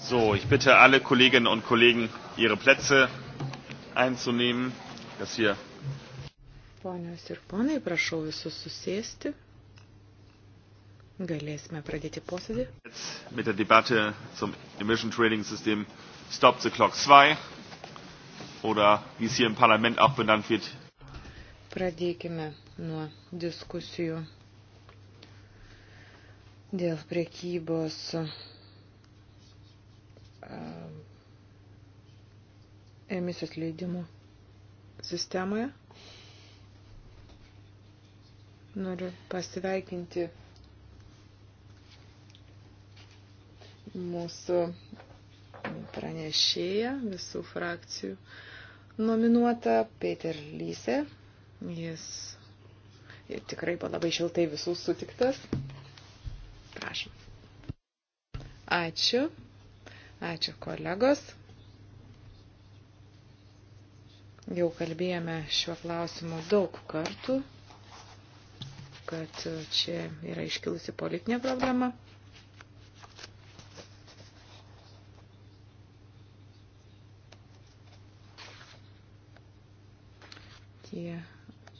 So, ich bitte alle Kolleginnen und Kollegen, ihre Plätze einzunehmen. Das hier. Ponios ir ponai, prašau visus susėsti. Galėsime pradėti posėdį. Jetzt mit der Debatte zum Emission Trading System Stop the Clock 2 oder wie es hier im Parlament auch benannt wird. Pradėkime nuo diskusijų dėl prekybos emisijos leidimų sistemoje. Noriu pasveikinti mūsų pranešėją visų frakcijų nominuotą Peter Lyse. Jis ir tikrai buvo labai šiltai visų sutiktas. Prašom. Ačiū. Ačiū kolegos. Jau kalbėjome šiuo klausimu daug kartų, kad čia yra iškilusi politinė problema. Tie,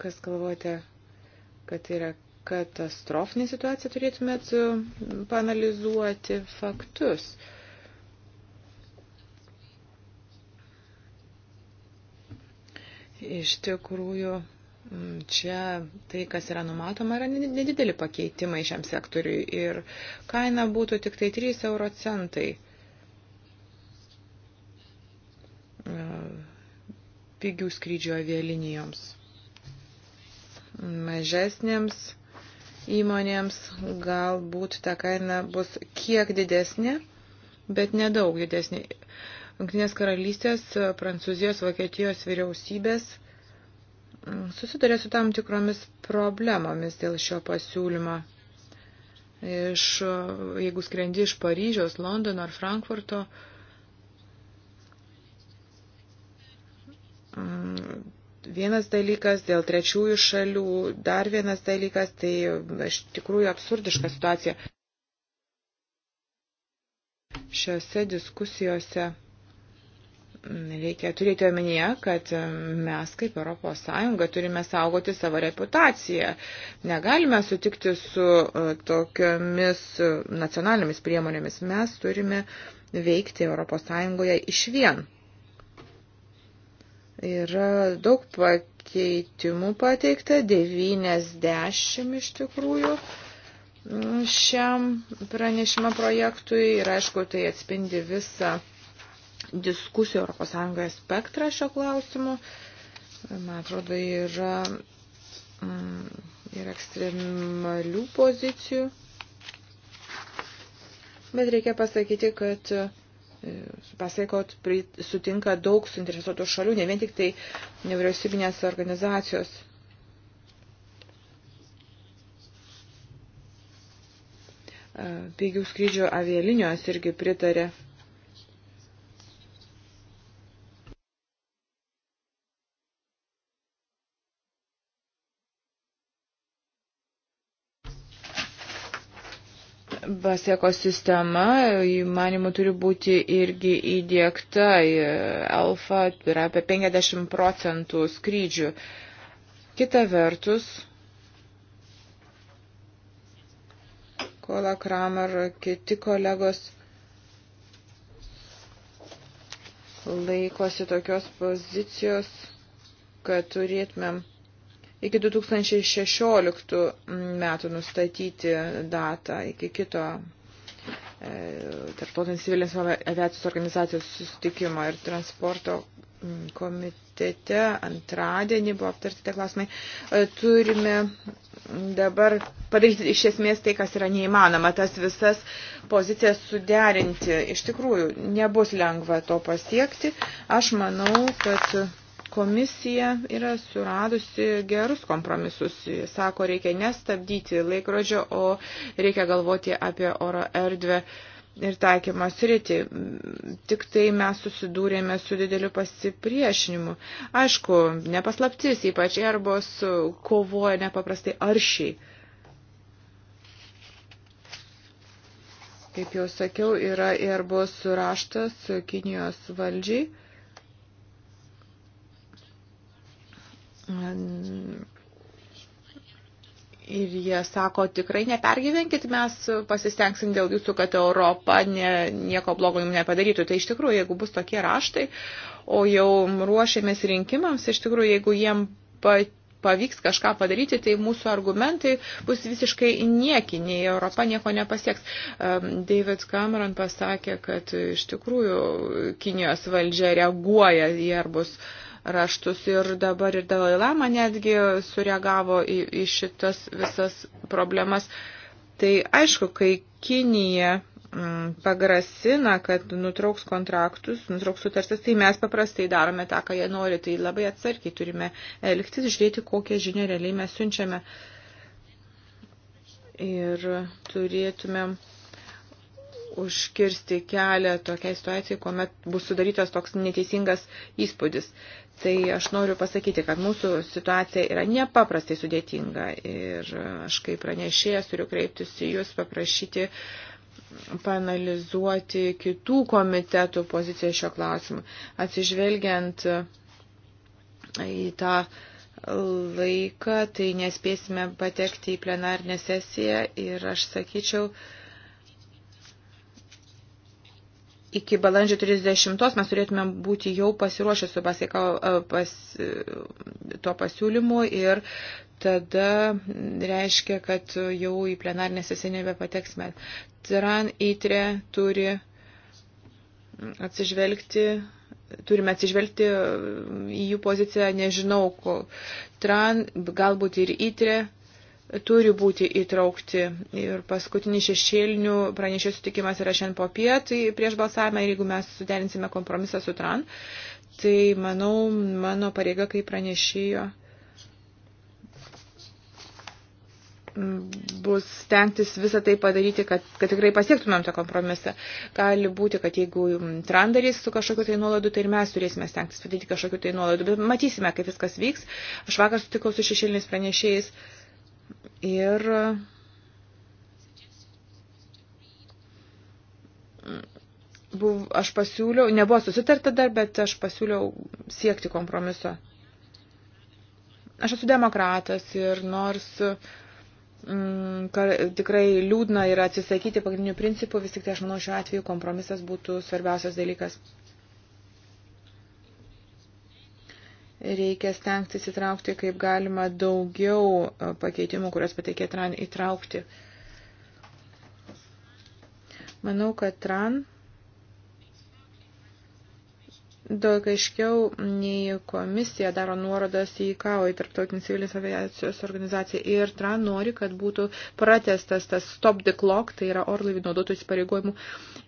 kas galvojate, kad tai yra katastrofinė situacija, turėtumėt e, panalizuoti faktus. Uh, Iš tikrųjų, mm, čia tai, kas yra numatoma, yra nedideli pakeitimai šiam sektoriui ir kaina būtų tik tai 3 euro centai. E, pigių skrydžių avialinijoms. Mažesnėms įmonėms galbūt ta kaina bus kiek didesnė, bet nedaug didesnė. Junktinės karalystės, Prancūzijos, Vokietijos vyriausybės susiduria su tam tikromis problemomis dėl šio pasiūlymo. Iš, jeigu skrendi iš Paryžiaus, Londono ar Frankfurto, mm, vienas dalykas dėl trečiųjų šalių, dar vienas dalykas, tai iš tikrųjų absurdiška situacija. Šiuose diskusijose reikia turėti omenyje, kad mes kaip ES turime saugoti savo reputaciją. Negalime sutikti su e, tokiomis e, nacionalinėmis priemonėmis. Mes turime veikti ES iš vien. Yra daug pakeitimų pateikta, 90 iš tikrųjų šiam pranešimo projektui ir aišku, tai atspindi visą diskusijų ES spektrą šio klausimu. Man atrodo, yra ir mm, ekstremalių pozicijų. Bet reikia pasakyti, kad e, pasaikot, sutinka daug suinteresuotų šalių, ne vien tik tai nevyriausybinės organizacijos. E, pigių skrydžių avialinijos irgi pritarė Vaseko sistema, manimų, turi būti irgi įdėkta. Alfa yra apie 50 procentų skrydžių. Kita vertus, Kola Kramer, kiti kolegos laikosi tokios pozicijos, kad turėtumėm iki 2016 metų nustatyti datą iki kito e, Tarptautinės civilinės aviacijos organizacijos susitikimo ir transporto komitete antradienį buvo aptarti tie klausimai. E, turime dabar padaryti iš esmės tai, kas yra neįmanoma, tas visas pozicijas suderinti. Iš tikrųjų, nebus lengva to pasiekti. Aš manau, kad Komisija yra suradusi gerus kompromisus. Sako, reikia nestabdyti laikrodžio, o reikia galvoti apie oro erdvę ir taikymą sritį. Tik tai mes susidūrėme su dideliu pasipriešinimu. Aišku, nepaslaptis, ypač erbos kovoja nepaprastai aršiai. Kaip jau sakiau, yra erbos raštas Kinijos valdžiai. Mm. Ir jie sako, tikrai nepergyvenkit, mes pasistengsim dėl jūsų, kad Europa ne, nieko blogo jums nepadarytų. Tai iš tikrųjų, jeigu bus tokie raštai, o jau ruošiamės rinkimams, iš tikrųjų, jeigu jiem pa, pavyks kažką padaryti, tai mūsų argumentai bus visiškai niekiniai, Europa nieko nepasieks. David Cameron pasakė, kad iš tikrųjų Kinijos valdžia reaguoja į arbus. bus raštus ir dabar ir Dalai Lama netgi sureagavo į, į šitas visas problemas. Tai aišku, kai Kinija mm, pagrasina, kad nutrauks kontraktus, nutrauks sutartis, tai mes paprastai darome tą, ką jie nori, tai labai atsargiai turime elgtis, žiūrėti, kokią žinią realiai mes siunčiame. Ir turėtumėm užkirsti kelią tokiai situacijai, kuomet bus sudarytas toks neteisingas įspūdis. Tai aš noriu pasakyti, kad mūsų situacija yra nepaprastai sudėtinga ir aš kaip pranešėjas turiu kreiptis į Jūs paprašyti panalizuoti kitų komitetų poziciją šio klausimu. Atsižvelgiant į tą laiką, tai nespėsime patekti į plenarnę sesiją ir aš sakyčiau, iki balandžio 30 mes turėtume būti jau pasiruošę su pasika, e, pas, e, tuo pasiūlymu ir tada reiškia, kad jau į plenarinę sesiją nebepateksime. Tran įtrė turi atsižvelgti, turime atsižvelgti į jų poziciją, nežinau, ko. Tran, galbūt ir įtrė turi būti įtraukti. Ir paskutinis šešėlinių pranešėjų sutikimas yra šiandien po pietai prieš balsavimą ir jeigu mes suderinsime kompromisą su TRAN, tai manau, mano pareiga kaip pranešėjo bus stengtis visą tai padaryti, kad, kad tikrai pasiektumėm tą kompromisą. Gali būti, kad jeigu TRAN darys su kažkokiu tai nuolaidu, tai ir mes turėsime stengtis padaryti kažkokiu tai nuolaidu. Bet matysime, kaip viskas vyks. Aš vakar sutikau su šešėliniais pranešėjais. Uh, ir buv, aš pasiūliau, nebuvo susitarta dar, bet aš pasiūliau siekti kompromiso. Aš esu demokratas ir nors mm, kar, tikrai liūdna yra atsisakyti pagrindinių principų, vis tik tai aš manau šiuo atveju kompromisas būtų svarbiausias dalykas. reikia stengtis įtraukti kaip galima daugiau e, pakeitimų, kurias pateikė TRAN įtraukti. Manau, kad TRAN daug aiškiau nei komisija daro nuorodas į KAO, į Tarptautinį civilinės aviacijos organizaciją. Ir TRAN nori, kad būtų pratestas tas stop the clock, tai yra orlaivį naudotų įsipareigojimų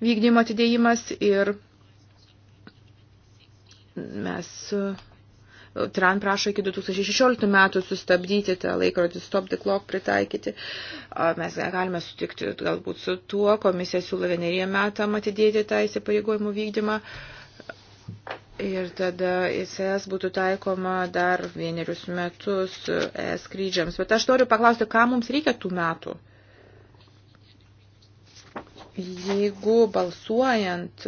vykdymo atidėjimas. Ir mes uh, Tran prašo iki 2016 metų sustabdyti tą laikrodį, stop the clock pritaikyti. Mes galime sutikti galbūt su tuo, komisija siūlo vieneriem metam atidėti tą įsipareigojimų vykdymą. Ir tada ICS būtų taikoma dar vienerius metus ES skrydžiams. Bet aš noriu paklausti, ką mums reikia tų metų? Jeigu balsuojant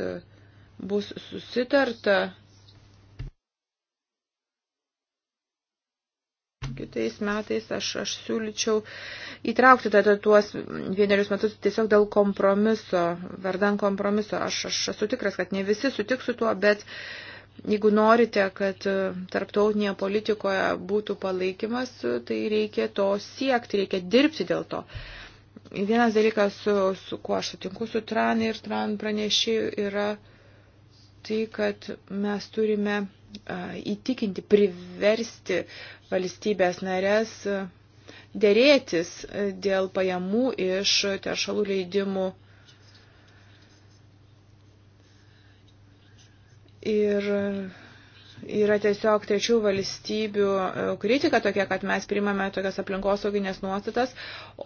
bus susitarta kitais metais aš, aš siūlyčiau įtraukti tada tuos vienerius metus tiesiog dėl kompromiso, vardan kompromiso. Aš, aš esu tikras, kad ne visi sutiks su tuo, bet jeigu norite, kad tarptautinėje politikoje būtų palaikymas, tai reikia to siekti, reikia dirbti dėl to. Vienas dalykas, su, su kuo aš sutinku su Tran ir Tran pranešėjų, yra tai, kad mes turime įtikinti, priversti valstybės narės dėrėtis dėl pajamų iš teršalų leidimų. Ir yra tiesiog trečių valstybių kritika tokia, kad mes primame tokias aplinkosauginės nuostatas,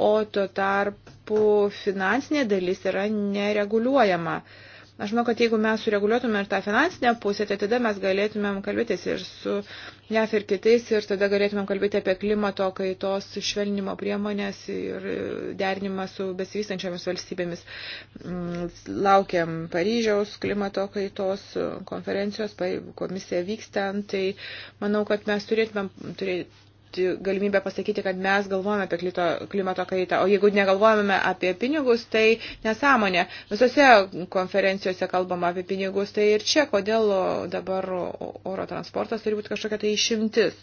o tuo tarpu finansinė dalis yra nereguliuojama. Uh, Aš manau, kad jeigu mes sureguliuotume ir tą finansinę pusę, tai tada mes galėtumėm kalbėtis ir su JAF ir kitais ir tada galėtumėm kalbėti apie klimato kaitos švelnimo priemonės ir derinimą su besivystančiomis valstybėmis. Mm, laukiam Paryžiaus klimato kaitos konferencijos, komisija vykstant, tai manau, kad mes turėtumėm turėti galimybę pasakyti, kad mes galvojame apie klito, klimato kaitą, o jeigu negalvojame apie pinigus, tai nesąmonė. Visose konferencijose kalbama apie pinigus, tai ir čia, kodėl dabar oro transportas turi būti kažkokia tai išimtis.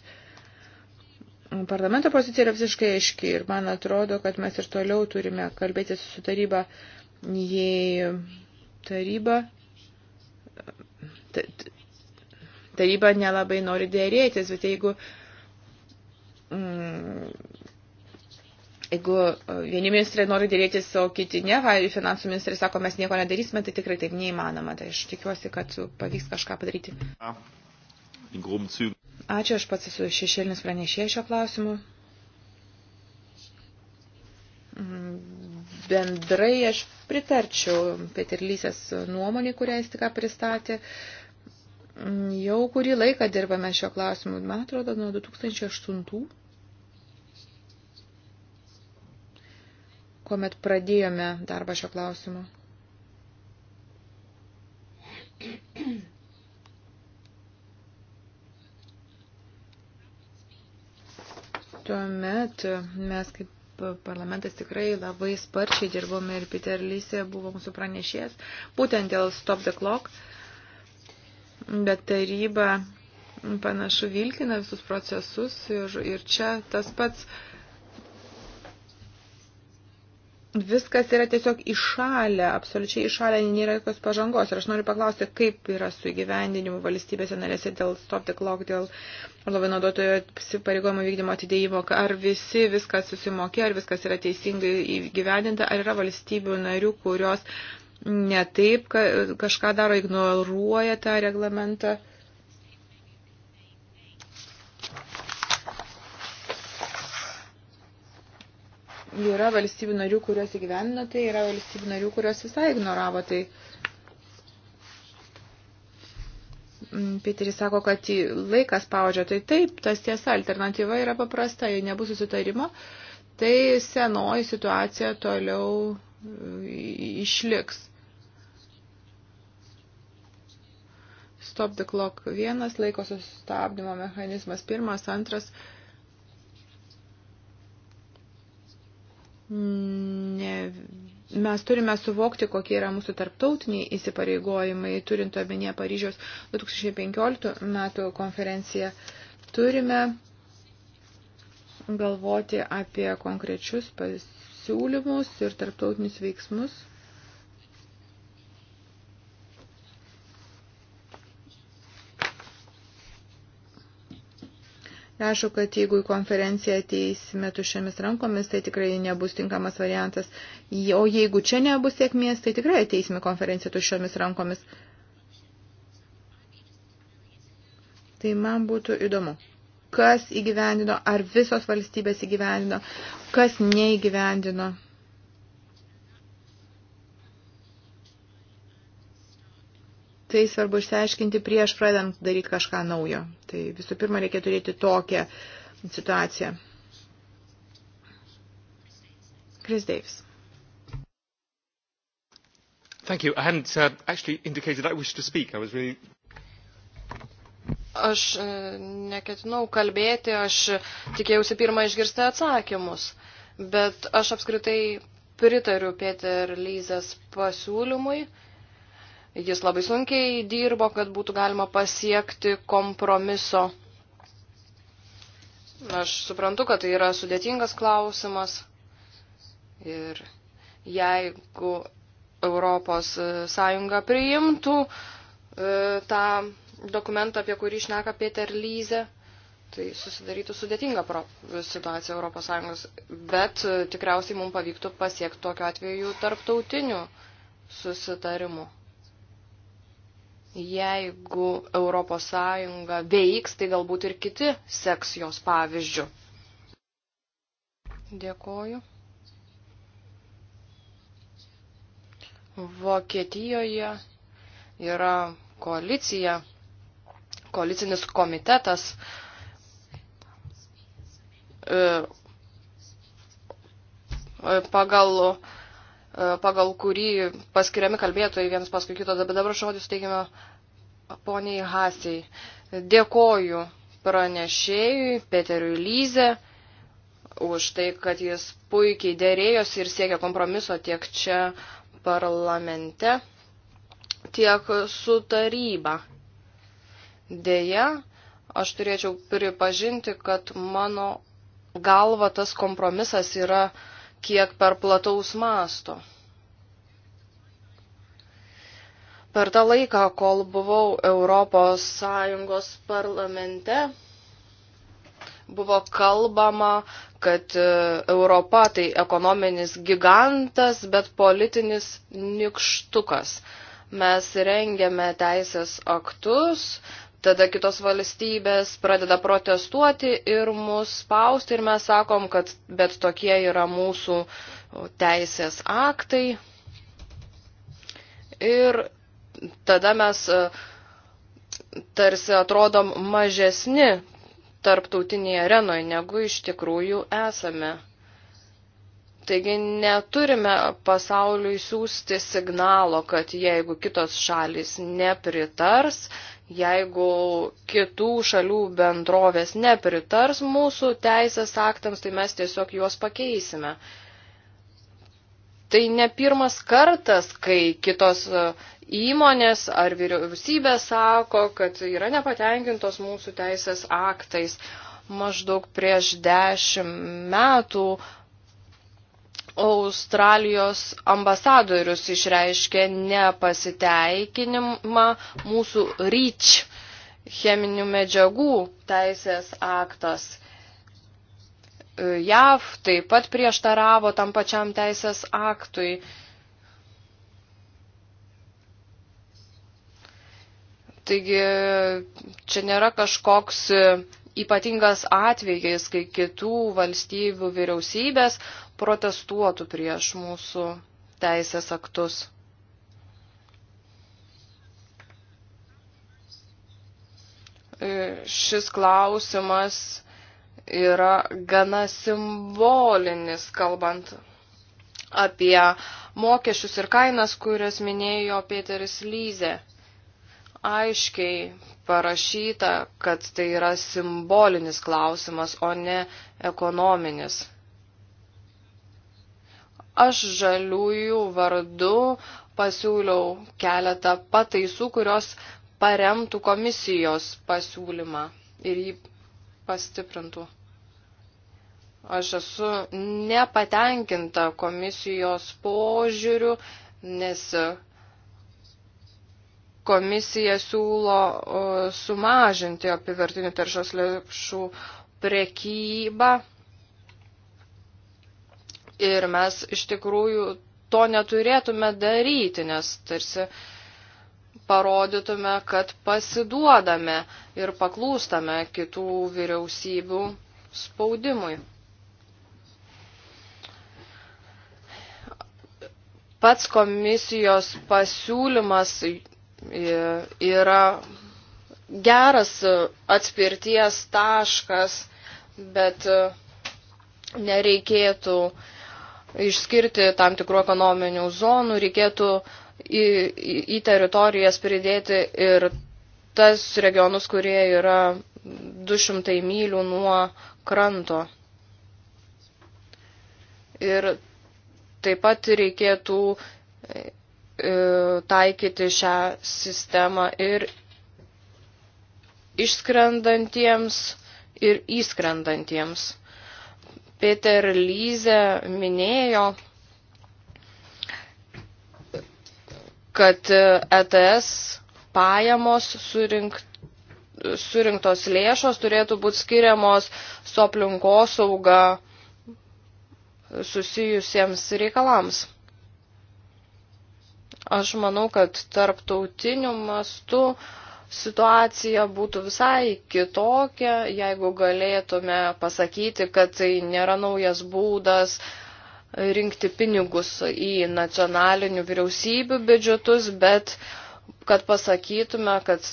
Parlamento pozicija yra visiškai aiški ir man atrodo, kad mes ir toliau turime kalbėti su taryba, jei taryba taryba nelabai nori dėrėtis, bet jeigu uh, mm, jeigu e, vieni ministrai nori dėrėtis, o kiti ne, va, finansų ministrai sako, mes nieko nedarysime, tai tikrai taip neįmanoma. Tai aš tikiuosi, kad pavyks kažką padaryti. Ačiū, aš pats esu šešėlinis pranešėjas šio klausimu. Mm, bendrai aš pritarčiau Peterlysės nuomonį, kurią jis tik pristatė. Mm, jau kurį laiką dirbame šio klausimu, man atrodo, nuo 2008 kuomet pradėjome darbą šio klausimu. Tuomet mes kaip parlamentas tikrai labai sparčiai dirbome ir Peter Lysė buvo mūsų pranešėjas, būtent dėl Stop the Clock, bet taryba panašu vilkina visus procesus ir, ir čia tas pats uh, viskas yra tiesiog iššalę, absoliučiai iššalę, nėra jokios pažangos. Ir aš noriu paklausti, kaip yra su įgyvendinimu valstybėse narėse dėl stop the clock, dėl labai naudotojo pareigojimo vykdymo atidėjimo, ar visi viskas susimokė, ar viskas yra teisingai įgyvendinta, ar yra valstybių narių, kurios netaip kažką daro, ignoruoja tą reglamentą. Yra valstybių narių, kurios įgyvendino tai, yra valstybių narių, kurios visai ignoravo tai. Mm, Piteris sako, kad laikas paudžia, tai taip, tas tiesa, alternatyva yra paprasta, jei nebus susitarimo, tai senoji situacija toliau e, išliks. Stop the clock vienas, laiko sustabdymo mechanizmas pirmas, antras. Uh, ne, mes turime suvokti, kokie yra mūsų tarptautiniai įsipareigojimai, turint omenyje Paryžiaus 2015 metų konferenciją. Turime galvoti apie konkrečius pasiūlymus ir tarptautinius veiksmus. Rašo, kad jeigu į konferenciją ateisime tušiamis rankomis, tai tikrai nebus tinkamas variantas. O jeigu čia nebus sėkmės, tai tikrai ateisime konferenciją tušiomis rankomis. Tai man būtų įdomu, kas įgyvendino, ar visos valstybės įgyvendino, kas neįgyvendino. tai svarbu išsiaiškinti prieš pradant daryti kažką naujo. Tai visų pirma, reikia turėti tokią situaciją. Chris Davis. Thank you. I hadn't uh, actually indicated I wished to speak. I was really Aš e, neketinau kalbėti, aš tikėjausi pirmą išgirsti atsakymus, bet aš apskritai pritariu Peter Lyzės pasiūlymui. Uh, Jis labai sunkiai dirbo, kad būtų galima pasiekti kompromiso. Aš suprantu, kad tai yra sudėtingas klausimas. Ir jeigu Europos Sąjunga priimtų e, tą dokumentą, apie kurį išneka Peter Lyze, tai susidarytų sudėtinga pro, situacija Europos Sąjungos. Bet e, tikriausiai mums pavyktų pasiekti tokiu atveju tarptautiniu susitarimu. Jeigu ES veiks, tai galbūt ir kiti seks jos pavyzdžių. Dėkoju. Vokietijoje yra koalicija, koalicinis komitetas, e, pagal E, pagal kurį paskiriami kalbėtojai vienas paskui kito. Bet dabar žodis teikiame poniai Hasiai. Dėkoju pranešėjui Peteriui Lyze už tai, kad jis puikiai dėrėjosi ir siekia kompromiso tiek čia parlamente, tiek su taryba. Deja, aš turėčiau pripažinti, kad mano galva tas kompromisas yra uh, kiek per plataus masto. Per tą laiką, kol buvau Europos Sąjungos parlamente, buvo kalbama, kad e, Europa tai ekonominis gigantas, bet politinis nikštukas. Mes rengiame teisės aktus, Tada kitos valstybės pradeda protestuoti ir mus spausti ir mes sakom, kad bet tokie yra mūsų teisės aktai. Ir tada mes e, tarsi atrodom mažesni tarptautinėje arenoje, negu iš tikrųjų esame. Taigi neturime pasauliui siūsti signalo, kad jeigu kitos šalis nepritars, Jeigu kitų šalių bendrovės nepritars mūsų teisės aktams, tai mes tiesiog juos pakeisime. Tai ne pirmas kartas, kai kitos e, įmonės ar vyriausybė sako, kad yra nepatenkintos mūsų teisės aktais. Maždaug prieš dešimt metų Australijos ambasadorius išreiškė nepasiteikinimą mūsų REACH cheminių medžiagų teisės aktas. E, JAV taip pat prieštaravo tam pačiam teisės aktui. Taigi čia nėra kažkoks ypatingas atvejis, kai kitų valstybių vyriausybės protestuotų prieš mūsų teisės aktus. Šis klausimas yra gana simbolinis, kalbant apie mokesčius ir kainas, kurias minėjo Peteris Lyze. Aiškiai parašyta, kad tai yra simbolinis klausimas, o ne ekonominis. Aš žaliųjų vardu pasiūliau keletą pataisų, kurios paremtų komisijos pasiūlymą ir jį pastiprintų. Aš esu nepatenkinta komisijos požiūriu, nes komisija siūlo sumažinti apivartinių taršos lėšų prekybą Ir mes iš tikrųjų to neturėtume daryti, nes tarsi parodytume, kad pasiduodame ir paklūstame kitų vyriausybių spaudimui. Pats komisijos pasiūlymas yra geras atspirties taškas, bet nereikėtų uh, išskirti tam tikrų ekonominių zonų, reikėtų į, į, į teritorijas pridėti ir tas regionus, kurie yra 200 mylių nuo kranto. Ir taip pat reikėtų e, e, taikyti šią sistemą ir išskrendantiems, ir įskrendantiems. Peter Lyze minėjo, kad ETS pajamos surinkt, surinktos lėšos turėtų būti skiriamos su aplinkosauga susijusiems reikalams. Aš manau, kad tarptautiniu mastu uh, situacija būtų visai kitokia, jeigu galėtume pasakyti, kad tai nėra naujas būdas rinkti pinigus į nacionalinių vyriausybių biudžetus, bet kad pasakytume, kad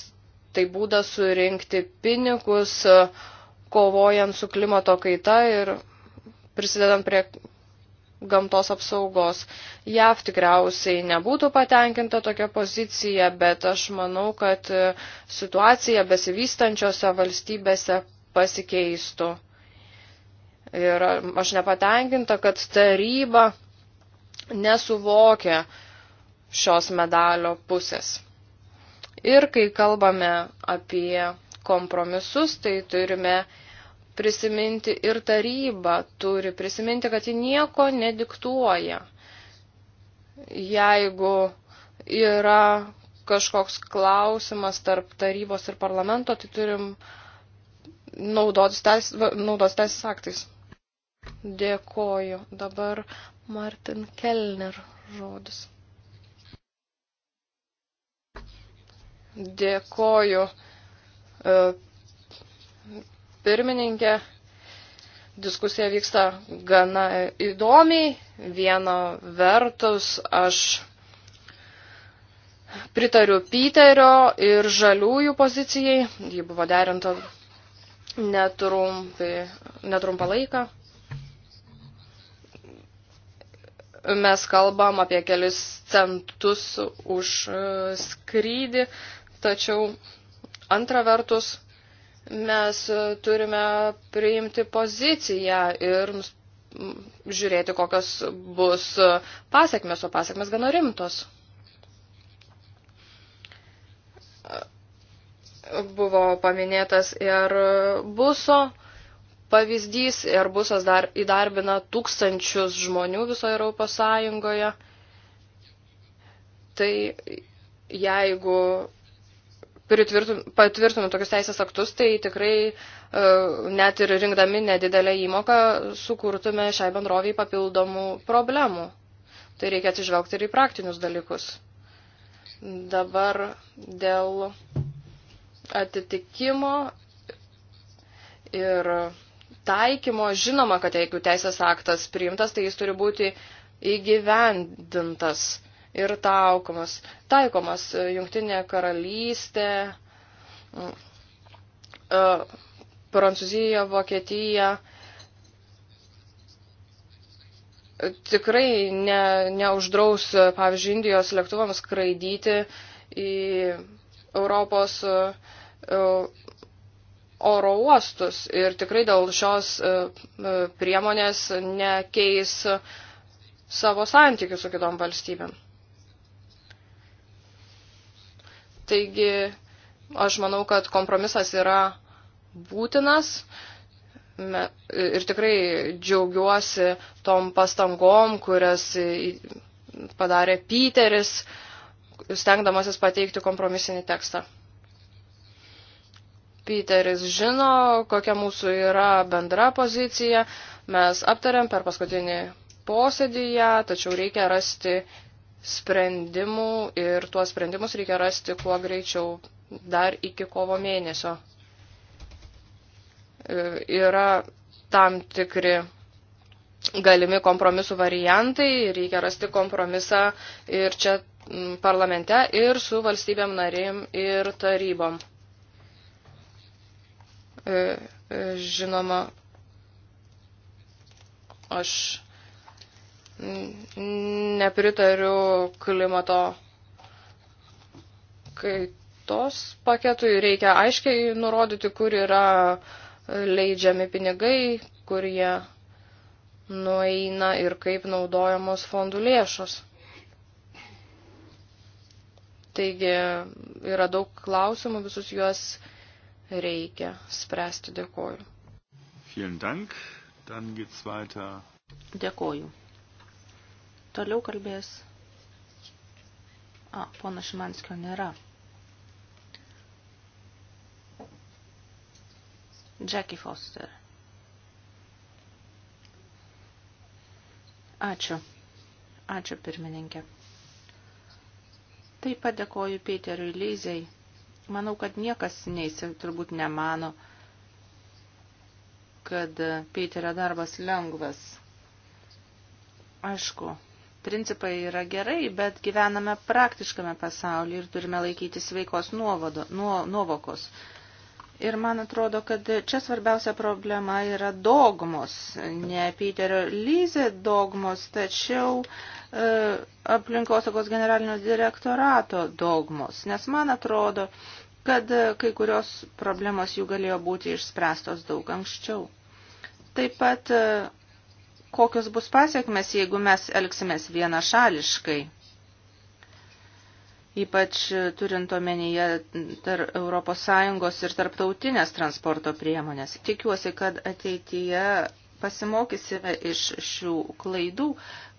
tai būdas surinkti pinigus kovojant su klimato kaita ir prisidedant prie gamtos apsaugos. JAV tikriausiai nebūtų patenkinta tokia pozicija, bet aš manau, kad e, situacija besivystančiose valstybėse pasikeistų. Ir aš nepatenkinta, kad taryba nesuvokia šios medalio pusės. Ir kai kalbame apie kompromisus, tai turime prisiminti ir taryba turi prisiminti, kad ji nieko nediktuoja. Jeigu yra kažkoks klausimas tarp tarybos ir parlamento, tai turim naudotis teisės teis aktais. Dėkoju. Dabar Martin Kellner žodis. Dėkoju. E, pirmininkė. Diskusija vyksta gana įdomiai. Viena vertus aš pritariu Piterio ir žaliųjų pozicijai. Ji buvo derinta netrumpi, netrumpą laiką. Mes kalbam apie kelis centus už e, skrydį, tačiau antra vertus mes turime priimti poziciją ir žiūrėti, kokios bus pasiekmes, o pasiekmes gana rimtos. Buvo paminėtas ir buso pavyzdys, ir busas dar įdarbina tūkstančius žmonių visoje Europos Sąjungoje. Tai jeigu patvirtume tokius teisės aktus, tai tikrai e, net ir rinkdami nedidelę įmoką sukurtume šiai bendroviai papildomų problemų. Tai reikia atsižvelgti ir į praktinius dalykus. Dabar dėl atitikimo ir taikymo žinoma, kad jeigu teisės aktas priimtas, tai jis turi būti įgyvendintas ir taukomas. Taikomas e, Jungtinė karalystė, e, Prancūzija, Vokietija tikrai ne, neuždraus, e, pavyzdžiui, Indijos lėktuvams skraidyti į Europos oro uostus ir tikrai dėl šios priemonės nekeis savo santykių su kitom valstybėm. Taigi, aš manau, kad kompromisas yra būtinas ir tikrai džiaugiuosi tom pastangom, kurias padarė Pyteris, stengdamasis pateikti kompromisinį tekstą. Pyteris žino, kokia mūsų yra bendra pozicija, mes aptariam per paskutinį posėdį ją, tačiau reikia rasti sprendimų ir tuos sprendimus reikia rasti kuo greičiau dar iki kovo mėnesio. E, yra tam tikri galimi kompromisų variantai, reikia rasti kompromisą ir čia parlamente, ir su valstybėm narim, ir tarybom. E, e, žinoma, aš nepritariu klimato kaitos paketui. Reikia aiškiai nurodyti, kur yra leidžiami pinigai, kur jie nueina ir kaip naudojamos fondų lėšos. Taigi yra daug klausimų, visus juos reikia spręsti. Dėkoju. Vielen Dank. Dann geht's weiter. Dėkoju. Toliau kalbės. A, pono Šimanskio nėra. Jackie Foster. Ačiū. Ačiū pirmininkė. Taip pat dėkoju Peteriui Leizei. Manau, kad niekas neįsi, turbūt nemano, kad Peterio darbas lengvas. Aišku, principai yra gerai, bet gyvename praktiškame pasaulyje ir turime laikyti sveikos nuovado, nuo, nuovokos. Ir man atrodo, kad čia svarbiausia problema yra dogmos, ne Peterio Lyze dogmos, tačiau e, aplinkosaugos generalinio direktorato dogmos. Nes man atrodo, kad kai kurios problemos jų galėjo būti išspręstos daug anksčiau. Taip pat e, kokios bus pasiekmes, jeigu mes elgsimės vienašališkai. Ypač turint omenyje ES ir tarptautinės transporto priemonės. Tikiuosi, kad ateityje pasimokysime iš šių klaidų,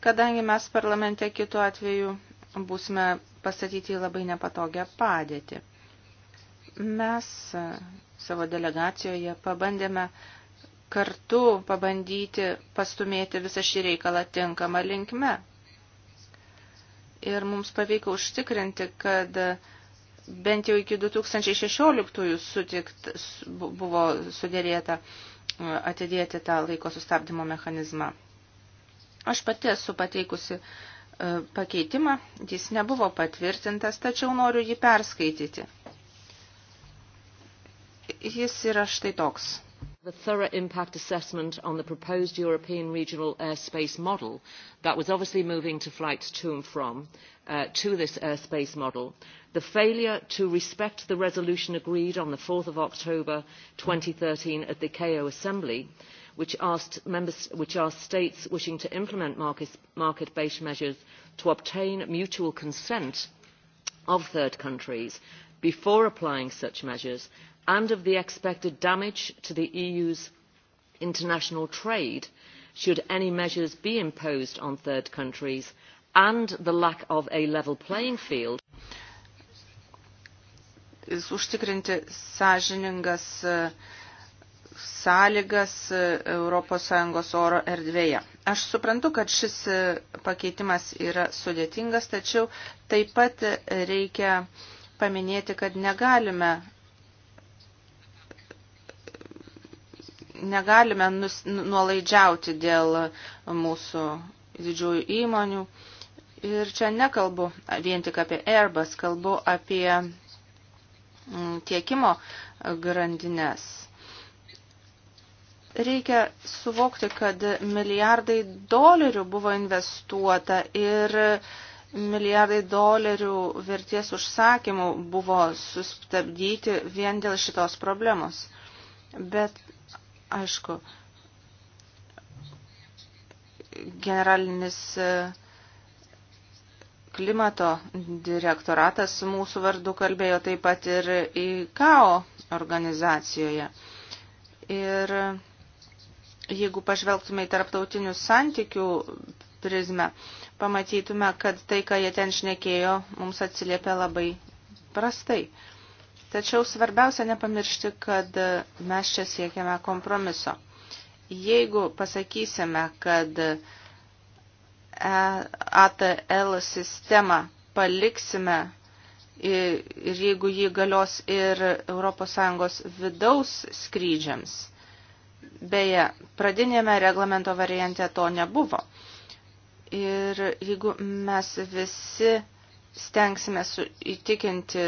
kadangi mes parlamente kitu atveju būsime pastatyti į labai nepatogią padėtį. Mes savo delegacijoje pabandėme kartu pabandyti pastumėti visą šį reikalą tinkamą linkme. Ir mums pavyko užtikrinti, kad bent jau iki 2016 sutikt, buvo sudėrėta atidėti tą laiko sustabdymo mechanizmą. Aš pati esu pateikusi e, pakeitimą, jis nebuvo patvirtintas, tačiau noriu jį perskaityti. Jis yra štai toks the thorough impact assessment on the proposed European regional airspace model that was obviously moving to flights to and from uh, to this airspace model, the failure to respect the resolution agreed on the 4th of October 2013 at the KO Assembly, which asked, members, which asked states wishing to implement market-based market measures to obtain mutual consent of third countries before applying such measures and of the expected damage to the eu's international trade should any measures be imposed on third countries and the lack of a level playing field užtikrinti sąžiningas e, sąlygas e, ES oro erdvėje. Aš suprantu, kad šis e, pakeitimas yra sudėtingas, tačiau taip pat reikia paminėti, kad negalime negalime nus, nuolaidžiauti dėl mūsų didžiųjų įmonių. Ir čia nekalbu vien tik apie Airbus, kalbu apie mm, tiekimo grandinės. Reikia suvokti, kad milijardai dolerių buvo investuota ir milijardai dolerių verties užsakymų buvo sustabdyti vien dėl šitos problemos. Bet Aišku, generalinis e, klimato direktoratas mūsų vardu kalbėjo taip pat ir į KAO organizacijoje. Ir jeigu pažvelgtume į tarptautinių santykių prizmę, pamatytume, kad tai, ką jie ten šnekėjo, mums atsiliepia labai prastai. Tačiau svarbiausia nepamiršti, kad mes čia siekiame kompromiso. Jeigu pasakysime, kad e, ATL sistemą paliksime ir jeigu jį galios ir ES vidaus skrydžiams, beje, pradinėme reglamento variante to nebuvo. Ir jeigu mes visi stengsime įtikinti,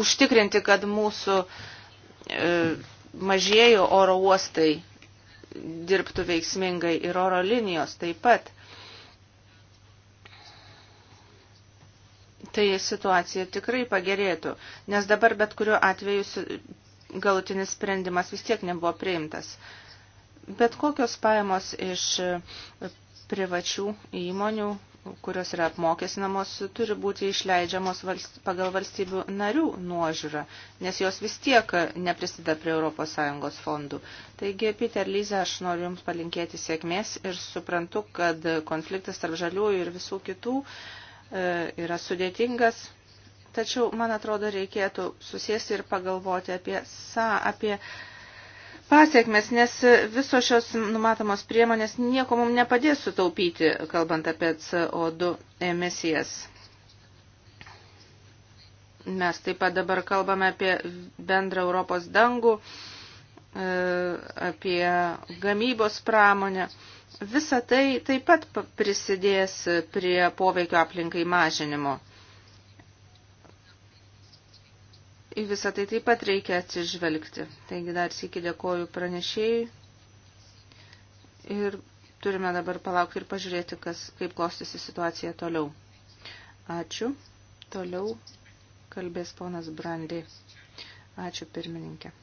užtikrinti, kad mūsų e, mažieji oro uostai dirbtų veiksmingai ir oro linijos taip pat. Tai situacija tikrai pagerėtų, nes dabar bet kuriuo atveju galutinis sprendimas vis tiek nebuvo priimtas. Bet kokios pajamos iš privačių įmonių kurios yra apmokestinamos, turi būti išleidžiamos valst, pagal valstybių narių nuožiūrą, nes jos vis tiek neprisideda prie ES fondų. Taigi, Peter Lyze, aš noriu Jums palinkėti sėkmės ir suprantu, kad konfliktas tarp žaliųjų ir visų kitų e, yra sudėtingas. Tačiau, man atrodo, reikėtų susėsti ir pagalvoti apie, sa, apie pasiekmes, nes visos šios numatomos priemonės nieko mums nepadės sutaupyti, kalbant apie CO2 emisijas. Mes taip pat dabar kalbame apie bendrą Europos dangų, e, apie gamybos pramonę. Visa tai taip pat prisidės prie poveikio aplinkai mažinimo. Į visą tai taip pat reikia atsižvelgti. Taigi dar sėki dėkoju pranešėjai ir turime dabar palaukti ir pažiūrėti, kas, kaip klostysi situacija toliau. Ačiū. Toliau kalbės ponas Brandy. Ačiū pirmininkė.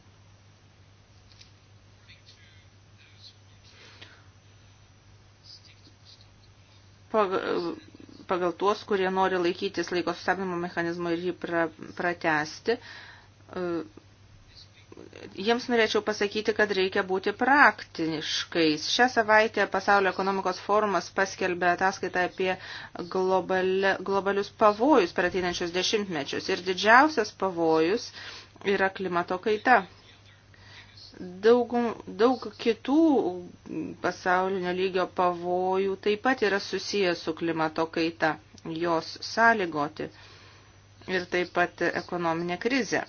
Pagal pagal tuos, kurie nori laikytis laiko sustabdymo mechanizmo ir jį pra, pratesti. E, jiems norėčiau pasakyti, kad reikia būti praktiniškais. Šią savaitę Pasaulio ekonomikos forumas paskelbė ataskaitą apie globali, globalius pavojus per ateinančius dešimtmečius. Ir didžiausias pavojus yra klimato kaita. Daug, daug kitų pasaulinio lygio pavojų taip pat yra susijęs su klimato kaita, jos sąlygoti ir taip pat ekonominė krizė.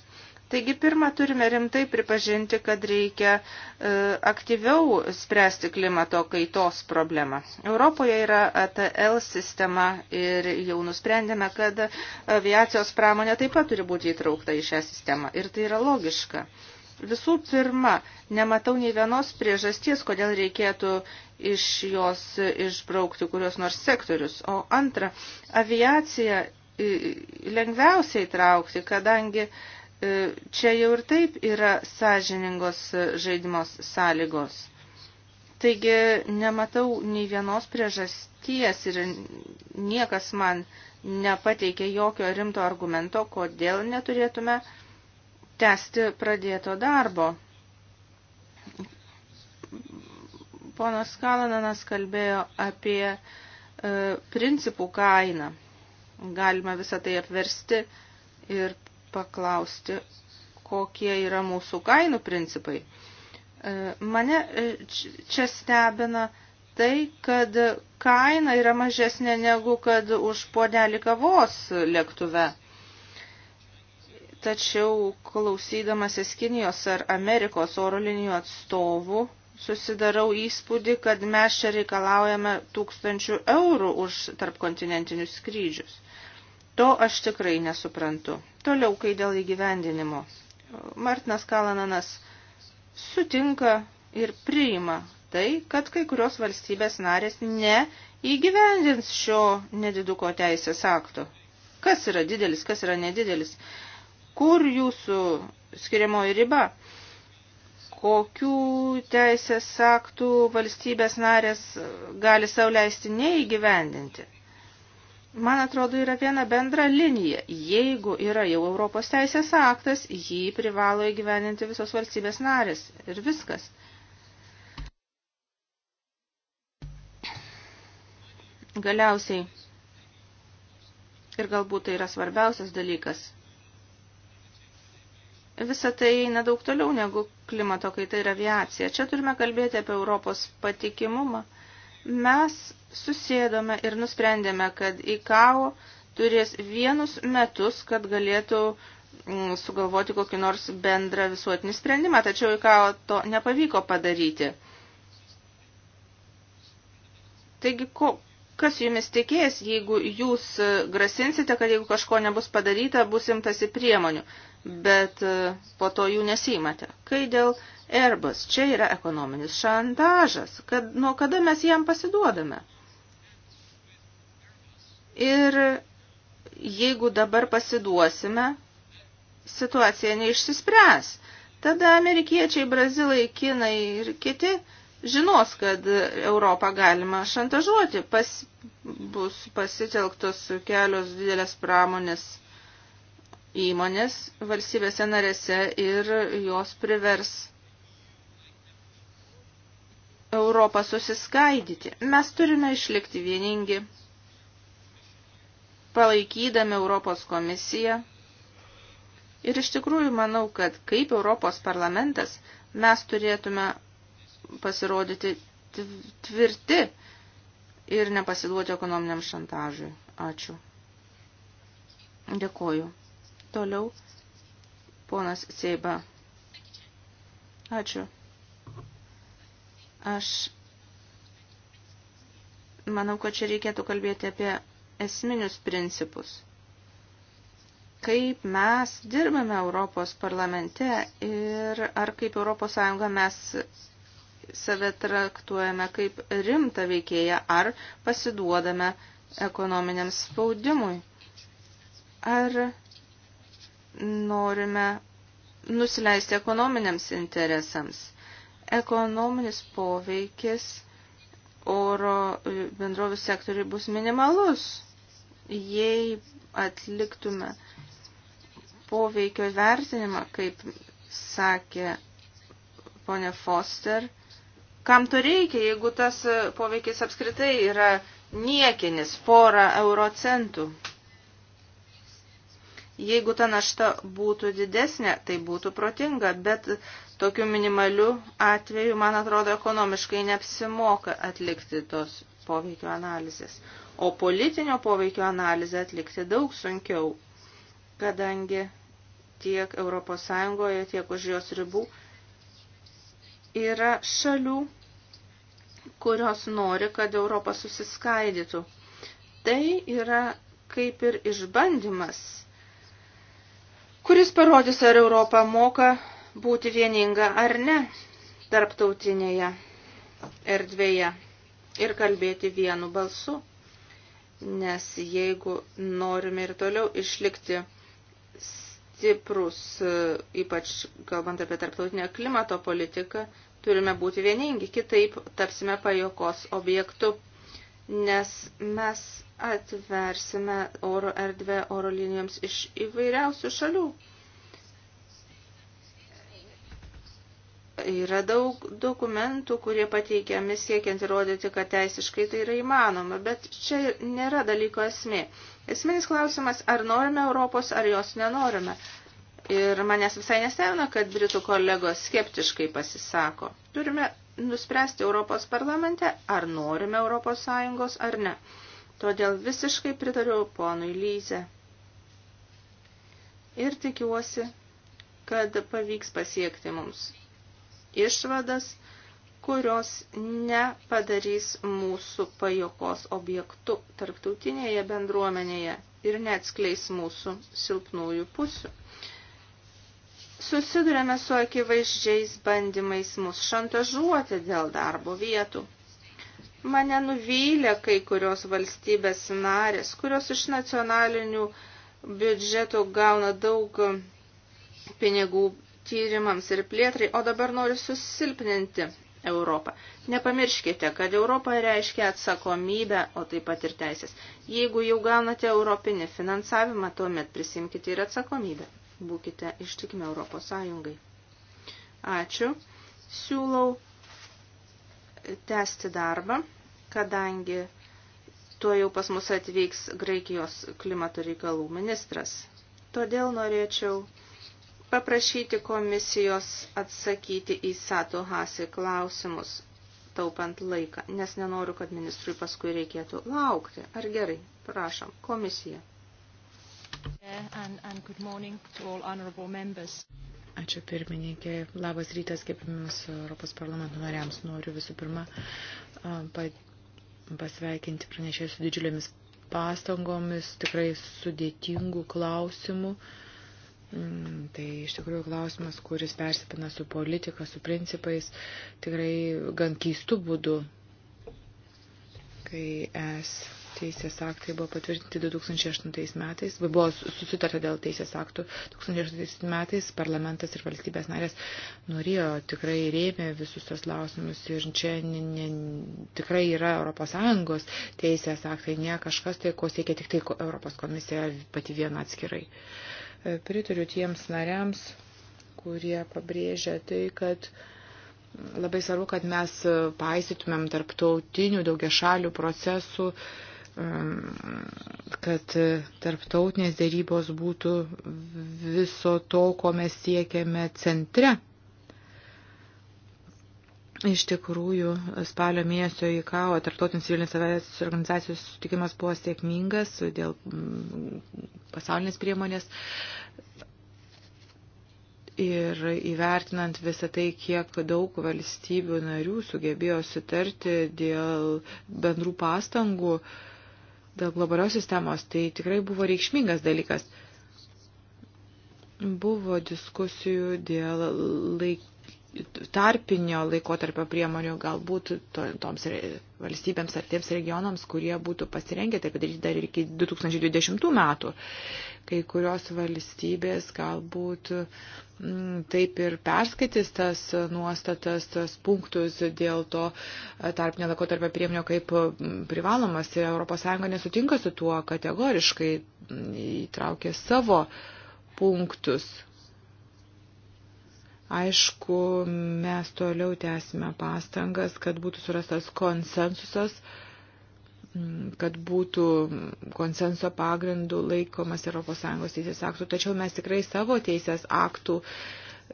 Taigi pirmą turime rimtai pripažinti, kad reikia e, aktyviau spręsti klimato kaitos problemą. Europoje yra ATL sistema ir jau nusprendėme, kad aviacijos pramonė taip pat turi būti įtraukta į šią sistemą. Ir tai yra logiška. E, Visų pirma, nematau nei vienos priežasties, kodėl reikėtų iš jos išbraukti kurios nors sektorius. O antra, aviacija e, lengviausiai traukti, kadangi e, čia jau ir taip yra sąžiningos žaidimos sąlygos. Taigi nematau nei vienos priežasties ir niekas man nepateikė jokio rimto argumento, kodėl neturėtume uh, tęsti pradėto darbo. Ponas Kalananas kalbėjo apie e, principų kainą. Galima visą tai apversti ir paklausti, kokie yra mūsų kainų principai. E, mane e, čia stebina tai, kad kaina yra mažesnė negu kad už podelį kavos lėktuve. Tačiau klausydamasis Kinijos ar Amerikos oro linijų atstovų susidarau įspūdį, kad mes čia reikalaujame tūkstančių eurų už tarpkontinentinius skrydžius. To aš tikrai nesuprantu. Toliau, kai dėl įgyvendinimo. Martinas Kalananas sutinka ir priima tai, kad kai kurios valstybės narės ne įgyvendins šio nediduko teisės akto. Kas yra didelis, kas yra nedidelis. Kur jūsų skiriamoji riba? Kokių teisės aktų valstybės narės gali sauliaisti neįgyvendinti? Man atrodo, yra viena bendra linija. Jeigu yra jau Europos teisės aktas, jį privalo įgyveninti visos valstybės narės. Ir viskas. Galiausiai, ir galbūt tai yra svarbiausias dalykas, Visą tai eina daug toliau negu klimato kaita ir aviacija. Čia turime kalbėti apie Europos patikimumą. Mes susėdome ir nusprendėme, kad ICAO turės vienus metus, kad galėtų mm, sugalvoti kokį nors bendrą visuotinį sprendimą, tačiau ICAO to nepavyko padaryti. Taigi, ko, kas jumis tikės, jeigu jūs grasinsite, kad jeigu kažko nebus padaryta, bus imtasi priemonių bet e, po to jų nesimate. Kai dėl Airbus, čia yra ekonominis šantažas, kad nuo kada mes jam pasiduodame. Ir jeigu dabar pasiduosime, situacija neišsispręs. Tada amerikiečiai, brazilai, kinai ir kiti žinos, kad Europą galima šantažuoti. Pas, bus pasitelktos kelios didelės pramonės įmonės valstybėse narėse ir jos privers Europą susiskaidyti. Mes turime išlikti vieningi, palaikydami Europos komisiją. Ir iš tikrųjų manau, kad kaip Europos parlamentas mes turėtume pasirodyti tvirti ir nepasiduoti ekonominiam šantažui. Ačiū. Dėkoju. Toliau ponas Seiba. Ačiū. Aš manau, kad čia reikėtų kalbėti apie esminius principus. Kaip mes dirbame Europos parlamente ir ar kaip Europos Sąjunga mes save traktuojame kaip rimtą veikėją ar pasiduodame ekonominiam spaudimui. Ar norime nusileisti ekonominiams interesams. Ekonominis poveikis oro bendrovių sektoriui bus minimalus, jei atliktume poveikio vertinimą, kaip sakė ponė Foster, kam to reikia, jeigu tas poveikis apskritai yra niekinis porą eurocentų. centų. Jeigu ta našta būtų didesnė, tai būtų protinga, bet tokiu minimaliu atveju, man atrodo, ekonomiškai neapsimoka atlikti tos poveikio analizės. O politinio poveikio analizę atlikti daug sunkiau, kadangi tiek ES, tiek už jos ribų yra šalių, kurios nori, kad Europa susiskaidytų. Tai yra kaip ir išbandymas kuris parodys, ar Europa moka būti vieninga ar ne tarptautinėje erdvėje ir kalbėti vienu balsu. Nes jeigu norime ir toliau išlikti stiprus, ypač kalbant apie tarptautinę klimato politiką, turime būti vieningi, kitaip tapsime pajokos objektu, nes mes atversime oro erdvę oro linijoms iš įvairiausių šalių. Yra daug dokumentų, kurie pateikiami siekiant įrodyti, kad teisiškai tai yra įmanoma, bet čia nėra dalyko esmė. Esminis klausimas, ar norime Europos, ar jos nenorime. Ir manęs visai nestebina, kad britų kolegos skeptiškai pasisako. Turime nuspręsti Europos parlamente, ar norime Europos Sąjungos, ar ne. Todėl visiškai pritariu ponui Lyze. Ir tikiuosi, kad pavyks pasiekti mums išvadas, kurios nepadarys mūsų pajokos objektu tarptautinėje bendruomenėje ir neatskleis mūsų silpnųjų pusių. Susidurėme su akivaizdžiais bandymais mus šantažuoti dėl darbo vietų. Mane nuvylė kai kurios valstybės narės, kurios iš nacionalinių biudžetų gauna daug pinigų tyrimams ir plėtrai, o dabar nori susilpninti Europą. Nepamirškite, kad Europa reiškia atsakomybę, o taip pat ir teisės. Jeigu jau gaunate europinį finansavimą, tuomet prisimkite ir atsakomybę. Būkite ištikimi Europos Sąjungai. Ačiū. Siūlau tęsti darbą, kadangi tuo jau pas mus atvyks Graikijos klimato reikalų ministras. Todėl norėčiau paprašyti komisijos atsakyti į Sato Hasi klausimus, taupant laiką, nes nenoriu, kad ministrui paskui reikėtų laukti. Ar gerai? Prašom, komisija. And, and Ačiū pirmininkė. Labas rytas, gerbiamus Europos parlamento nariams. Noriu visų pirma pasveikinti pranešėjus su didžiulėmis pastangomis, tikrai sudėtingų klausimų. Mm, tai iš tikrųjų klausimas, kuris persipina su politika, su principais, tikrai gan keistų būdų, kai es Teisės aktai buvo patvirtinti 2008 metais, buvo susitarta dėl teisės aktų 2008 metais, parlamentas ir valstybės narės norėjo, tikrai rėmė visus tos lausimus ir čia ne, ne, tikrai yra ES teisės aktai, ne kažkas tai, ko siekia tik tai Europos komisija pati viena atskirai. E, pritariu tiems nariams, kurie pabrėžia tai, kad labai svarbu, kad mes e, paisytumėm tarptautinių daugiašalių procesų uh, Um, kad tarptautinės dėrybos būtų viso to, ko mes siekiame centre. Iš tikrųjų, spalio mėnesio IKAO, tarptautinis civilinės aviacijos organizacijos sutikimas buvo sėkmingas dėl mm, pasaulinės priemonės. Ir įvertinant visą tai, kiek daug valstybių narių sugebėjo sutarti dėl bendrų pastangų, uh, dėl globalios sistemos, tai tikrai buvo reikšmingas dalykas. Buvo diskusijų dėl laik, tarpinio laikotarpio priemonių galbūt to, toms valstybėms ar tiems regionams, kurie būtų pasirengę tai padaryti dar ir iki 2020 metų. Kai kurios valstybės galbūt mm, taip ir perskaitys tas nuostatas, tas punktus dėl to tarpinio laikotarpio priemonio kaip mm, privalomas. ES nesutinka su tuo kategoriškai mm, įtraukė savo punktus Aišku, mes toliau tęsime pastangas, kad būtų surastas konsensusas, kad būtų konsenso pagrindų laikomas ES teisės aktų, tačiau mes tikrai savo teisės aktų uh,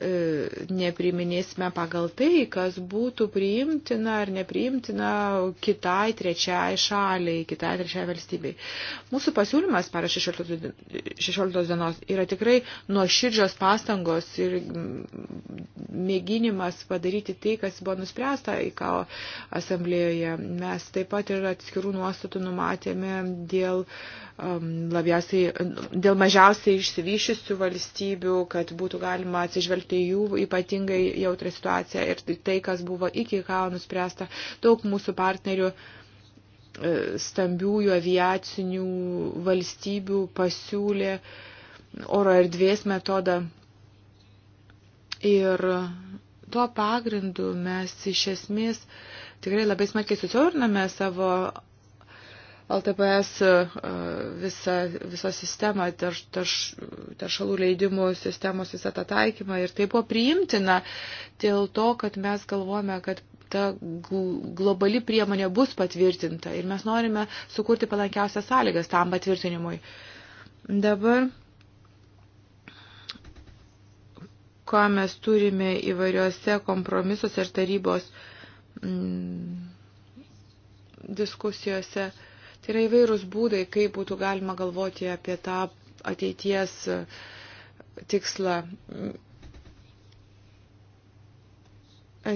E, nepriminėsime pagal tai, kas būtų priimtina ar nepriimtina kitai trečiai šaliai, kitai trečiai valstybei. Mūsų pasiūlymas per 16 dienos yra tikrai nuoširdžios pastangos ir mm, mėginimas padaryti tai, kas buvo nuspręsta į ką asamblėjoje. Mes taip pat ir atskirų nuostatų numatėme dėl uh, Um, labiausiai dėl mažiausiai išsivyšiusių valstybių, kad būtų galima atsižvelgti jų ypatingai jautrą situaciją ir tai, kas buvo iki karo nuspręsta. Daug mūsų partnerių e, stambiųjų aviacinių valstybių pasiūlė oro erdvės metodą. Ir tuo pagrindu mes iš esmės tikrai labai smarkiai susiauriname savo LTPS e, visą, visą sistemą, terš, terš, teršalų leidimų sistemos visą tą taikymą ir tai buvo priimtina dėl to, kad mes galvojame, kad ta globali priemonė bus patvirtinta ir mes norime sukurti palankiausias sąlygas tam patvirtinimui. Dabar, ką mes turime įvairiuose kompromisuose ir tarybos mm, diskusijose, uh, Tai yra įvairūs būdai, kaip būtų galima galvoti apie tą ateities e, tikslą.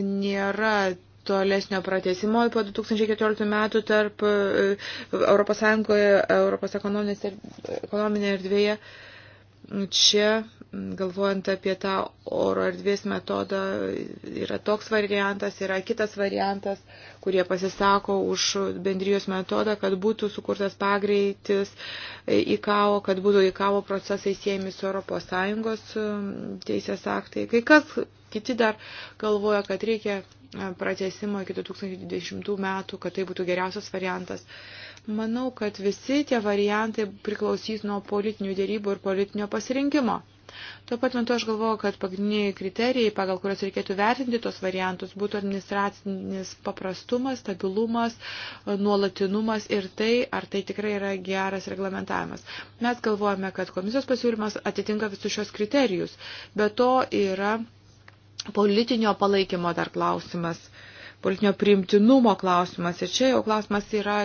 Nėra tolesnio pratesimo po 2014 metų tarp ES, ES ekonominė erdvėje. Čia galvojant apie tą oro erdvės metodą, yra toks variantas, yra kitas variantas, kurie pasisako už bendrijos metodą, kad būtų sukurtas pagreitis į kavo, kad būtų į kavo procesai siejami su ES um, teisės aktai. Kai kas, kiti dar galvoja, kad reikia pratesimo iki 2020 metų, kad tai būtų geriausias variantas. Uh, Manau, kad visi tie variantai priklausys nuo politinių dėrybų ir politinio pasirinkimo. Tuo pat metu aš galvoju, kad pagrindiniai kriterijai, pagal kurios reikėtų vertinti tos variantus, būtų administracinis paprastumas, stabilumas, nuolatinumas ir tai, ar tai tikrai yra geras reglamentavimas. Mes galvojame, kad komisijos pasiūlymas atitinka visus šios kriterijus. Be to yra politinio palaikymo dar klausimas politinio priimtinumo klausimas. Ir čia jau klausimas yra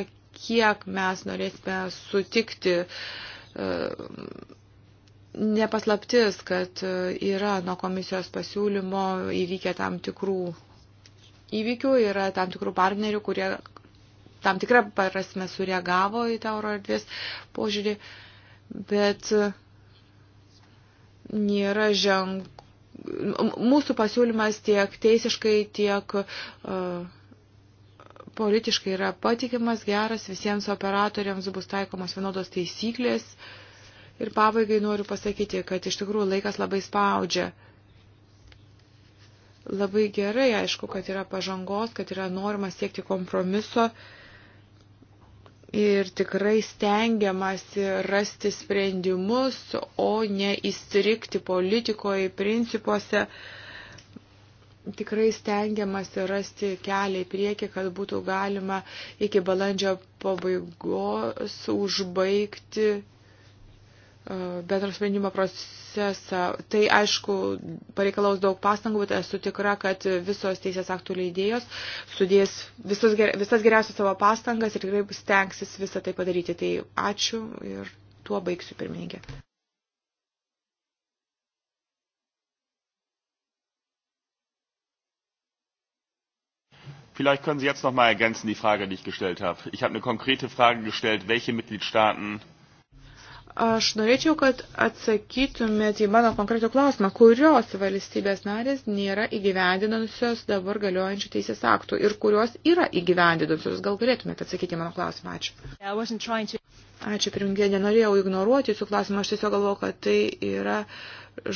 kiek mes norėsime sutikti. E, Nepaslaptis, kad e, yra nuo komisijos pasiūlymo įvykę tam tikrų įvykių, yra tam tikrų partnerių, kurie tam tikrą prasme sureagavo į tą oro erdvės požiūrį, bet e, nėra ženklų. Mūsų pasiūlymas tiek teisiškai, tiek uh, politiškai yra patikimas, geras, visiems operatoriams bus taikomos vienodos taisyklės. Ir pabaigai noriu pasakyti, kad iš tikrųjų laikas labai spaudžia. Labai gerai, aišku, kad yra pažangos, kad yra norma siekti kompromiso ir tikrai stengiamasi rasti sprendimus, o ne įstrikti politikoje, principuose. Uh, tikrai stengiamasi rasti kelią į priekį, kad būtų galima iki balandžio pabaigos užbaigti e, bendro sprendimo procesą. Tai, aišku, pareikalaus daug pastangų, bet esu tikra, kad visos teisės aktų leidėjos sudės visus, visas geriausias savo pastangas ir tikrai stengsis visą tai padaryti. Tai ačiū ir tuo baigsiu pirmininkė. Vielleicht können Sie jetzt noch mal ergänzen die Frage, die ich gestellt habe. Ich habe eine konkrete Frage gestellt, welche Mitgliedstaaten Aš norėčiau, kad atsakytumėte į mano konkretų klausimą, kurios valstybės narės nėra įgyvendinusios dabar galiojančių teisės aktų ir kurios yra įgyvendinusios. Gal galėtumėte atsakyti į mano klausimą? Ačiū. Yeah, to... Ačiū, pirmininkė, nenorėjau ignoruoti jūsų klausimą, aš tiesiog galvoju, kad tai yra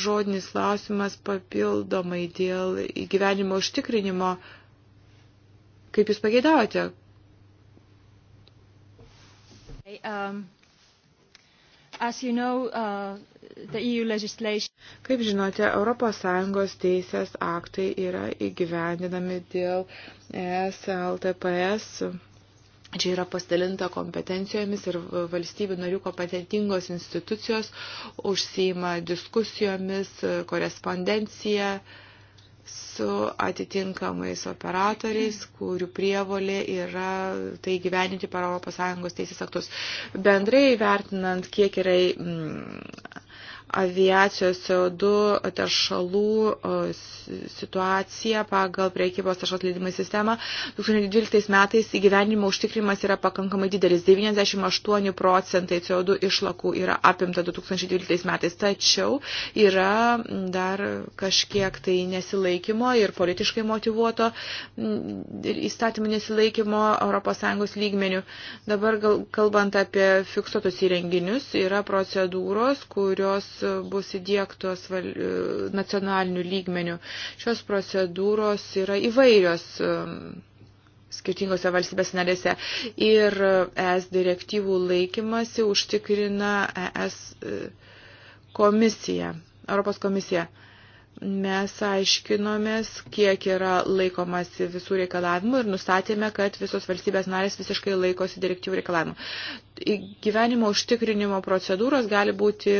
žodinis klausimas papildomai dėl įgyvenimo užtikrinimo. Uh, kaip jūs pageidavote. Um, you know, uh, e legislation... Kaip žinote, ES teisės aktai yra įgyvendinami dėl SLTPS e Čia yra pasidalinta kompetencijomis ir valstybių narių kompetentingos institucijos užsima diskusijomis, korespondencija, su atitinkamais operatoriais, kurių prievolė yra tai gyveninti per ES teisės aktus. Bendrai vertinant, kiek yra mm, aviacijos CO2 teršalų situaciją pagal priekybos taršos leidimai sistemą. 2012 metais įgyvenimo užtikrimas yra pakankamai didelis. 98 procentai CO2 išlakų yra apimta 2012 metais. Tačiau yra dar kažkiek tai nesilaikymo ir politiškai motivuoto įstatymų nesilaikymo ES lygmenių. Dabar gal, kalbant apie fiksuotus įrenginius, yra procedūros, kurios bus įdėktos e, nacionalinių lygmenių. Šios procedūros yra įvairios e, skirtingose valstybės narėse ir ES direktyvų laikymasi užtikrina ES e, komisija, Europos komisija mes aiškinomės, kiek yra laikomasi visų reikalavimų ir nustatėme, kad visos valstybės narės visiškai laikosi direktyvų reikalavimų. Gyvenimo užtikrinimo procedūros gali būti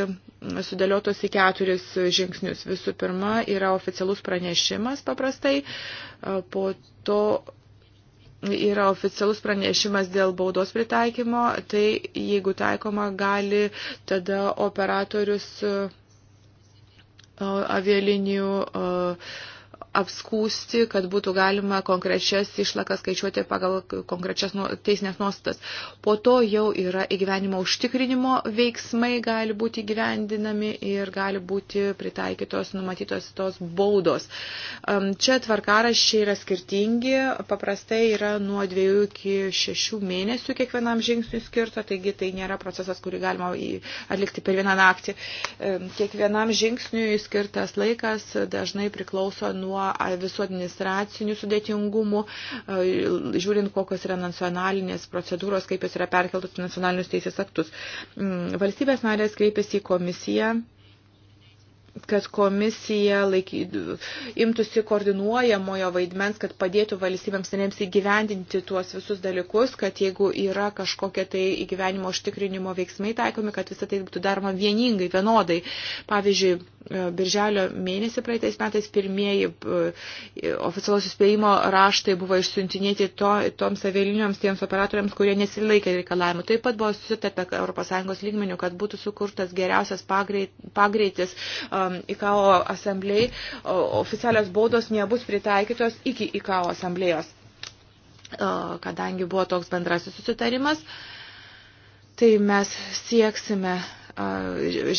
sudėliotos į keturis žingsnius. Visų pirma, yra oficialus pranešimas paprastai, po to yra oficialus pranešimas dėl baudos pritaikymo, tai jeigu taikoma, gali tada operatorius avialinijų apskūsti, kad būtų galima konkrečias išlakas skaičiuoti pagal konkrečias nu, teisinės nuostatas. Po to jau yra įgyvenimo užtikrinimo veiksmai gali būti įgyvendinami ir gali būti pritaikytos numatytos tos baudos. Čia tvarkaraščiai yra skirtingi, paprastai yra nuo dviejų iki šešių mėnesių kiekvienam žingsniui skirta, taigi tai nėra procesas, kurį galima atlikti per vieną naktį. Kiekvienam žingsniui skirtas laikas dažnai priklauso nuo nuo visų administracinių sudėtingumų, žiūrint, kokios yra nacionalinės procedūros, kaip jos yra perkeltos į nacionalinius teisės aktus. Mm, valstybės narės kreipiasi į komisiją kad komisija laiky, imtųsi koordinuojamojo vaidmens, kad padėtų valstybėms narėms įgyvendinti tuos visus dalykus, kad jeigu yra kažkokie tai įgyvenimo užtikrinimo veiksmai taikomi, kad visą tai būtų daroma vieningai, vienodai. Pavyzdžiui, e, birželio mėnesį praeitais metais pirmieji e, oficialaus įspėjimo raštai buvo išsiuntinėti to, toms avialinijoms, tiems operatoriams, kurie nesilaikė reikalavimų. Taip pat buvo susitarta ES lygmenių, kad būtų sukurtas geriausias pagreitis. Um, IKAO asamblėjai oficialios baudos nebus pritaikytos iki IKAO asamblėjos, kadangi buvo toks bendrasis susitarimas. Tai mes sieksime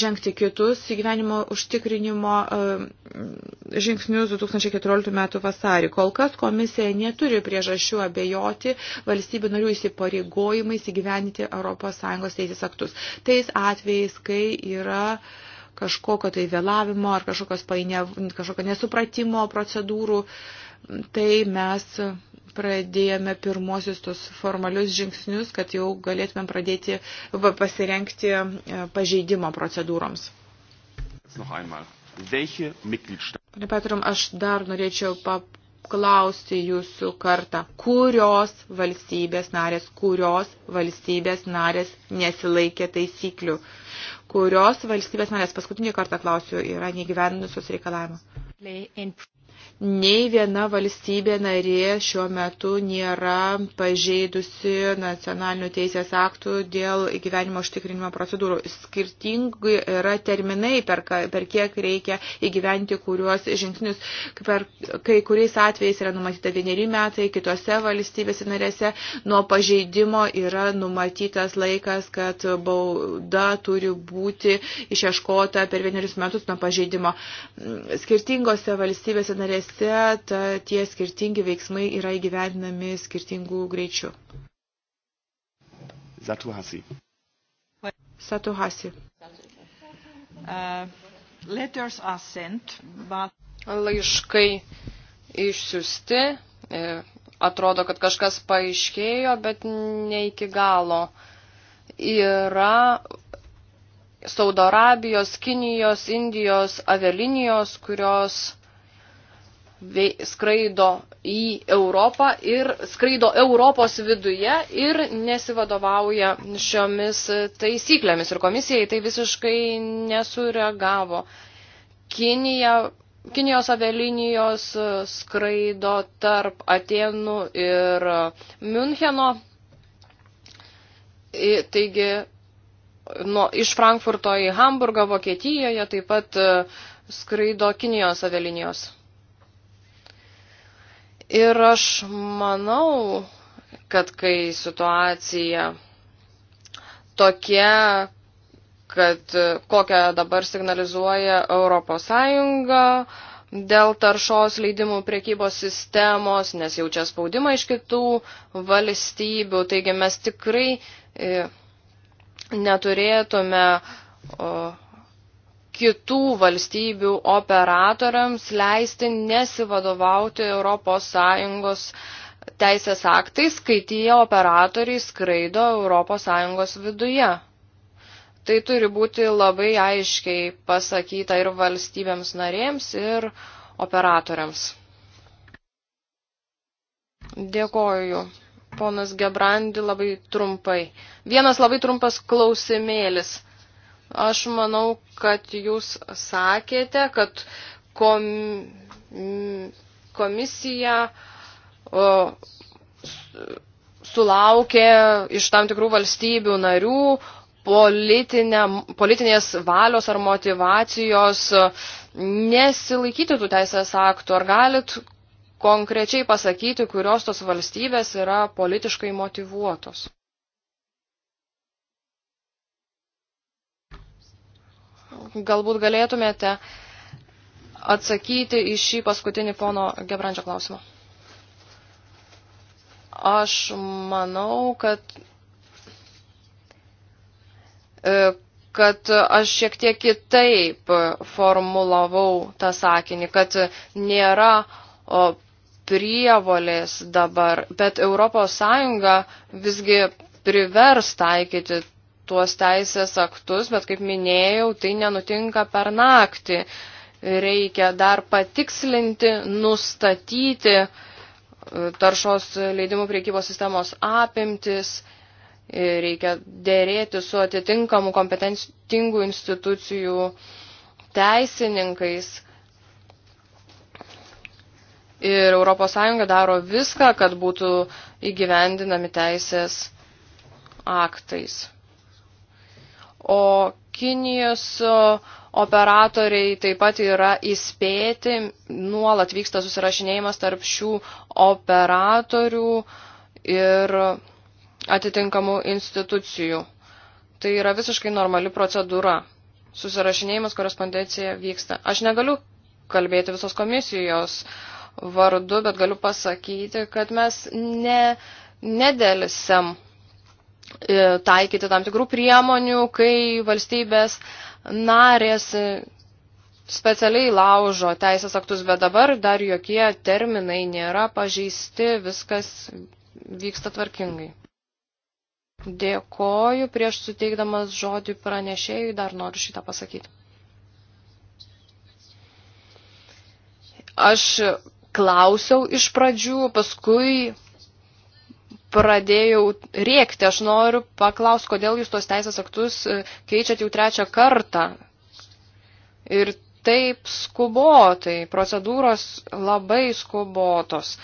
žengti kitus įgyvenimo užtikrinimo žingsnius 2014 m. vasarį. Kol kas komisija neturi priežasčių abejoti valstybių narių įsipareigojimais įgyveninti ES teisės aktus. Tais atvejais, kai yra uh, kažkokio tai vėlavimo ar kažkokios paine, kažkokio nesupratimo procedūrų, tai mes pradėjome pirmosius tos formalius žingsnius, kad jau galėtumėm pradėti pasirenkti e, pažeidimo procedūroms. Pane Petrum, aš dar norėčiau paklausti jūsų kartą, kurios valstybės narės, kurios valstybės narės nesilaikė taisyklių. Uh, kurios valstybės manęs paskutinį kartą klausiu yra negyvendinusios reikalavimą. Nei viena valstybė narė šiuo metu nėra pažeidusi nacionalinių teisės aktų dėl gyvenimo užtikrinimo procedūrų. Skirtingi yra terminai, per, per kiek reikia įgyventi kuriuos žingsnius. Per, kai kuriais atvejais yra numatyta vieneri metai, kitose valstybėse narėse nuo pažeidimo yra numatytas laikas, kad bauda turi būti išieškota per vienerius metus nuo pažeidimo. Skirtingose valstybėse narėse narėse ta, tie skirtingi veiksmai yra įgyvendinami skirtingų greičių. Satuhasi. Satuhasi. Uh, letters are sent, but... Laiškai išsiusti, e, atrodo, kad kažkas paaiškėjo, bet ne iki galo. Yra Saudo Arabijos, Kinijos, Indijos avialinijos, kurios skraido į Europą ir skraido Europos viduje ir nesivadovauja šiomis taisyklėmis. Ir komisija į tai visiškai nesureagavo. Kinija, Kinijos avialinijos skraido tarp Atenų ir Müncheno. Taigi, nuo, iš Frankfurto į Hamburgą Vokietijoje taip pat e, skraido Kinijos avialinijos. Ir aš manau, kad kai situacija tokia, kad kokią dabar signalizuoja Europos Sąjunga, dėl taršos leidimų priekybos sistemos, nes jaučia spaudimą iš kitų valstybių. Taigi mes tikrai e, neturėtume o, kitų valstybių operatoriams leisti nesivadovauti ES teisės aktais, kai tie operatoriai skraido ES viduje. Tai turi būti labai aiškiai pasakyta ir valstybėms narėms, ir operatoriams. Dėkoju. Ponas Gebrandi labai trumpai. Vienas labai trumpas klausimėlis Aš manau, kad jūs sakėte, kad kom, komisija o, sulaukė iš tam tikrų valstybių narių politinė, politinės valios ar motivacijos nesilaikyti tų teisės aktų. Ar galit konkrečiai pasakyti, kurios tos valstybės yra politiškai motivuotos? Galbūt galėtumėte atsakyti į šį paskutinį pono Gebrandžio klausimą. Aš manau, kad, e, kad aš šiek tiek kitaip formulavau tą sakinį, kad nėra prievolės dabar, bet Europos Sąjunga visgi privers taikyti tuos teisės aktus, bet kaip minėjau, tai nenutinka per naktį. Reikia dar patikslinti, nustatyti e, taršos leidimų priekybos sistemos apimtis, e, reikia dėrėti su atitinkamų kompetentingų institucijų teisininkais. Ir ES daro viską, kad būtų įgyvendinami teisės aktais o Kinijos operatoriai taip pat yra įspėti, nuolat vyksta susirašinėjimas tarp šių operatorių ir atitinkamų institucijų. Tai yra visiškai normali procedūra. Susirašinėjimas, korespondencija vyksta. Aš negaliu kalbėti visos komisijos vardu, bet galiu pasakyti, kad mes ne, nedėlisėm E, taikyti tam tikrų priemonių, kai valstybės narės specialiai laužo teisės aktus, bet dabar dar jokie terminai nėra pažeisti, viskas vyksta tvarkingai. Dėkoju, prieš suteikdamas žodį pranešėjui dar noriu šitą pasakyti. Aš klausiau iš pradžių, paskui pradėjau rėkti. Aš noriu paklausti, kodėl jūs tos teisės aktus e, keičiat jau trečią kartą. Ir taip skubotai, procedūros labai skubotos.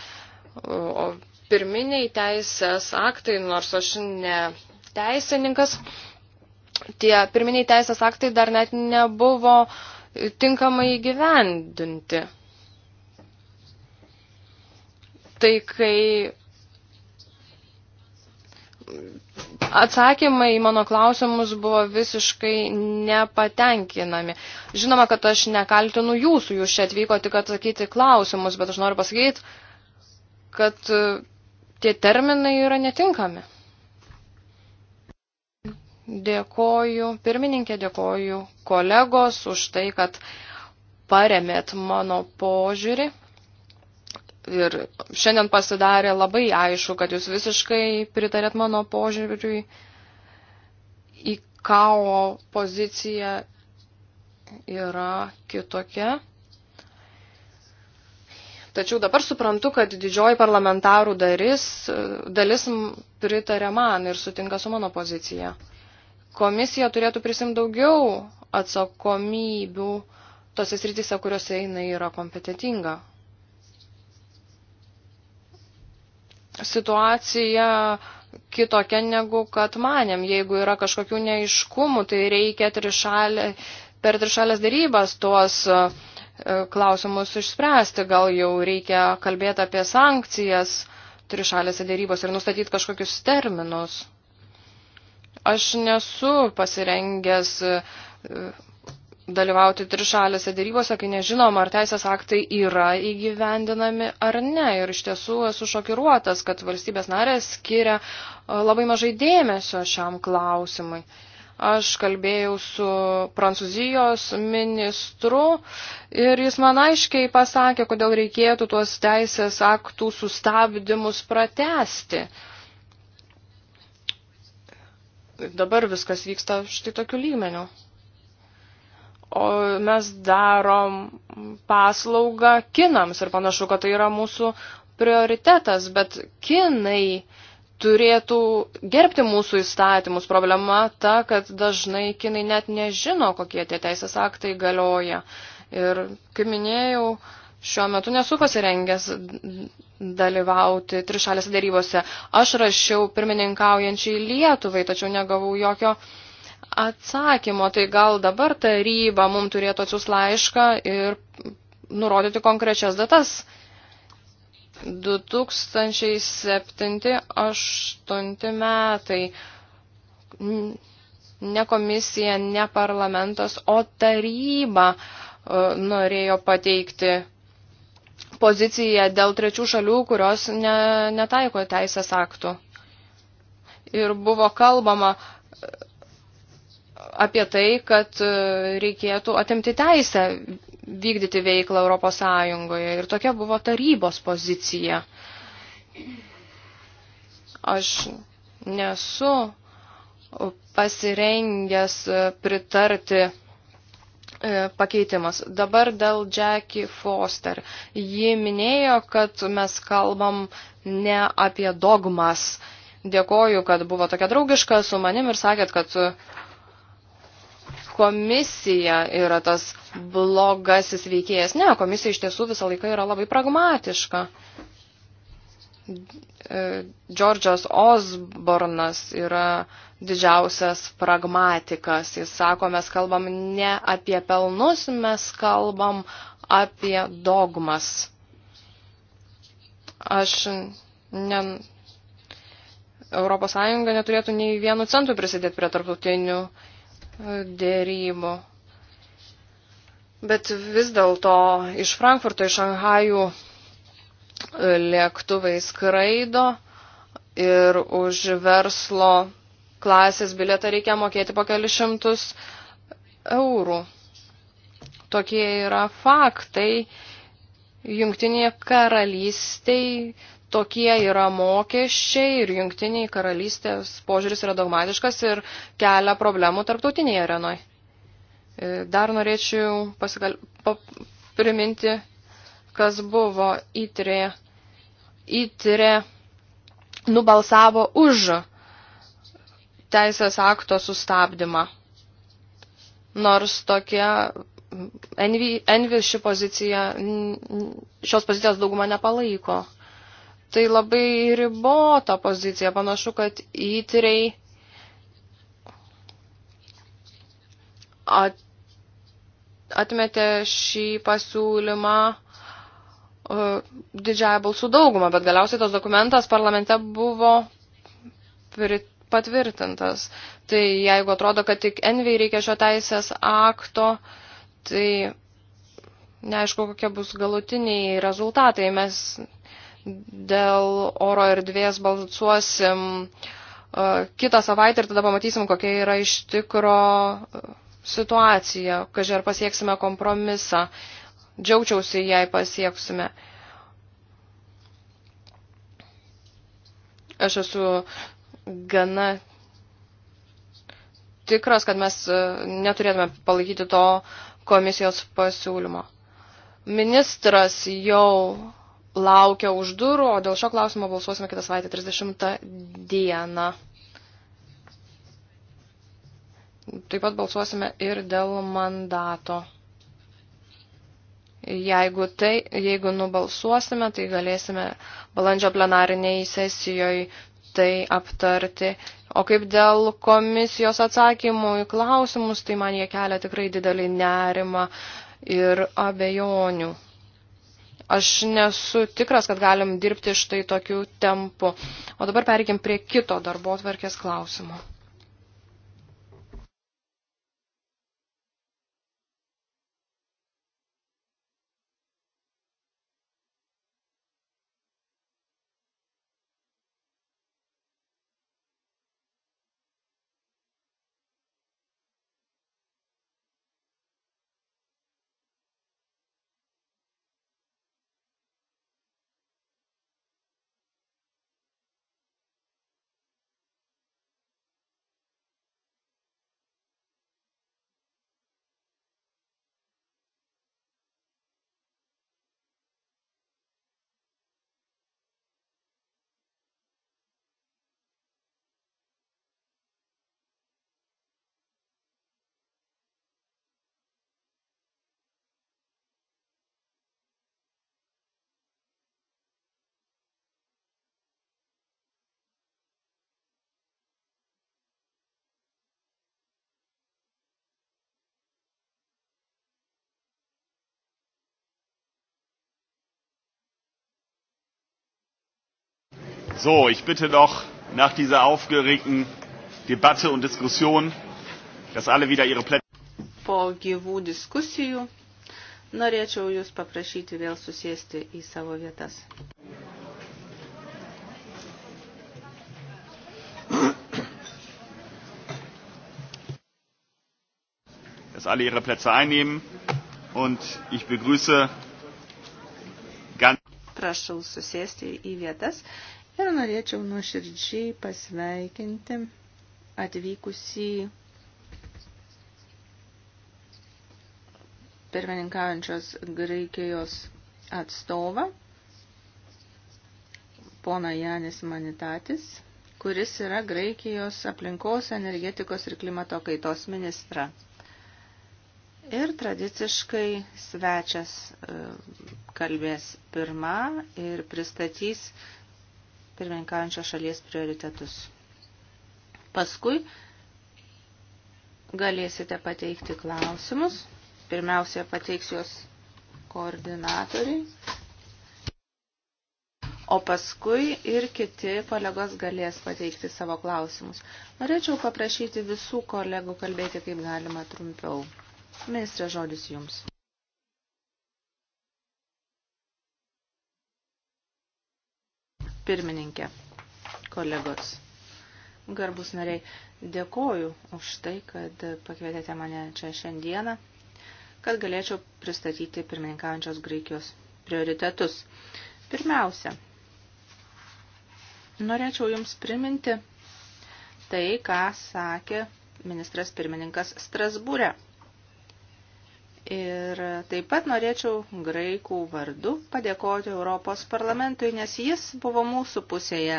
O pirminiai teisės aktai, nors aš ne teisininkas, tie pirminiai teisės aktai dar net nebuvo tinkamai gyvendinti. Tai kai atsakymai į mano klausimus buvo visiškai nepatenkinami. Žinoma, kad aš nekaltinu jūsų, jūs čia atvyko tik atsakyti klausimus, bet aš noriu pasakyti, kad e, tie terminai yra netinkami. Dėkoju, pirmininkė, dėkoju kolegos už tai, kad paremėt mano požiūrį. Ir šiandien pasidarė labai aišku, kad jūs visiškai pritarėt mano požiūriui į kao poziciją yra kitokia. Tačiau dabar suprantu, kad didžioji parlamentarų dalis, dalis pritarė man ir sutinka su mano pozicija. Komisija turėtų prisimti daugiau atsakomybių tose srityse, kuriuose jinai yra kompetitinga. situacija kitokia negu kad manėm. Jeigu yra kažkokių neiškumų, tai reikia trišalė, per trišalės darybas tuos e, klausimus išspręsti. Gal jau reikia kalbėti apie sankcijas trišalėse darybos ir nustatyti kažkokius terminus. Aš nesu pasirengęs e, dalyvauti trišalėse dėrybose, kai nežinom, ar teisės aktai yra įgyvendinami ar ne. Ir iš tiesų esu šokiruotas, kad valstybės narės skiria e, labai mažai dėmesio šiam klausimui. Aš kalbėjau su prancūzijos ministru ir jis man aiškiai pasakė, kodėl reikėtų tuos teisės aktų sustabdymus pratesti. Dabar viskas vyksta štai tokiu lygmeniu o mes darom paslaugą kinams ir panašu, kad tai yra mūsų prioritetas, bet kinai turėtų gerbti mūsų įstatymus. Problema ta, kad dažnai kinai net nežino, kokie tie teisės aktai galioja. Ir, kaip minėjau, šiuo metu nesu pasirengęs dalyvauti trišalėse darybose. Aš rašiau pirmininkaujančiai Lietuvai, tačiau negavau jokio uh, atsakymo, tai gal dabar taryba mums turėtų atsius laišką ir nurodyti konkrečias datas. 2007-2008 metai. Ne komisija, ne parlamentas, o taryba e, norėjo pateikti poziciją dėl trečių šalių, kurios ne, netaiko teisės aktų. Ir buvo kalbama, apie tai, kad e, reikėtų atimti teisę vykdyti veiklą Europos Sąjungoje. Ir tokia buvo tarybos pozicija. Aš nesu pasirengęs pritarti e, pakeitimas. Dabar dėl Jackie Foster. Ji minėjo, kad mes kalbam ne apie dogmas. Dėkoju, kad buvo tokia draugiška su manim ir sakėt, kad komisija yra tas blogasis veikėjas. Ne, komisija iš tiesų visą laiką yra labai pragmatiška. E, Džordžas Osbornas yra didžiausias pragmatikas. Jis sako, mes kalbam ne apie pelnus, mes kalbam apie dogmas. Aš ne, Europos Sąjunga neturėtų nei vienu centu prisidėti prie tarptautinių dėrybų. Bet vis dėlto iš Frankfurto į Šanhajų e, lėktuvai skraido ir už verslo klasės bilietą reikia mokėti po kelišimtus eurų. Tokie yra faktai. Jungtinėje karalystėje tokie yra mokesčiai ir jungtiniai karalystės požiūris yra dogmatiškas ir kelia problemų tarptautinėje arenoje. Dar norėčiau pasigal... priminti, kas buvo įtrė. Įtrė nubalsavo už teisės akto sustabdymą. Nors tokia Envi, Envi ši pozicija, šios pozicijos dauguma nepalaiko tai labai ribota pozicija. Panašu, kad įtiriai atmetė šį pasiūlymą e, didžiąją balsų daugumą, bet galiausiai tas dokumentas parlamente buvo patvirtintas. Tai jeigu atrodo, kad tik Envy reikia šio teisės akto, tai neaišku, kokie bus galutiniai rezultatai. Mes dėl oro erdvės balsuosim e, kitą savaitę ir tada pamatysim, kokia yra iš tikro e, situacija, kažiai ar pasieksime kompromisą. Džiaugčiausi, jei pasieksime. Aš esu gana tikras, kad mes e, neturėtume palaikyti to komisijos pasiūlymo. Ministras jau laukia už durų, o dėl šio klausimo balsuosime kitą savaitę 30 dieną. Taip pat balsuosime ir dėl mandato. Jeigu, tai, jeigu nubalsuosime, tai galėsime balandžio plenariniai sesijoje tai aptarti. O kaip dėl komisijos atsakymų į klausimus, tai man jie kelia tikrai didelį nerimą ir abejonių. Aš nesu tikras, kad galim dirbti štai tokiu tempu. O dabar pereikim prie kito darbo tvarkės klausimo. So, ich bitte doch nach dieser aufgeregten Debatte und Diskussion, dass alle wieder ihre Plätze. Po gyvų diskusijų norėčiau Jūs paprašyti vėl susėsti į savo vietas. Dass alle ihre Plätze einnehmen und ich begrüße ganz. Prašau susėsti į vietas ir norėčiau nuoširdžiai pasveikinti atvykusį pirmininkaujančios Graikijos atstovą, pona Janis Manitatis, kuris yra Graikijos aplinkos, energetikos ir klimato kaitos ministra. Ir tradiciškai svečias e, kalbės pirmą ir pristatys pirmininkaujančios šalies prioritetus. Paskui galėsite pateikti klausimus. Pirmiausia, pateiks juos koordinatoriai. O paskui ir kiti kolegos galės pateikti savo klausimus. Norėčiau paprašyti visų kolegų kalbėti kaip galima trumpiau. Ministrė, žodis jums. pirmininkė, kolegos, garbus nariai, dėkoju už tai, kad pakvietėte mane čia šiandieną, kad galėčiau pristatyti pirmininkaujančios Graikijos prioritetus. Pirmiausia, norėčiau Jums priminti tai, ką sakė ministras pirmininkas Strasbūre. Ir taip pat norėčiau graikų vardu padėkoti Europos parlamentui, nes jis buvo mūsų pusėje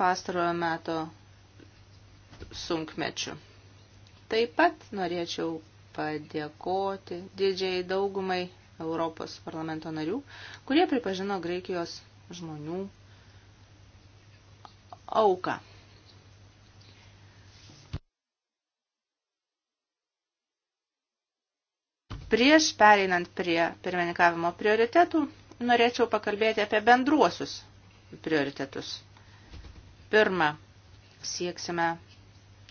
pastarojo meto sunkmečių. Taip pat norėčiau padėkoti didžiai daugumai Europos parlamento narių, kurie pripažino Graikijos žmonių auką. Prieš pereinant prie pirmininkavimo prioritetų, norėčiau pakalbėti apie bendruosius prioritetus. Pirma, sieksime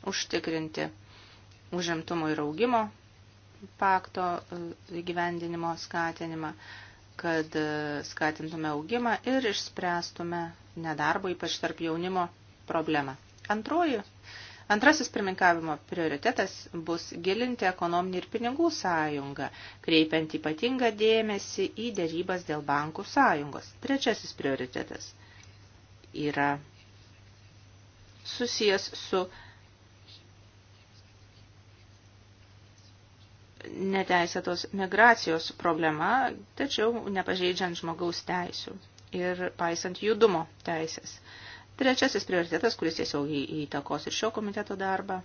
užtikrinti užimtumo ir augimo pakto e, įgyvendinimo skatinimą, kad e, skatintume augimą ir išspręstume nedarbo, ypač tarp jaunimo, problemą. Antroji Antrasis pirmininkavimo prioritetas bus gilinti ekonominį ir pinigų sąjungą, kreipiant ypatingą dėmesį į dėrybas dėl bankų sąjungos. Trečiasis prioritetas yra susijęs su neteisėtos migracijos problema, tačiau nepažeidžiant žmogaus teisių ir paisant judumo teisės. Trečiasis prioritetas, kuris tiesiog įtakos ir šio komiteto darbą,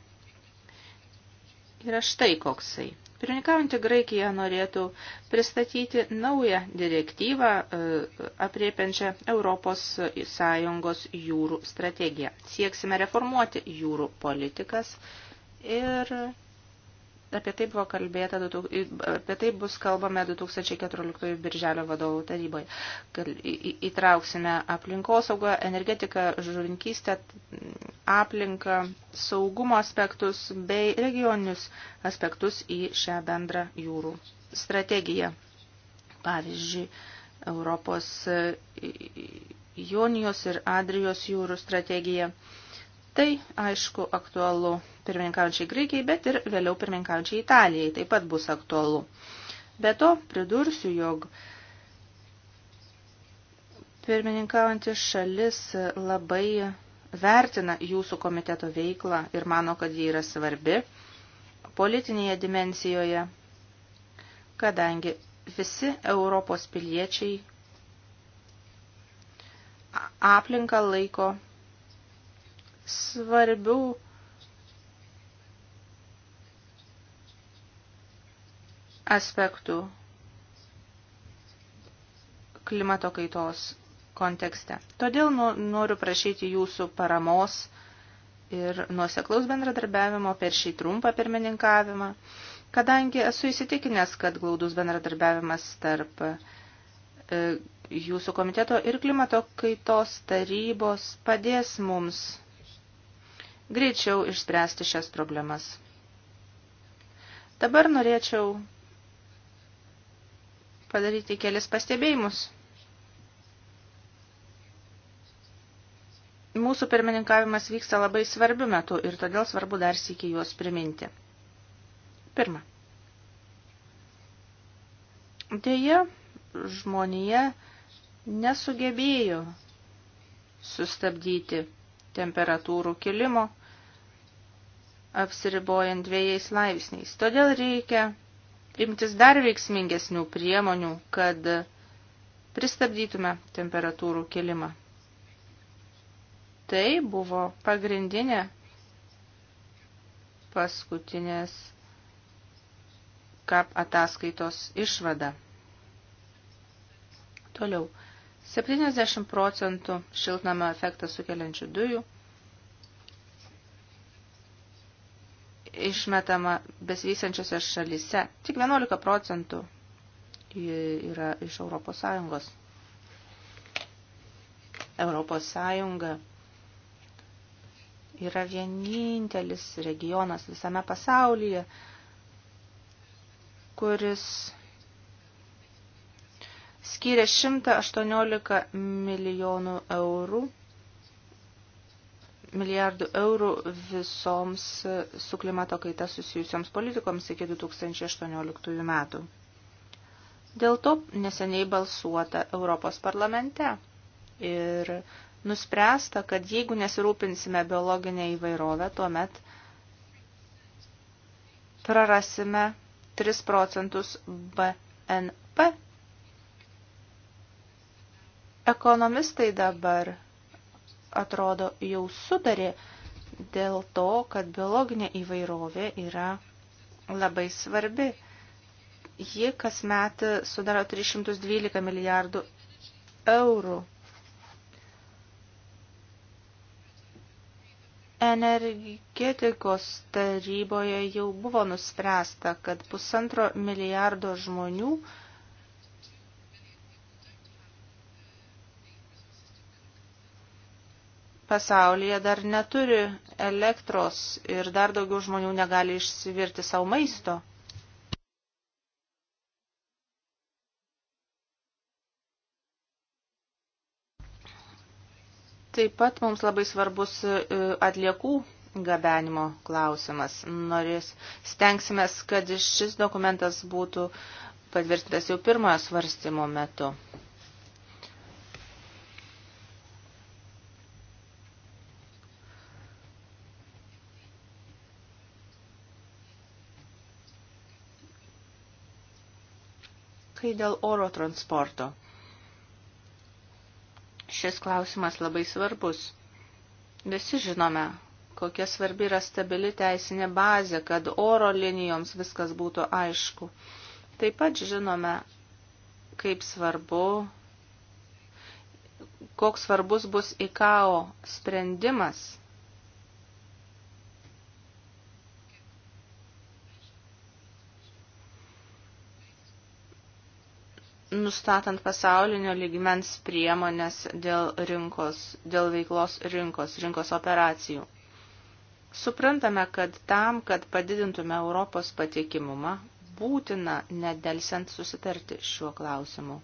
yra štai koksai. Pirmininkaujantį Graikiją norėtų pristatyti naują direktyvą e, apriepiančią Europos Sąjungos jūrų strategiją. Sieksime reformuoti jūrų politikas ir Apie tai buvo kalbėta, apie tai bus kalbame 2014 birželio vadovų taryboje. Įtrauksime aplinkosaugą, energetiką, žuvinkystę, aplinką, saugumo aspektus bei regioninius aspektus į šią bendrą jūrų strategiją. Pavyzdžiui, Europos Jonijos ir Adrijos jūrų strategija Tai, aišku, aktualu pirmininkaujančiai Graikijai, bet ir vėliau pirmininkaujančiai Italijai taip pat bus aktualu. Be to, pridursiu, jog pirmininkaujantis šalis labai vertina jūsų komiteto veiklą ir mano, kad ji yra svarbi politinėje dimensijoje, kadangi visi Europos piliečiai aplinką laiko svarbių aspektų klimato kaitos kontekste. Todėl nu, noriu prašyti jūsų paramos ir nuoseklaus bendradarbiavimo per šį trumpą pirmininkavimą, kadangi esu įsitikinęs, kad glaudus bendradarbiavimas tarp e, jūsų komiteto ir klimato kaitos tarybos padės mums greičiau išspręsti šias problemas. Dabar norėčiau padaryti kelis pastebėjimus. Mūsų pirmininkavimas vyksta labai svarbiu metu ir todėl svarbu dar sėki juos priminti. Pirma. Deja, žmonija nesugebėjo sustabdyti temperatūrų kilimo, apsiribojant dviejais laipsniais. Todėl reikia imtis dar veiksmingesnių priemonių, kad pristabdytume temperatūrų kilimą. Tai buvo pagrindinė paskutinės kap ataskaitos išvada. Toliau. 70 procentų šiltnamą efektą sukeliančių dujų išmetama besivysančiose šalyse. Tik 11 procentų yra iš Europos Sąjungos. Europos Sąjunga yra vienintelis regionas visame pasaulyje, kuris skyrė 118 milijonų eurų, milijardų eurų visoms su klimato kaita susijusioms politikoms iki 2018 metų. Dėl to neseniai balsuota Europos parlamente ir nuspręsta, kad jeigu nesirūpinsime biologinę įvairovę, tuomet prarasime 3 procentus BNP Ekonomistai dabar atrodo jau sutarė dėl to, kad biologinė įvairovė yra labai svarbi. Ji kasmet sudaro 312 milijardų eurų. Energetikos taryboje jau buvo nuspręsta, kad pusantro milijardo žmonių pasaulyje dar neturi elektros ir dar daugiau žmonių negali išsivirti savo maisto. Taip pat mums labai svarbus e, atliekų gabenimo klausimas. Norės, stengsime, kad šis dokumentas būtų patvirtintas jau pirmojo svarstymo metu. kai dėl oro transporto. Šis klausimas labai svarbus. Visi žinome, kokia svarbi yra stabili teisinė bazė, kad oro linijoms viskas būtų aišku. Taip pat žinome, kaip svarbu, koks svarbus bus IKAO sprendimas nustatant pasaulinio lygmens priemonės dėl rinkos, dėl veiklos rinkos, rinkos operacijų. Suprantame, kad tam, kad padidintume Europos patikimumą, būtina nedelsiant susitarti šiuo klausimu.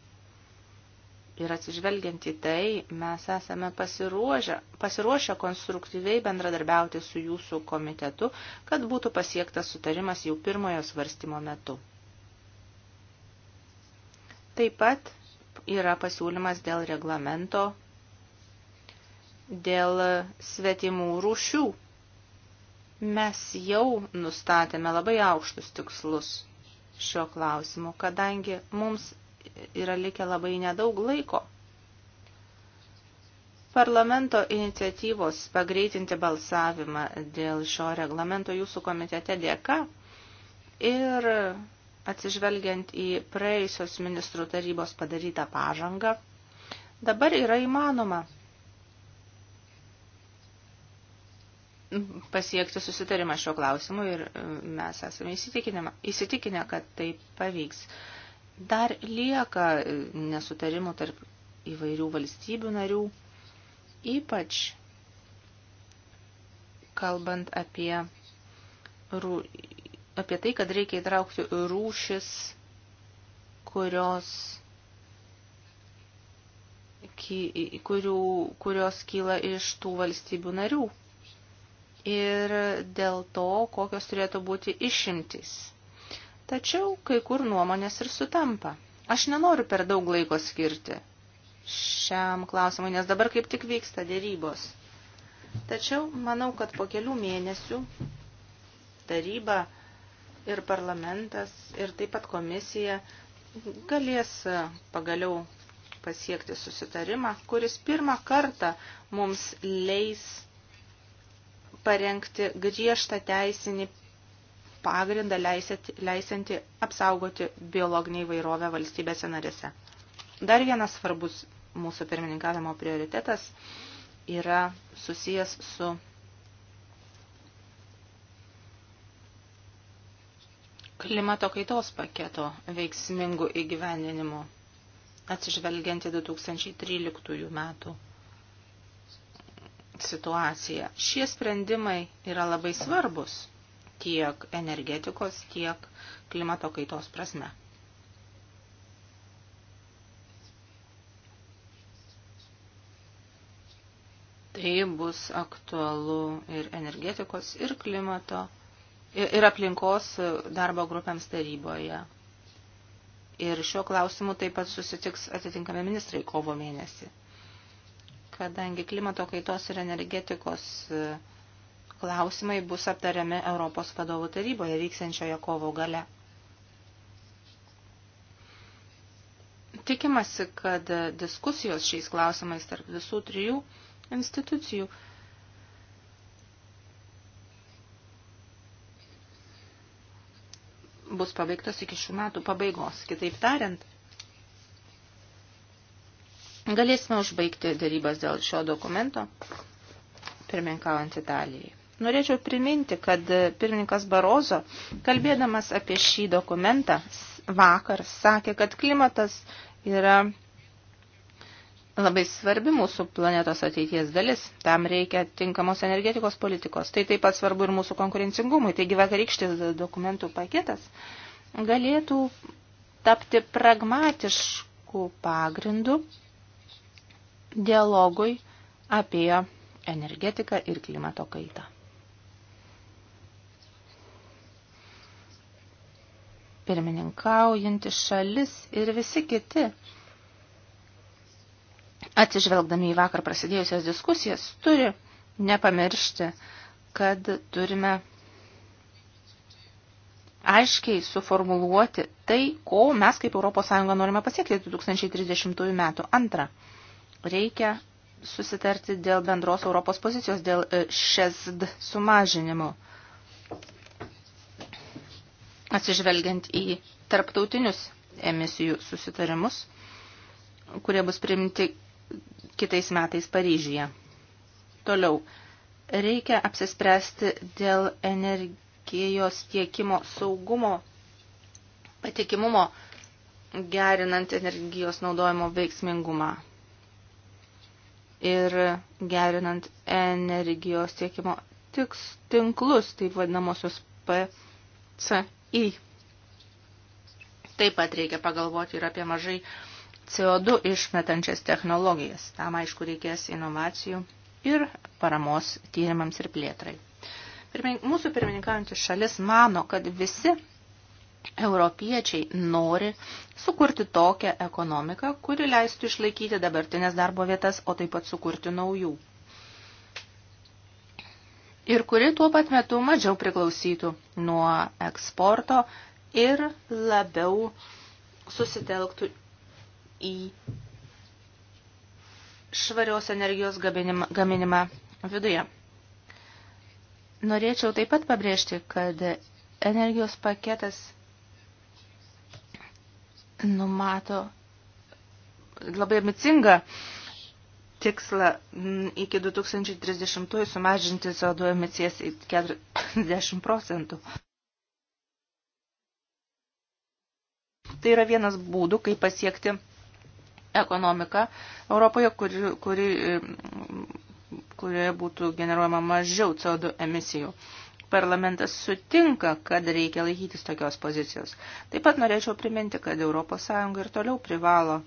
Ir atsižvelgiant į tai, mes esame pasiruošę, pasiruošę konstruktyviai bendradarbiauti su jūsų komitetu, kad būtų pasiektas sutarimas jau pirmojo svarstymo metu. Taip pat yra pasiūlymas dėl reglamento, dėl svetimų rūšių. Mes jau nustatėme labai aukštus tikslus šio klausimu, kadangi mums yra likę labai nedaug laiko. Parlamento iniciatyvos pagreitinti balsavimą dėl šio reglamento jūsų komitete dėka ir atsižvelgiant į praėjusios ministrų tarybos padarytą pažangą, dabar yra įmanoma pasiekti susitarimą šio klausimu ir e, mes esame įsitikinę, kad tai pavyks. Dar lieka e, nesutarimų tarp įvairių valstybių narių, ypač kalbant apie apie tai, kad reikia įtraukti rūšis, kurios, ki, kurių, kurios kyla iš tų valstybių narių. Ir dėl to, kokios turėtų būti išimtys. Tačiau kai kur nuomonės ir sutampa. Aš nenoriu per daug laiko skirti šiam klausimui, nes dabar kaip tik vyksta dėrybos. Tačiau manau, kad po kelių mėnesių taryba ir parlamentas, ir taip pat komisija galės pagaliau pasiekti susitarimą, kuris pirmą kartą mums leis parengti griežtą teisinį pagrindą leisinti apsaugoti biologinį įvairovę valstybėse narėse. Dar vienas svarbus mūsų pirmininkavimo prioritetas yra susijęs su klimato kaitos paketo veiksmingų įgyvendinimų, atsižvelgiant į 2013 metų situaciją. Šie sprendimai yra labai svarbus tiek energetikos, tiek klimato kaitos prasme. Tai bus aktualu ir energetikos, ir klimato ir aplinkos darbo grupėms taryboje. Ir šiuo klausimu taip pat susitiks atitinkami ministrai kovo mėnesį. Kadangi klimato kaitos ir energetikos e, klausimai bus aptariami Europos vadovų taryboje vyksiančioje kovo gale. Tikimasi, kad diskusijos šiais klausimais tarp visų trijų institucijų bus pabaigtos iki šių metų pabaigos. Kitaip tariant, galėsime užbaigti darybas dėl šio dokumento, pirmininkaujant Italijai. Norėčiau priminti, kad pirmininkas Barozo, kalbėdamas apie šį dokumentą, vakar sakė, kad klimatas yra labai svarbi mūsų planetos ateities dalis. Tam reikia tinkamos energetikos politikos. Tai taip pat svarbu ir mūsų konkurencingumui. Taigi vakarykštis dokumentų paketas galėtų tapti pragmatiškų pagrindų dialogui apie energetiką ir klimato kaitą. Pirmininkaujanti šalis ir visi kiti – atsižvelgdami į vakar prasidėjusias diskusijas, turi nepamiršti, kad turime aiškiai suformuluoti tai, ko mes kaip ES norime pasiekti 2030 metų. Antra, reikia susitarti dėl bendros Europos pozicijos, dėl e, šesd sumažinimo, atsižvelgiant į tarptautinius emisijų susitarimus, kurie bus priimti kitais metais Paryžiuje. Toliau. Reikia apsispręsti dėl energijos tiekimo saugumo, patikimumo, gerinant energijos naudojimo veiksmingumą ir gerinant energijos tiekimo tiks, tinklus, taip vadinamosius PCI. Taip pat reikia pagalvoti ir apie mažai CO2 išmetančias technologijas. Tam aišku reikės inovacijų ir paramos tyrimams ir plėtrai. Pirmin, mūsų pirmininkaujantis šalis mano, kad visi europiečiai nori sukurti tokią ekonomiką, kuri leistų išlaikyti dabartinės darbo vietas, o taip pat sukurti naujų. Ir kuri tuo pat metu mažiau priklausytų nuo eksporto ir labiau susitelktų į švarios energijos gaminimą, gaminimą viduje. Norėčiau taip pat pabrėžti, kad energijos paketas numato labai ambicingą tikslą iki 2030 sumažinti CO2 emisijas į 40 procentų. Tai yra vienas būdų, kaip pasiekti ekonomiką Europoje, kuri, kuri, kurioje būtų generuojama mažiau CO2 emisijų. Parlamentas sutinka, kad reikia laikytis tokios pozicijos. Taip pat norėčiau priminti, kad ES ir toliau privalo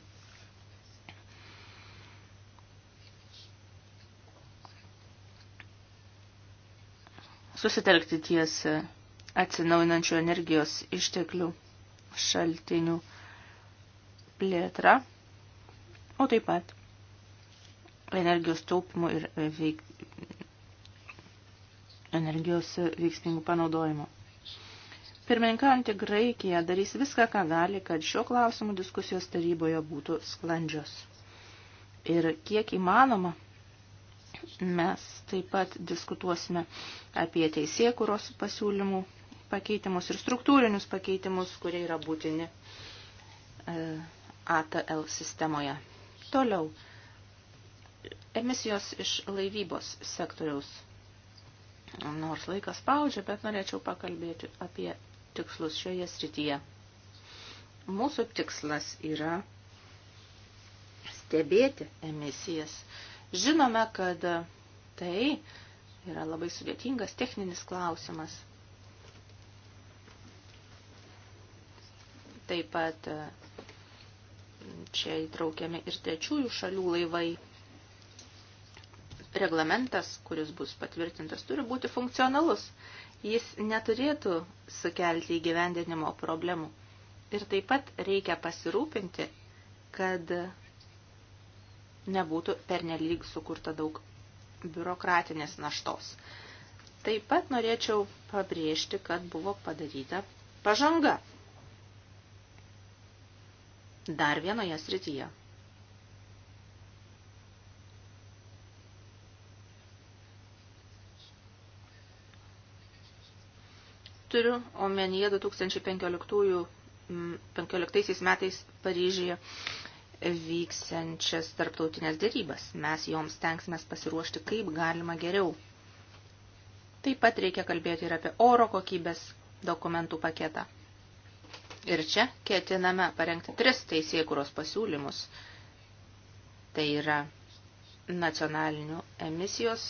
susitelkti ties atsinaujinančių energijos išteklių šaltinių plėtra o taip pat energijos taupimo ir e, veik... energijos veiksmingų panaudojimo. Pirmininkaujantį Graikiją darys viską, ką gali, kad šio klausimų diskusijos taryboje būtų sklandžios. Ir kiek įmanoma, mes taip pat diskutuosime apie teisėkuros pasiūlymų pakeitimus ir struktūrinius pakeitimus, kurie yra būtini e, ATL sistemoje. Toliau. Emisijos iš laivybos sektoriaus. Nors laikas spaudžia, bet norėčiau pakalbėti apie tikslus šioje srityje. Mūsų tikslas yra stebėti emisijas. Žinome, kad tai yra labai sudėtingas techninis klausimas. Taip pat Čia įtraukiami ir trečiųjų šalių laivai. Reglamentas, kuris bus patvirtintas, turi būti funkcionalus. Jis neturėtų sukelti įgyvendinimo problemų. Ir taip pat reikia pasirūpinti, kad nebūtų pernelyg sukurta daug biurokratinės naštos. Taip pat norėčiau pabrėžti, kad buvo padaryta pažanga – dar vienoje srityje. Turiu omenyje 2015 metais Paryžyje vyksiančias tarptautinės dėrybas. Mes joms tenksime pasiruošti kaip galima geriau. Taip pat reikia kalbėti ir apie oro kokybės dokumentų paketą. Ir čia ketiname parengti tris teisėkuros pasiūlymus. Tai yra nacionalinių emisijos,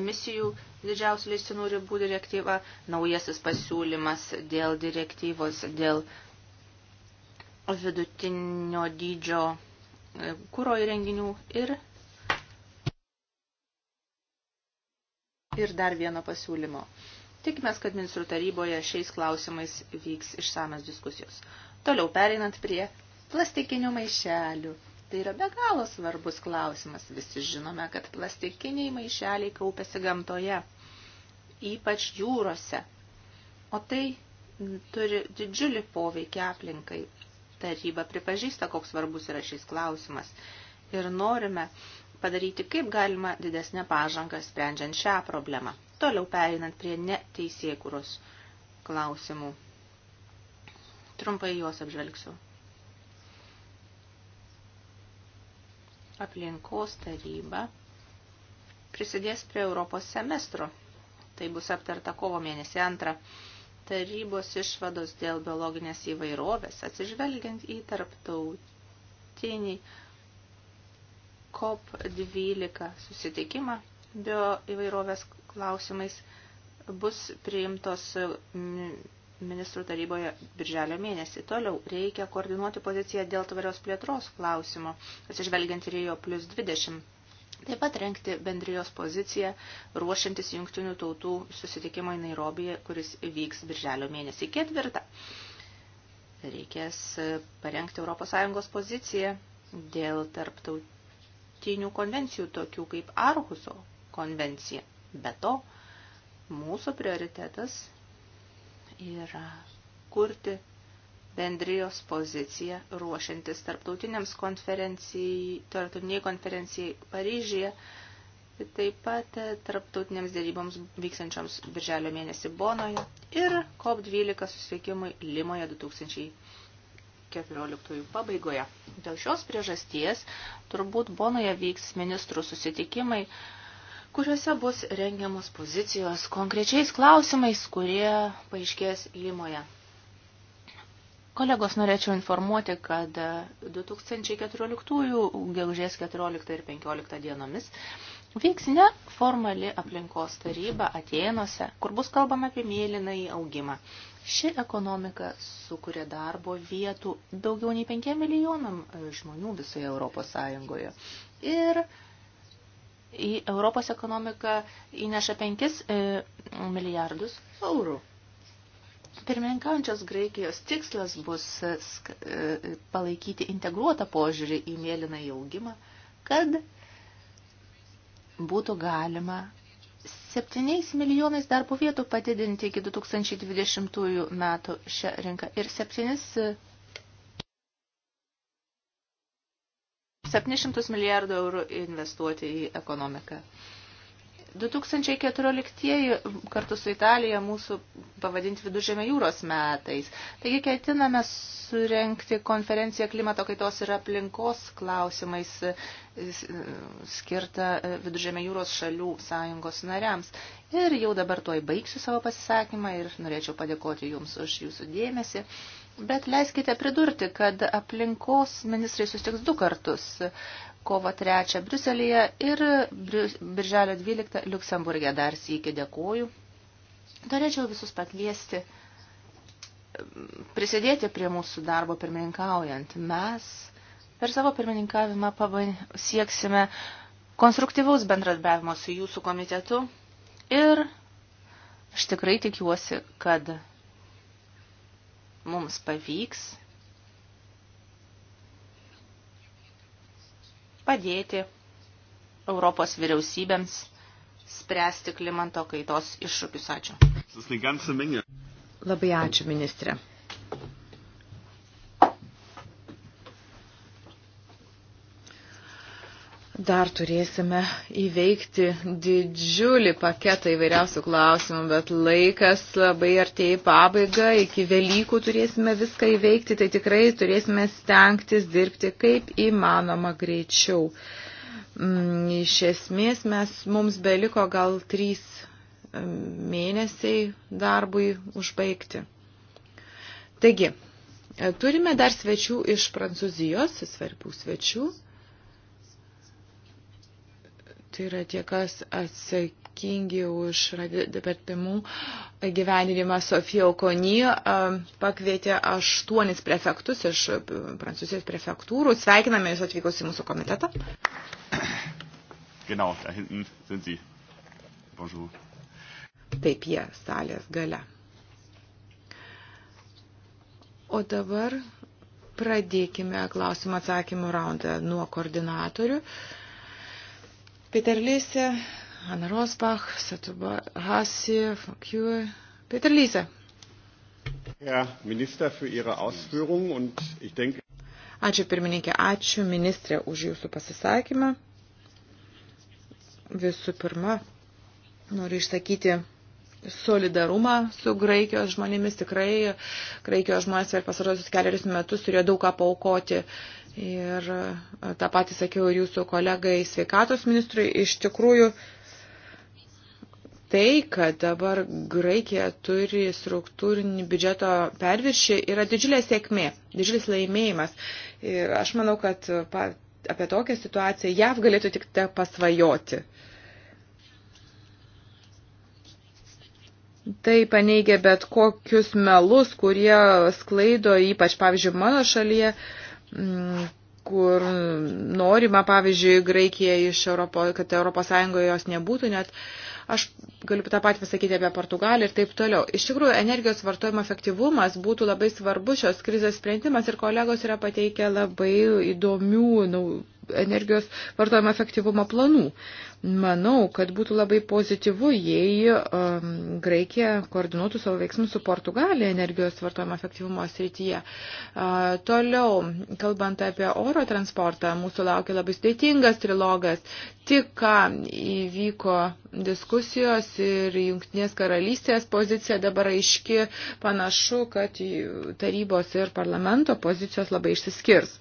emisijų didžiausių leistinų ribų direktyva, naujasis pasiūlymas dėl direktyvos, dėl vidutinio dydžio e, kūro įrenginių ir, ir dar vieno pasiūlymo. Tikimės, kad ministrų taryboje šiais klausimais vyks išsamas diskusijos. Toliau pereinant prie plastikinių maišelių. Tai yra be galo svarbus klausimas. Visi žinome, kad plastikiniai maišeliai kaupiasi gamtoje, ypač jūrose. O tai turi didžiulį poveikį aplinkai. Taryba pripažįsta, koks svarbus yra šis klausimas. Ir norime padaryti kaip galima didesnę pažangą sprendžiant šią problemą. Toliau perinant prie neteisėkuros klausimų. Trumpai juos apžvelgsiu. Aplinkos taryba prisidės prie Europos semestro. Tai bus aptarta kovo mėnesį antrą tarybos išvados dėl biologinės įvairovės, atsižvelgiant į tarptautinį COP12 susitikimą bioįvairovės klausimais bus priimtos ministrų taryboje birželio mėnesį. Toliau reikia koordinuoti poziciją dėl tvarios plėtros klausimo, atsižvelgiant ir jo plus 20. Taip pat renkti bendrijos poziciją, ruošiantis jungtinių tautų susitikimo į Nairobį, kuris vyks birželio mėnesį ketvirtą. Reikės parengti ES poziciją dėl tarptautinių konvencijų, tokių kaip Arhuso konvencija. Be to, mūsų prioritetas yra kurti bendrijos poziciją ruošiantis tarptautiniams konferencijai, tarptautiniai konferencijai Paryžyje, taip pat e, tarptautiniams dėryboms vyksančioms birželio mėnesį Bonoje ir COP12 susitikimui Limoje 2014 pabaigoje. Dėl šios priežasties turbūt Bonoje vyks ministrų susitikimai kuriuose bus rengiamos pozicijos konkrečiais klausimais, kurie paaiškės Limoje. Kolegos, norėčiau informuoti, kad 2014 gegužės 14 ir 15 dienomis vyks neformali aplinkos taryba Atėnuose, kur bus kalbama apie mėlynąjį augimą. Ši ekonomika sukuria darbo vietų daugiau nei 5 milijonam žmonių visoje Europos Sąjungoje. Ir į Europos ekonomiką įneša 5 e, milijardus eurų. Pirmininkaujančios Graikijos tikslas bus e, e, palaikyti integruotą požiūrį į mėlyną augimą, kad būtų galima 7 milijonais darbo vietų padidinti iki 2020 metų šią rinką ir 7 700 milijardų eurų investuoti į ekonomiką. 2014 kartu su Italija mūsų pavadinti viduržėmė jūros metais. Taigi ketiname surenkti konferenciją klimato kaitos ir aplinkos klausimais skirtą viduržėmė jūros šalių sąjungos nariams. Ir jau dabar tuoj baigsiu savo pasisakymą ir norėčiau padėkoti Jums už Jūsų dėmesį. Bet leiskite pridurti, kad aplinkos ministrai susitiks du kartus - kovo 3 Briuselėje ir birželio 12 Luksemburgė. Dar sykį dėkoju. Norėčiau visus pakviesti prisidėti prie mūsų darbo pirmininkaujant. Mes per savo pirmininkavimą sieksime konstruktyvaus bendradarbiavimo su jūsų komitetu ir aš tikrai tikiuosi, kad mums pavyks padėti Europos vyriausybėms spręsti klimato kaitos iššūkius. Ačiū. Labai ačiū, ministrė. Dar turėsime įveikti didžiulį paketą įvairiausių klausimų, bet laikas labai artėja į pabaigą, iki Velykų turėsime viską įveikti, tai tikrai turėsime stengtis dirbti kaip įmanoma greičiau. Mm, iš esmės mes, mums beliko gal trys mm, mėnesiai darbui užbaigti. Taigi, turime dar svečių iš Prancūzijos, svarbių svečių. Tai yra tie, kas atsakingi už departimų gyvenimą Sofija Okony um, pakvietė aštuonis prefektus iš Prancūzijos prefektūrų. Sveikiname jūs atvykus į mūsų komitetą. Genau, da hinten sind Sie. Bonjour. Taip jie, salės gale. O dabar pradėkime klausimą atsakymų raundą nuo koordinatorių. Uh, Peter Lise, Anna Rosbach, Satuba Hassi, Fakue. Peter Lise. Herr Minister, für Ihre Ausführungen und ich denke. Ačiū pirmininkė, ačiū ministrė už jūsų pasisakymą. Visų pirma, noriu išsakyti solidarumą su Graikijos žmonėmis. Tikrai Graikijos žmonės per pasarosius keliarius metus turėjo daug ką paukoti Ir e, tą patį sakiau ir jūsų kolegai sveikatos ministrui. Iš tikrųjų, tai, kad dabar Graikija turi struktūrinį biudžeto perviršį, yra didžiulė sėkmė, didžiulis laimėjimas. Ir aš manau, kad pa, apie tokią situaciją JAV galėtų tik te pasvajoti. Tai paneigia bet kokius melus, kurie sklaido, ypač, pavyzdžiui, mano šalyje. Uh, Mm, kur norima, pavyzdžiui, Graikija iš Europo, kad Europos Sąjungoje jos nebūtų, net aš galiu tą patį pasakyti apie Portugaliją ir taip toliau. Iš tikrųjų, energijos vartojimo efektyvumas būtų labai svarbus šios krizės sprendimas ir kolegos yra pateikę labai įdomių nau, energijos vartojimo efektyvumo planų. Manau, kad būtų labai pozityvu, jei um, Graikija koordinuotų savo veiksmus su Portugalija energijos vartojimo efektyvumo srityje. Uh, toliau, kalbant apie oro transportą, mūsų laukia labai sudėtingas trilogas. Tik ką įvyko diskusijos ir Junktinės karalystės pozicija dabar aiški, panašu, kad tarybos ir parlamento pozicijos labai išsiskirs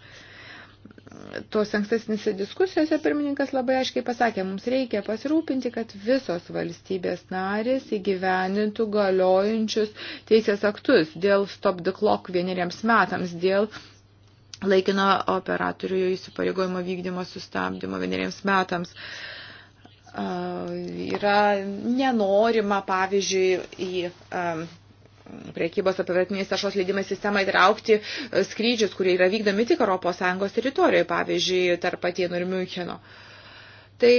tos ankstesnėse diskusijose pirmininkas labai aiškiai pasakė, mums reikia pasirūpinti, kad visos valstybės narės įgyvenintų galiojančius teisės aktus dėl stop the clock vieneriems metams, dėl laikino operatorių įsipareigojimo vykdymo sustabdymo vieneriems metams. Yra nenorima, pavyzdžiui, į priekybos apivartiniais taršos leidimais sistemą įtraukti e, skrydžius, kurie yra vykdomi tik ES teritorijoje, pavyzdžiui, tarp Atėnų ir Müncheno. Tai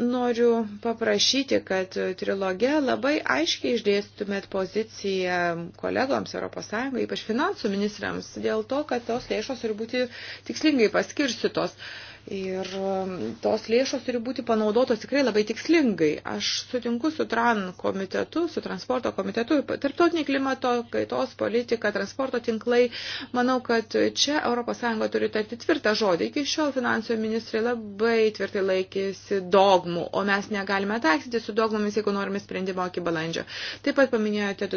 noriu paprašyti, kad trilogė labai aiškiai išdėstumėt poziciją kolegoms ES, ypač finansų ministrams, dėl to, kad tos lėšos turi būti tikslingai paskirstytos. Uh, Ir um, tos lėšos turi būti panaudotos tikrai labai tikslingai. Aš sutinku su TRAN komitetu, su transporto komitetu, tarptautiniai klimato kaitos politika, transporto tinklai. Manau, kad čia ES turi tarti tvirtą žodį. Iki šiol finansų ministrai labai tvirtai laikėsi dogmų, o mes negalime taksyti su dogmomis, jeigu norime sprendimo iki balandžio. Taip pat paminėjote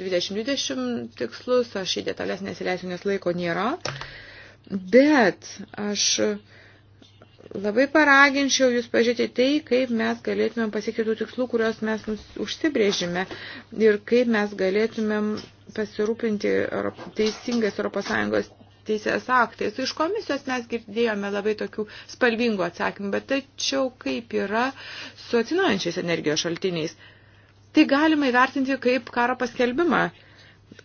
2020 tikslus, aš į detalės nesileisiu, nes laiko nėra. Bet aš Labai paraginčiau jūs pažiūrėti tai, kaip mes galėtumėm pasiekti tų tikslų, kuriuos mes užsibrėžime ir kaip mes galėtumėm pasirūpinti teisingais ES teisės aktais. Iš komisijos mes girdėjome labai tokių spalvingų atsakymų, bet tačiau kaip yra su atsinaujančiais energijos šaltiniais. Tai galima įvertinti kaip karo paskelbimą.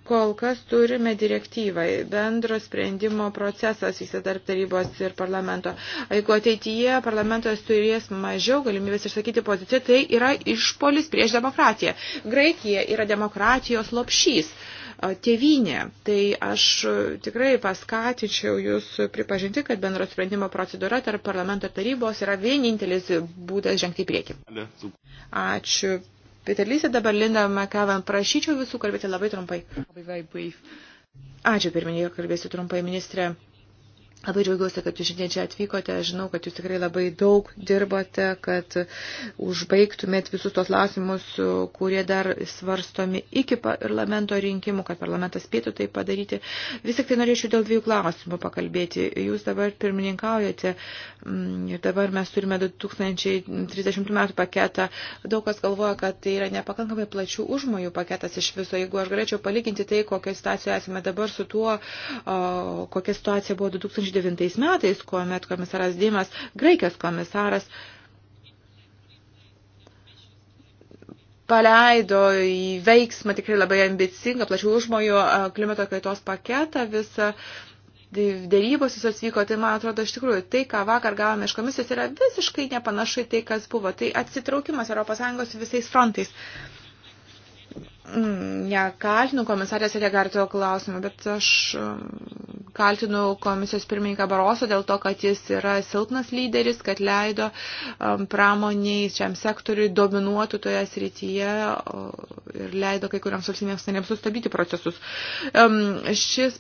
Kol kas turime direktyvą, bendro sprendimo procesas vyksta tarp tarybos ir parlamento. Jeigu ateityje parlamentas turės mažiau galimybės išsakyti poziciją, tai yra išpolis prieš demokratiją. Graikija yra demokratijos lopšys tėvynė. Tai aš tikrai paskatičiau jūs pripažinti, kad bendro sprendimo procedūra tarp parlamento tarybos yra vienintelis būdas žengti į priekį. Ačiū Peter Lysė, dabar Linda Makavan, prašyčiau visų kalbėti labai trumpai. Ačiū pirmininkė, kalbėsiu trumpai, ministrė. Labai džiaugiuosi, kad jūs šiandien čia atvykote. Žinau, kad jūs tikrai labai daug dirbote, kad užbaigtumėt visus tos lausimus, kurie dar svarstomi iki parlamento rinkimų, kad parlamentas spėtų tai padaryti. Vis tik tai norėčiau dėl dviejų klausimų pakalbėti. Jūs dabar pirmininkaujate mm, ir dabar mes turime 2030 metų paketą. Daug kas galvoja, kad tai yra nepakankamai plačių užmojų paketas iš viso. Jeigu aš galėčiau palyginti tai, kokią situaciją esame dabar su tuo, kokia situacija buvo 2000. 2009 metais, kuomet komisaras Dėmas, Graikijos komisaras, paleido į veiksmą tikrai labai ambicingą, plačių užmojų klimato kaitos paketą visą. Dėrybos visos vyko, tai man atrodo, iš tikrųjų, tai, ką vakar gavome iš komisijos, yra visiškai nepanašai tai, kas buvo. Tai atsitraukimas ES visais frontais nekaltinu komisarės Regarto klausimą, bet aš um, kaltinu komisijos pirmininką Baroso dėl to, kad jis yra silpnas lyderis, kad leido um, pramoniai šiam sektoriui dominuoti toje srityje ir leido kai kuriams valstybėms narėms sustabdyti procesus. Um, šis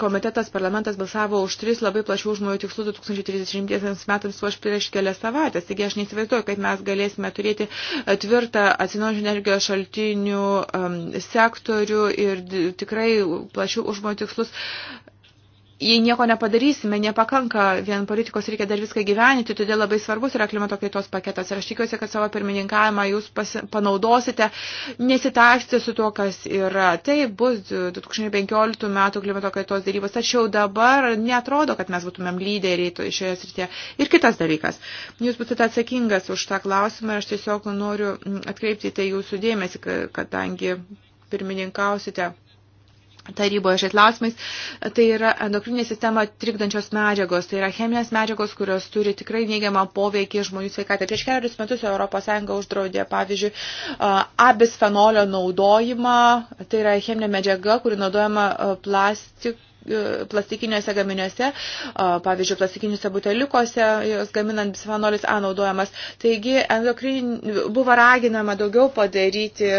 komitetas, parlamentas balsavo už tris labai plačių žmonių tikslų 2030 metams už prieš kelias savaitės. Taigi aš neįsivaizduoju, kaip mes galėsime turėti tvirtą atsinaujinančių energijos šaltinių Um, sektorių ir tikrai plačių užmo tikslus jei nieko nepadarysime, nepakanka vien politikos, reikia dar viską gyveninti, todėl labai svarbus yra klimato kaitos paketas. Ir aš tikiuosi, kad savo pirmininkavimą jūs pasi, panaudosite, nesitašti su tuo, kas yra. Tai bus 2015 metų klimato kaitos dėrybos, tačiau dabar netrodo, kad mes būtumėm lyderiai šioje srityje. Ir kitas dalykas, jūs būsite atsakingas už tą klausimą ir aš tiesiog noriu atkreipti tai jūsų dėmesį, kadangi pirmininkausite taryboje šiais klausimais, tai yra endokrininė sistema trikdančios medžiagos, tai yra cheminės medžiagos, kurios turi tikrai neigiamą poveikį žmonių sveikatai. Prieš keliarius metus ES uždraudė, pavyzdžiui, abisfenolio naudojimą, tai yra cheminė medžiaga, kuri naudojama plastik E, plastikiniuose gaminiuose, pavyzdžiui, plastikiniuose butelikuose, jos gaminant bisfenolis A naudojamas. Taigi endokrin, buvo raginama daugiau padaryti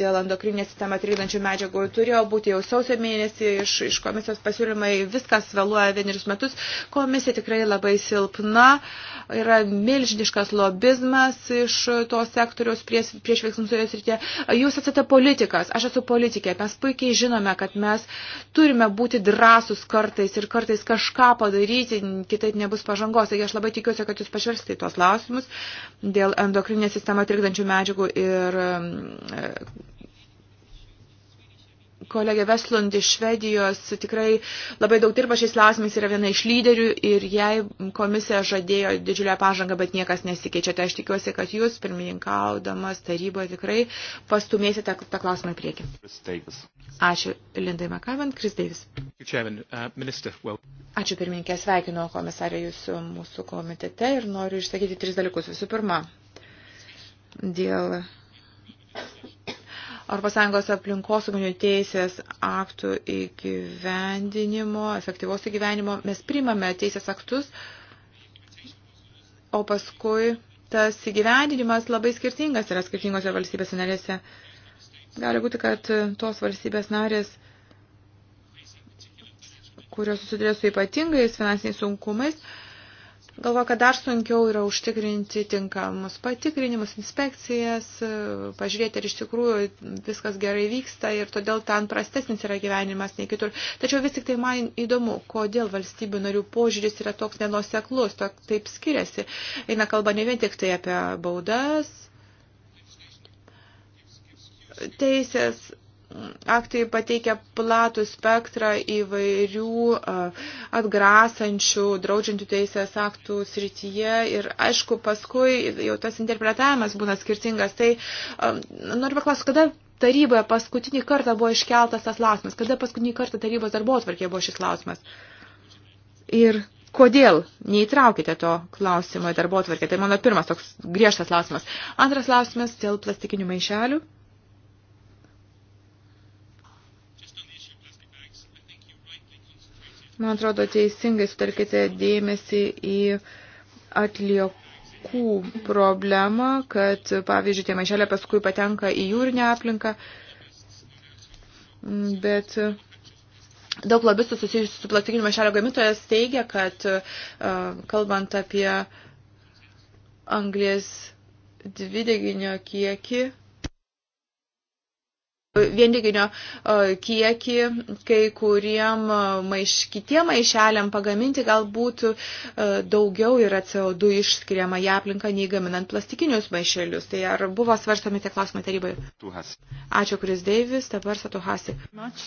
dėl endokrininę sistemą trikdančių medžiagų. Turėjo būti jau sausio mėnesį iš, iš komisijos pasiūlymai, viskas vėluoja vienerius metus. Komisija tikrai labai silpna, yra milžiniškas lobizmas iš to sektoriaus prieš, prieš veiksmus jos rytė. Jūs esate politikas, aš esu politikė, mes puikiai žinome, kad mes turime būti drąsūs drąsus kartais ir kartais kažką padaryti, kitaip nebus pažangos. Taigi aš labai tikiuosi, kad jūs pažvelgsite į tuos klausimus dėl endokrinės sistemą trikdančių medžiagų ir kolegė Veslund iš Švedijos tikrai labai daug dirba šiais klausimais, yra viena iš lyderių ir jai komisija žadėjo didžiulę pažangą, bet niekas nesikeičia. Tai aš tikiuosi, kad jūs, pirmininkaudamas taryboje, tikrai pastumėsite tą, tą klausimą į priekį. Ačiū Lindai Makavant, Kris Deivis. Ačiū pirmininkė, sveikinu komisarė jūs mūsų komitete ir noriu išsakyti tris dalykus. Visų pirma, dėl ES aplinkosauginių teisės aktų įgyvendinimo, efektyvos įgyvenimo, mes primame teisės aktus, o paskui tas įgyvendinimas labai skirtingas yra skirtingose valstybėse narėse. Gali būti, kad tos valstybės narės, kurios susidurė su ypatingais finansiniais sunkumais, galvoja, kad dar sunkiau yra užtikrinti tinkamus patikrinimus, inspekcijas, pažiūrėti, ar iš tikrųjų viskas gerai vyksta ir todėl ten prastesnis yra gyvenimas nei kitur. Tačiau vis tik tai man įdomu, kodėl valstybių narių požiūris yra toks nenuoseklus, tok, taip skiriasi. Eina kalba ne vien tik tai apie baudas, teisės aktai pateikia platų spektrą įvairių atgrasančių, draudžiančių teisės aktų srityje ir aišku, paskui jau tas interpretavimas būna skirtingas. Tai noriu paklausti, kada taryboje paskutinį kartą buvo iškeltas tas klausimas, kada paskutinį kartą tarybos darbo atvarkė buvo šis klausimas. Ir kodėl neįtraukite to klausimo į darbo atvarkę? Tai mano pirmas toks griežtas klausimas. Antras klausimas dėl plastikinių maišelių. Man atrodo, teisingai sutelkite dėmesį į atliekų problemą, kad, pavyzdžiui, tie maišelė paskui patenka į jūrinę aplinką, bet daug lobistų susijusių su plastikiniu maišelio gamintojas teigia, kad kalbant apie anglės dvideginio kiekį, vienlyginio e, kiekį kai kuriem e, maiš, kitiem maišeliam pagaminti galbūt e, daugiau yra CO2 išskiriama į aplinką nei gaminant plastikinius maišelius. Tai ar buvo svarstomi tie klausimai tarybai? Ačiū, Kris Deivis, dabar Satuhasi. Uh,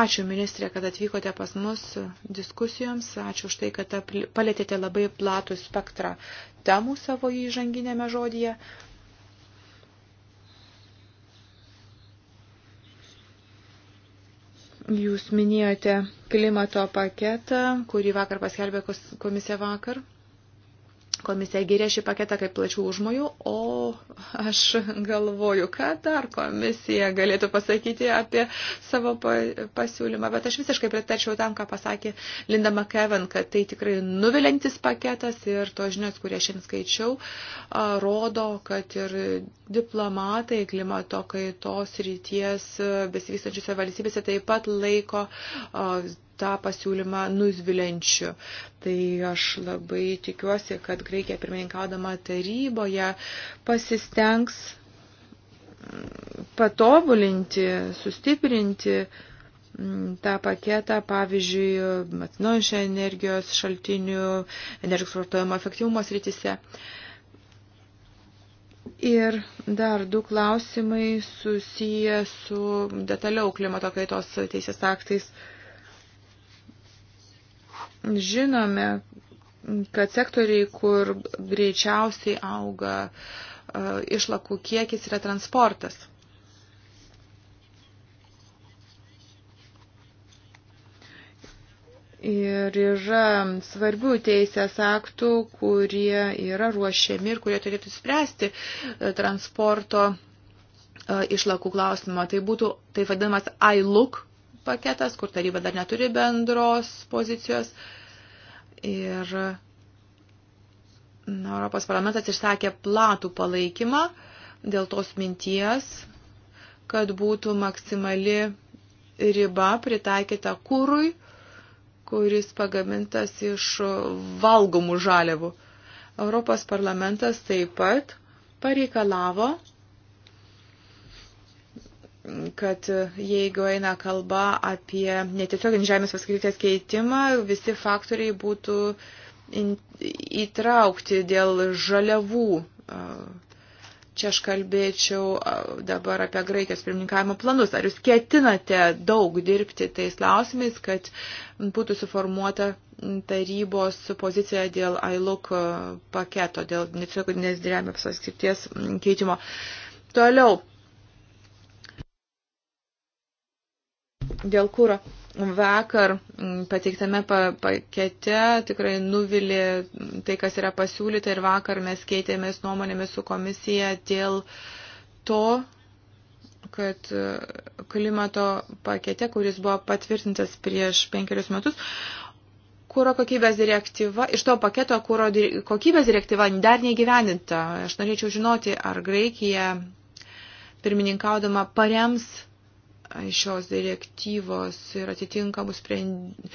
Ačiū, ministrė, kad atvykote pas mus diskusijoms. Ačiū už tai, kad palėtėte labai platų spektrą temų savo įžanginėme žodyje. Jūs minėjote klimato paketą, kurį vakar paskelbė komisija vakar. Komisija gyrė šį paketą kaip plačių užmojų, o aš galvoju, ką dar komisija galėtų pasakyti apie savo pasiūlymą. Bet aš visiškai pritarčiau tam, ką pasakė Linda McKevin, kad tai tikrai nuvilintis paketas ir to žinios, kurie šiandien skaičiau, rodo, kad ir diplomatai klimato kaitos ryties besivystančiose valstybėse taip pat laiko tą pasiūlymą nusvilenčiu. Tai aš labai tikiuosi, kad Graikija pirmininkaudama taryboje pasistengs mm, patobulinti, sustiprinti mm, tą paketą, pavyzdžiui, atsinaujančią energijos šaltinių, energijos vartojimo efektyvumo srityse. Ir dar du klausimai susiję su detaliau klimato kaitos teisės aktais. Uh, Žinome, kad sektoriai, kur greičiausiai auga e, išlakų kiekis, yra transportas. Ir yra svarbių teisės aktų, kurie yra ruošiami ir kurie turėtų spręsti e, transporto e, išlakų klausimą. Tai būtų taip vadinamas ILUK paketas, kur taryba dar neturi bendros pozicijos. Ir na, Europos parlamentas išsakė platų palaikymą dėl tos minties, kad būtų maksimali riba pritaikyta kūrui, kuris pagamintas iš valgomų žaliavų. Europos parlamentas taip pat pareikalavo kad e, jeigu eina kalba apie netiesioginį žemės paskirties keitimą, visi faktoriai būtų įtraukti dėl žaliavų. Čia aš kalbėčiau dabar apie Graikijos pirmininkavimo planus. Ar jūs ketinate daug dirbti tais klausimais, kad būtų suformuota tarybos pozicija dėl ILUK paketo, dėl netiesioginės dėrėmės paskirties keitimo? Toliau, dėl kūro. Vakar mm, pateiktame pakete tikrai nuvilė tai, kas yra pasiūlyta ir vakar mes keitėmės nuomonėmis su komisija dėl to, kad e, klimato pakete, kuris buvo patvirtintas prieš penkerius metus, kūro kokybės direktyva, iš to paketo kūro kokybės direktyva dar neįgyvendinta. Aš norėčiau žinoti, ar Graikija pirmininkaudama parems šios direktyvos ir atitinkamų sprendimų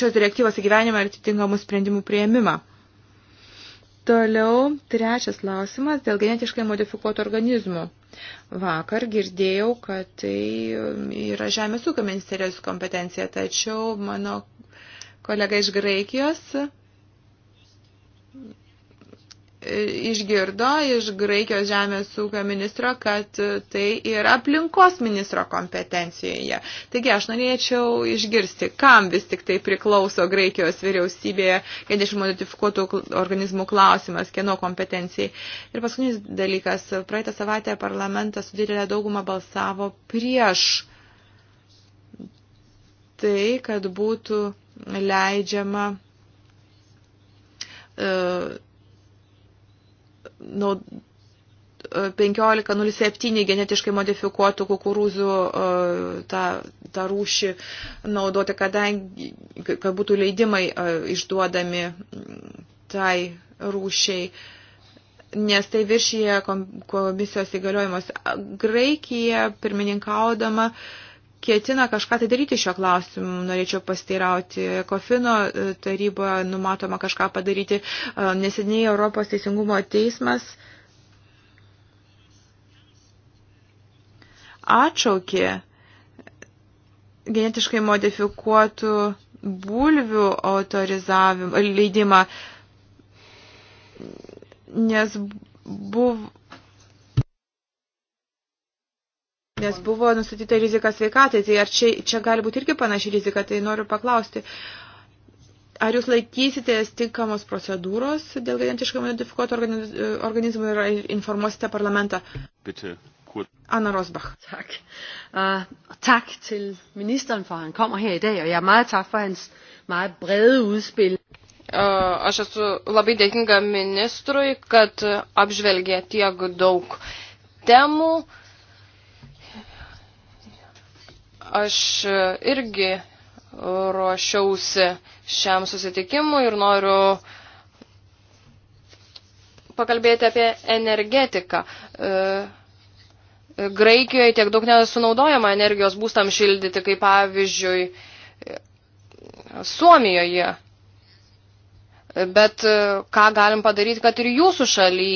šios direktyvos įgyvenimą ir atitinkamų sprendimų prieimimą. Toliau trečias klausimas dėl genetiškai modifikuotų organizmų. Vakar girdėjau, kad tai yra Žemės ūkio ministerijos kompetencija, tačiau mano kolega iš Graikijos išgirdo iš Graikijos žemės ūkio ministro, kad tai yra aplinkos ministro kompetencijoje. Taigi aš norėčiau išgirsti, kam vis tik tai priklauso Graikijos vyriausybėje genetiškai modifikuotų organizmų klausimas, kieno kompetencijai. Ir paskutinis dalykas, praeitą savaitę parlamentas su didelė dauguma balsavo prieš tai, kad būtų leidžiama uh, nu, 1507 e, genetiškai modifikuotų kukurūzų e, tą, tą rūšį naudoti, kadangi, kad būtų leidimai e, išduodami tai rūšiai, nes tai viršyje komisijos įgaliojimas. Graikija pirmininkaudama uh, ketina kažką tai daryti šio klausimu. Norėčiau pasteirauti, Kofino e, taryboje numatoma kažką padaryti. E, neseniai Europos teisingumo teismas atšaukė genetiškai modifikuotų bulvių autorizavimą, leidimą, nes buvo nes buvo nustatyta rizika sveikatai. Tai ar čia, čia gali būti irgi panaši rizika, tai noriu paklausti. Ar jūs laikysitės tinkamos procedūros dėl genetiškai modifikuoto organizmo ir informuosite parlamentą? Bitte. Anna Rosbach. Tak. Uh, tak til ministeren for, at han kommer her i dag, og jeg er meget tak for hans meget brede udspil. Uh, aš esu labai dėkinga ministrui, kad apžvelgė tiek daug temų. Uh, Aš irgi ruošiausi šiam susitikimui ir noriu pakalbėti apie energetiką. E, Graikijoje tiek daug nesunaudojama energijos būstam šildyti, kaip pavyzdžiui Suomijoje. Bet e, ką galim padaryti, kad ir jūsų šaly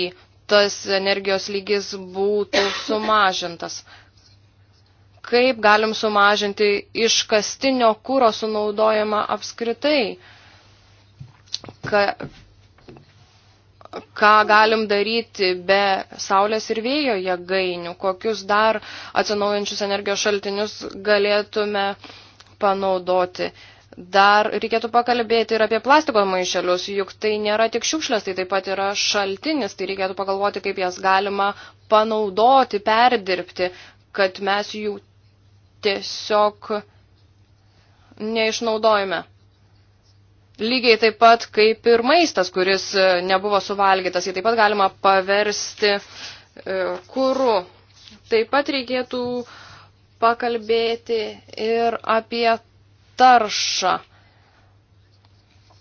tas energijos lygis būtų sumažintas kaip galim sumažinti iškastinio kūro sunaudojimą apskritai, ka, ką galim daryti be saulės ir vėjo jėgainių, kokius dar atsinaujančius energijos šaltinius galėtume panaudoti. Dar reikėtų pakalbėti ir apie plastiko maišelius, juk tai nėra tik šiukšlės, tai taip pat yra šaltinis, tai reikėtų pagalvoti, kaip jas galima panaudoti, perdirbti, kad mes jų tiesiog neišnaudojame. Lygiai taip pat kaip ir maistas, kuris e, nebuvo suvalgytas, jį taip pat galima paversti e, kūru. Taip pat reikėtų pakalbėti ir apie taršą. E,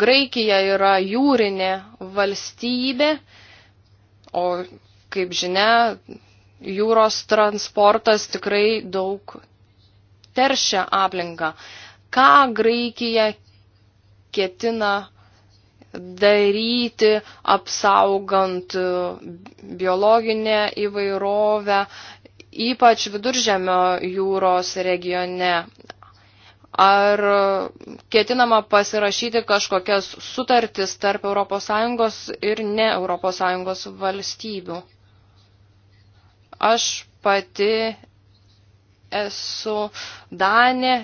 Graikija yra jūrinė valstybė, o kaip žinia, jūros transportas tikrai daug teršia aplinką. Ką Graikija ketina daryti, apsaugant biologinę įvairovę, ypač viduržemio jūros regione? Ar ketinama pasirašyti kažkokias sutartis tarp ES ir ne ES valstybių? Aš pati esu Danė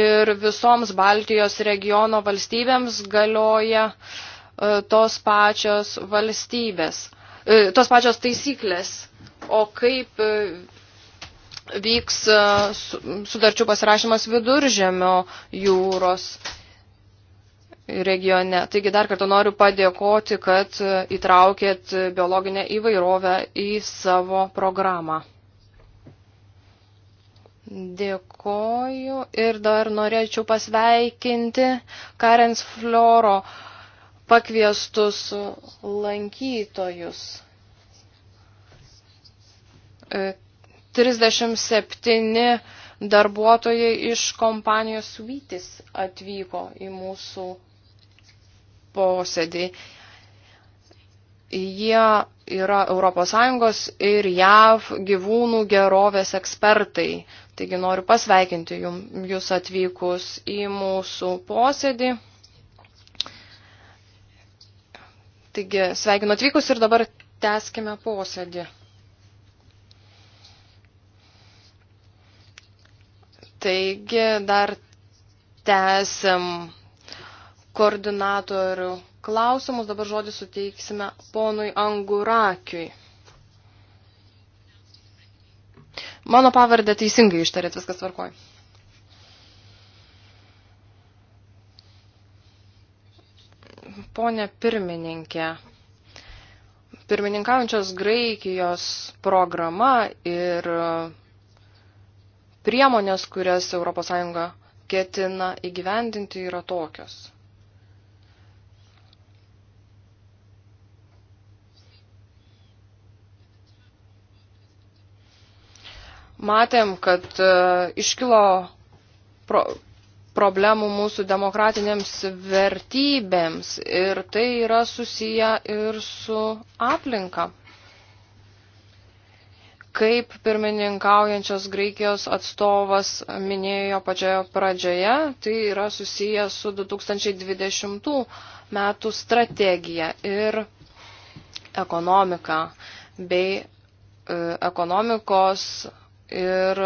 ir visoms Baltijos regiono valstybėms galioja e, tos pačios valstybės, e, tos pačios taisyklės. O kaip e, vyks sudarčių pasirašymas viduržėmio jūros regione. Taigi dar kartą noriu padėkoti, kad įtraukėt biologinę įvairovę į savo programą. Dėkoju ir dar norėčiau pasveikinti Karens Floro pakviestus lankytojus. 37 e, darbuotojai iš kompanijos Vytis atvyko į mūsų posėdį. Jie yra ES ir JAV gyvūnų gerovės ekspertai. Taigi noriu pasveikinti jūs atvykus į mūsų posėdį. Taigi sveikinu atvykus ir dabar tęskime posėdį. Taigi dar tęsim koordinatorių klausimus. Dabar žodį suteiksime ponui Angurakiui. Mano pavardę teisingai ištarėt, viskas tvarkoj. Pone pirmininkė, pirmininkaujančios Graikijos programa ir priemonės, kurias ES ketina įgyvendinti, yra tokios. matėm, kad e, iškilo pro, problemų mūsų demokratinėms vertybėms ir tai yra susiję ir su aplinka. Kaip pirmininkaujančios Graikijos atstovas minėjo pačioje pradžioje, tai yra susiję su 2020 metų strategija ir ekonomika bei e, ekonomikos ir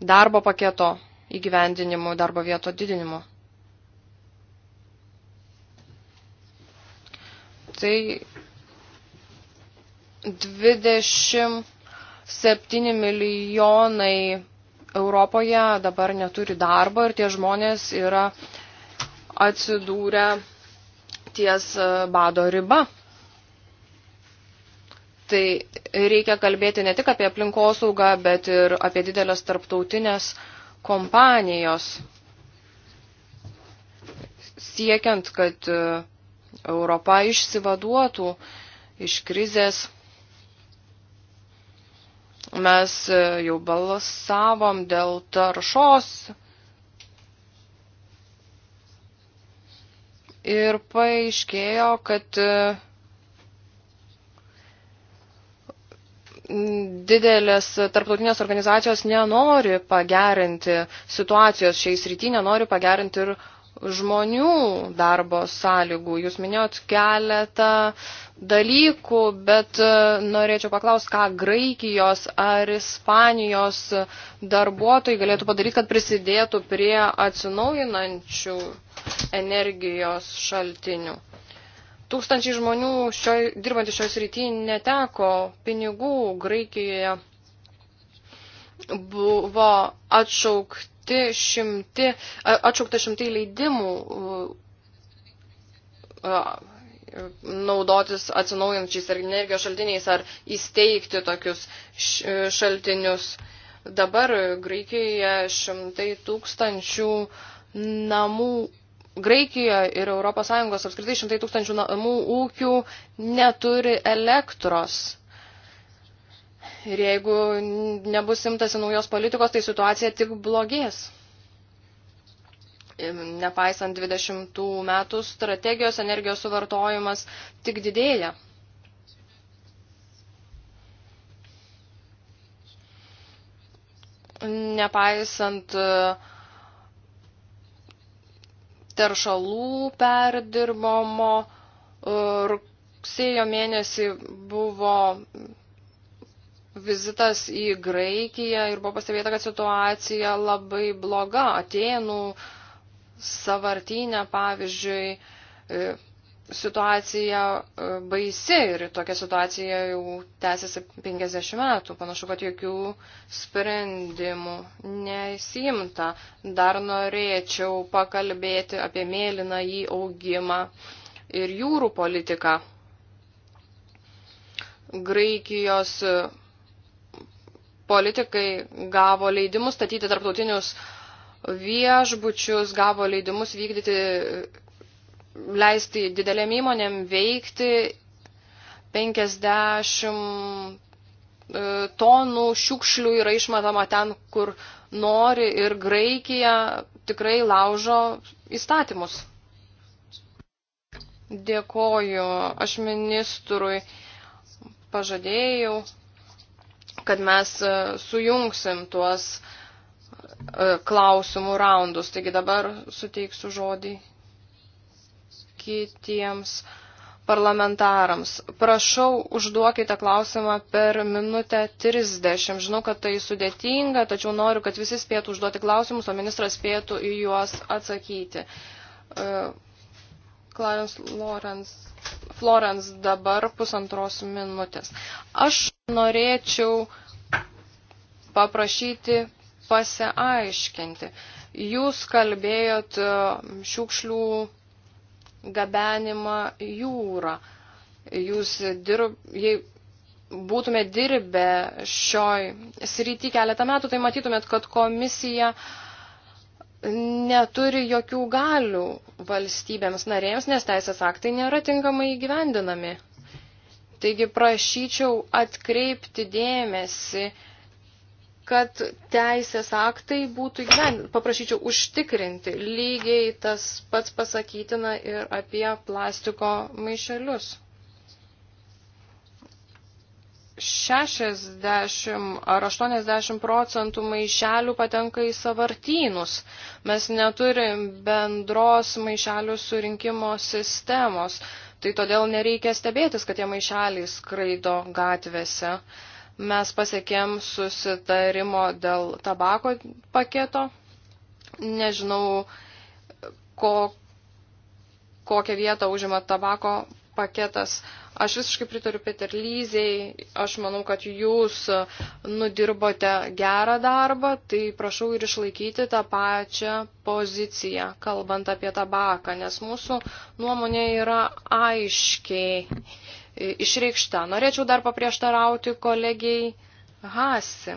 darbo paketo įgyvendinimu, darbo vieto didinimu. Tai 27 milijonai Europoje dabar neturi darbo ir tie žmonės yra atsidūrę ties bado riba. Tai reikia kalbėti ne tik apie aplinkosaugą, bet ir apie didelės tarptautinės kompanijos, siekiant, kad e, Europa išsivaduotų iš krizės. Mes e, jau balsavom dėl taršos ir paaiškėjo, kad e, didelės tarptautinės organizacijos nenori pagerinti situacijos šiais rytį, nenori pagerinti ir žmonių darbo sąlygų. Jūs minėjot keletą dalykų, bet e, norėčiau paklausti, ką Graikijos ar Ispanijos darbuotojai galėtų padaryti, kad prisidėtų prie atsinaujinančių energijos šaltinių. Tūkstančiai žmonių šioj, dirbantys šios rytyje neteko pinigų Graikijoje. Buvo atšaukti šimti, atšaukta šimtai leidimų naudotis atsinaujančiais ar energijos šaltiniais ar įsteigti tokius šaltinius. Dabar Graikijoje šimtai tūkstančių namų Graikijoje ir ES apskritai šimtai tūkstančių namų ūkių neturi elektros. Ir jeigu nebus imtasi naujos politikos, tai situacija tik blogės. Nepaisant 20 metų strategijos energijos suvartojimas tik didėja. Nepaisant uh, teršalų perdirbomo. E, rugsėjo mėnesį buvo vizitas į Graikiją ir buvo pastebėta, kad situacija labai bloga. Atėnų savartinė, pavyzdžiui, e, situacija e, baisi ir tokia situacija jau tęsiasi 50 metų. Panašu, kad jokių sprendimų nesimta. Dar norėčiau pakalbėti apie mėlyną į augimą ir jūrų politiką. Graikijos politikai gavo leidimus statyti tarptautinius viešbučius, gavo leidimus vykdyti leisti didelėm įmonėm veikti 50 e, tonų šiukšlių yra išmatama ten, kur nori ir Graikija tikrai laužo įstatymus. Dėkoju, aš ministrui pažadėjau, kad mes e, sujungsim tuos e, klausimų raundus. Taigi dabar suteiksiu žodį kitiems parlamentarams. Prašau, užduokite klausimą per minutę 30. Žinau, kad tai sudėtinga, tačiau noriu, kad visi spėtų užduoti klausimus, o ministras spėtų į juos atsakyti. E, Clarence Lawrence, Florence dabar pusantros minutės. Aš norėčiau paprašyti pasiaiškinti. Jūs kalbėjot e, šiukšlių gabenimą jūrą. Jūs dirb, jei būtume dirbę šioj srity keletą metų, tai matytumėt, kad komisija neturi jokių galių valstybėms narėms, nes teisės aktai nėra tinkamai įgyvendinami. Taigi prašyčiau atkreipti dėmesį kad teisės aktai būtų gyvendinti. Paprašyčiau užtikrinti lygiai tas pats pasakytina ir apie plastiko maišelius. 60 ar 80 procentų maišelių patenka į savartynus. Mes neturim bendros maišelių surinkimo sistemos, tai todėl nereikia stebėtis, kad tie maišeliai skraido gatvėse. Uh, mes pasiekėm susitarimo dėl tabako paketo. Nežinau, ko, kokią vietą užima tabako paketas. Aš visiškai pritariu Peter Lyzei, aš manau, kad jūs nudirbote gerą darbą, tai prašau ir išlaikyti tą pačią poziciją, kalbant apie tabaką, nes mūsų nuomonė yra aiškiai išreikšta. Norėčiau dar paprieštarauti kolegiai Hasi.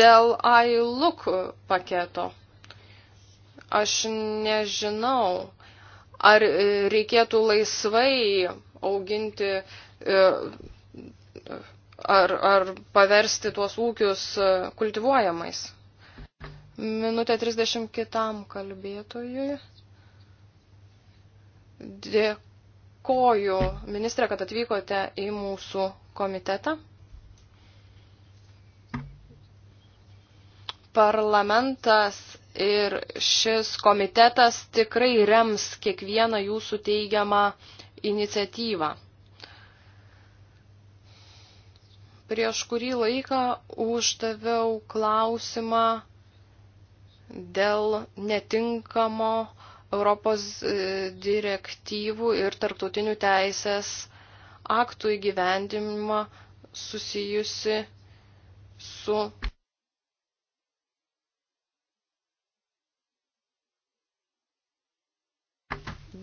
Dėl iLook paketo. Aš nežinau, ar reikėtų laisvai auginti e, ar, ar paversti tuos ūkius kultivuojamais. Minutė 30 kitam kalbėtojui. Dėkoju, ministrė, kad atvykote į mūsų komitetą. Parlamentas ir šis komitetas tikrai rems kiekvieną jūsų teigiamą iniciatyvą. Prieš kurį laiką uždaviau klausimą dėl netinkamo Europos e, direktyvų ir tarptautinių teisės aktų įgyvendinimą susijusi su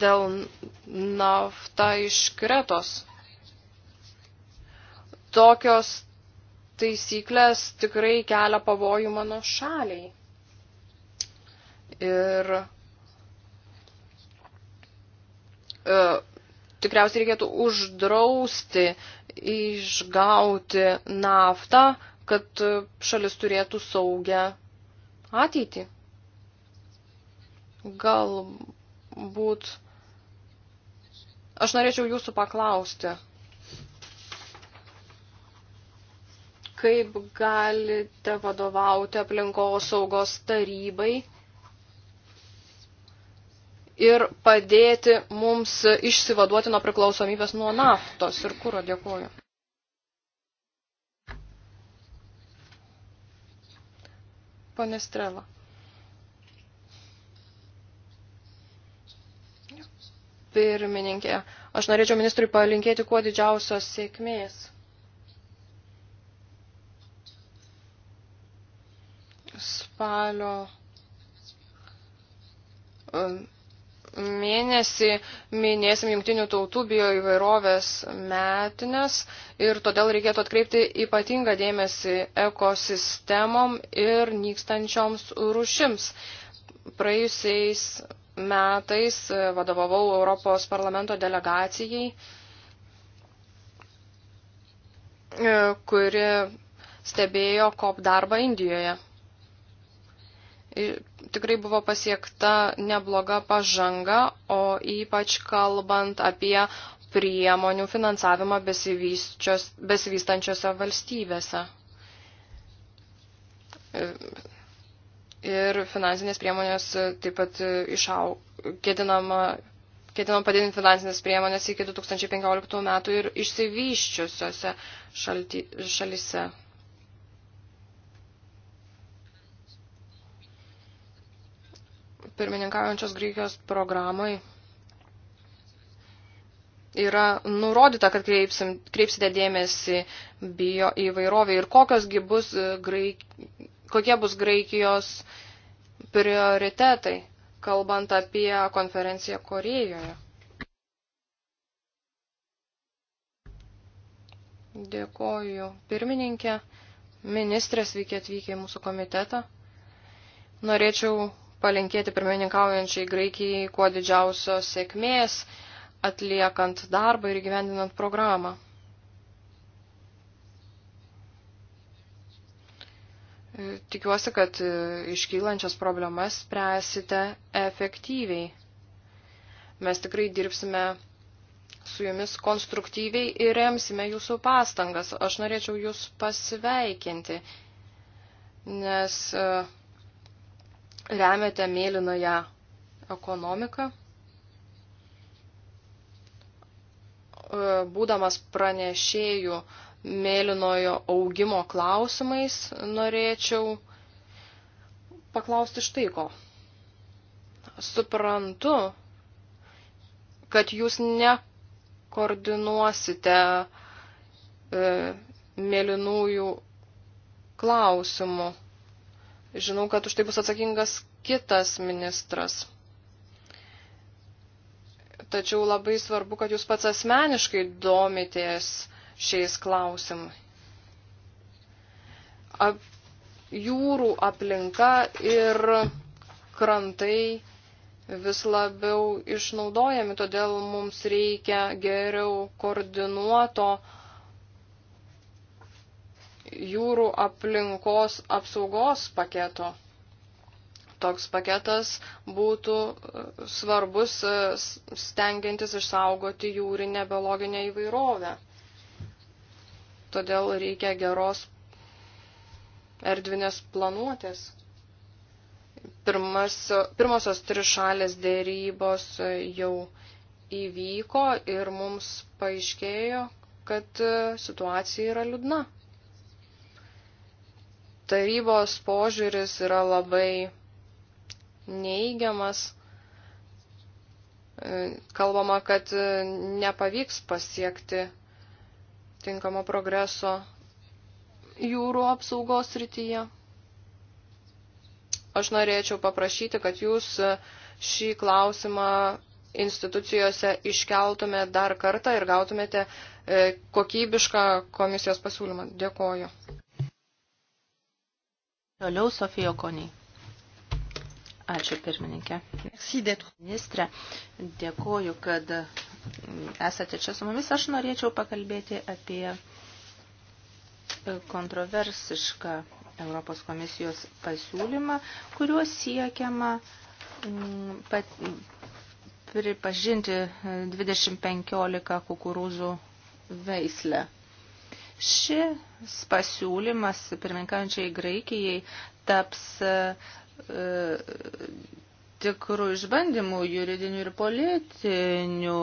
dėl nafta iš Kretos. Tokios taisyklės tikrai kelia pavojų mano šaliai. Ir e, tikriausiai reikėtų uždrausti išgauti naftą, kad šalis turėtų saugę ateitį. Galbūt. Aš norėčiau jūsų paklausti. Kaip galite vadovauti aplinkos saugos tarybai? ir padėti mums išsivaduoti nuo priklausomybės nuo naftos ir kūro. Dėkuoju. Pane Strela. Pirmininkė, aš norėčiau ministrui palinkėti kuo didžiausios sėkmės. Spalio um, mėnesį minėsim jungtinių tautų bioįvairovės metinės ir todėl reikėtų atkreipti ypatingą dėmesį ekosistemom ir nykstančioms rušims. Praėjusiais metais vadovavau Europos parlamento delegacijai, kuri stebėjo COP darbą Indijoje tikrai buvo pasiekta nebloga pažanga, o ypač kalbant apie priemonių finansavimą besivystančiose valstybėse. Ir finansinės priemonės taip pat išau, ketinama, ketinama padidinti finansinės priemonės iki 2015 metų ir išsivyščiusiose šalti, šalise. pirmininkaujančios Graikijos programai yra nurodyta, kad kreipsim, kreipsite dėmesį bio įvairovį ir kokiosgi bus graik, kokie bus Graikijos prioritetai, kalbant apie konferenciją Korejoje. Dėkoju pirmininkė, ministrės vykė atvykę į mūsų komitetą. Norėčiau palinkėti pirmininkaujančiai Graikijai kuo didžiausios sėkmės, atliekant darbą ir gyvendinant programą. E, tikiuosi, kad e, iškylančias problemas spręsite efektyviai. Mes tikrai dirbsime su jumis konstruktyviai ir remsime jūsų pastangas. Aš norėčiau jūs pasveikinti, nes uh, remiate mėlynąją ekonomiką. E, būdamas pranešėjų mėlynojo augimo klausimais, norėčiau paklausti štai ko. Suprantu, kad jūs nekoordinuosite e, mėlynųjų klausimų Žinau, kad už tai bus atsakingas kitas ministras. Tačiau labai svarbu, kad jūs pats asmeniškai domitės šiais klausimais. Ap, jūrų aplinka ir krantai vis labiau išnaudojami, todėl mums reikia geriau koordinuoto uh, jūrų aplinkos apsaugos paketo. Toks paketas būtų e, svarbus e, stengiantis išsaugoti jūrinę biologinę įvairovę. Todėl reikia geros erdvinės planuotės. Pirmas, pirmosios trišalės dėrybos e, jau įvyko ir mums paaiškėjo, kad situacija yra liūdna tarybos požiūris yra labai neįgiamas. Kalbama, kad nepavyks pasiekti tinkamo progreso jūrų apsaugos rytyje. Aš norėčiau paprašyti, kad jūs šį klausimą institucijose iškeltumėt dar kartą ir gautumėte e, kokybišką komisijos pasiūlymą. Dėkoju. Toliau Sofija Koniai. Ačiū pirmininkė. Ministrė, dėkoju, kad esate čia su mumis. Aš norėčiau pakalbėti apie kontroversišką Europos komisijos pasiūlymą, kuriuo siekiama mm, pat, pripažinti 2015 kukurūzų veislę. Šis pasiūlymas pirmininkaujančiai Graikijai taps e, tikrų išbandymų juridinių ir politinių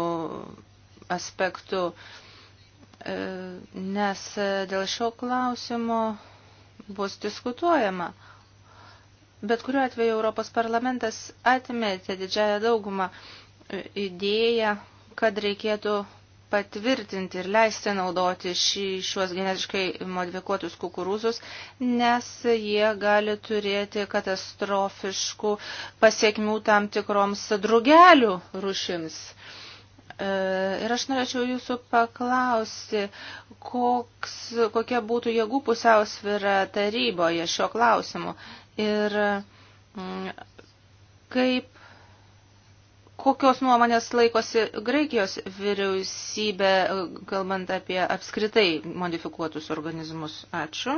aspektų, e, nes dėl šio klausimo bus diskutuojama. Bet kuriuo atveju Europos parlamentas atmetė didžiąją daugumą e, idėją, kad reikėtų patvirtinti ir leisti naudoti šį, šiuos genetiškai modifikuotus kukurūzus, nes jie gali turėti katastrofiškų pasiekmių tam tikroms drugelių rušims. E, ir aš norėčiau jūsų paklausti, koks, kokia būtų jėgų pusiausvyra taryboje šio klausimu ir mm, kaip Kokios nuomonės laikosi Graikijos vyriausybė, kalbant apie apskritai modifikuotus organizmus? Ačiū.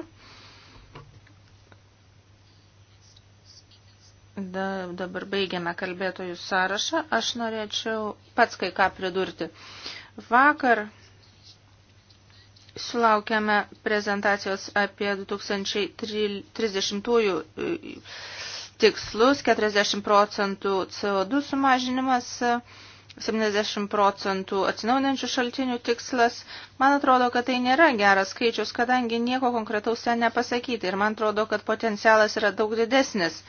Da, dabar baigiame kalbėtojų sąrašą. Aš norėčiau pats kai ką pridurti. Vakar sulaukėme prezentacijos apie 2030 tikslus, 40 procentų CO2 sumažinimas, 70 procentų atsinaujinančių šaltinių tikslas. Man atrodo, kad tai nėra geras skaičius, kadangi nieko konkretaus ten nepasakyti ir man atrodo, kad potencialas yra daug didesnis.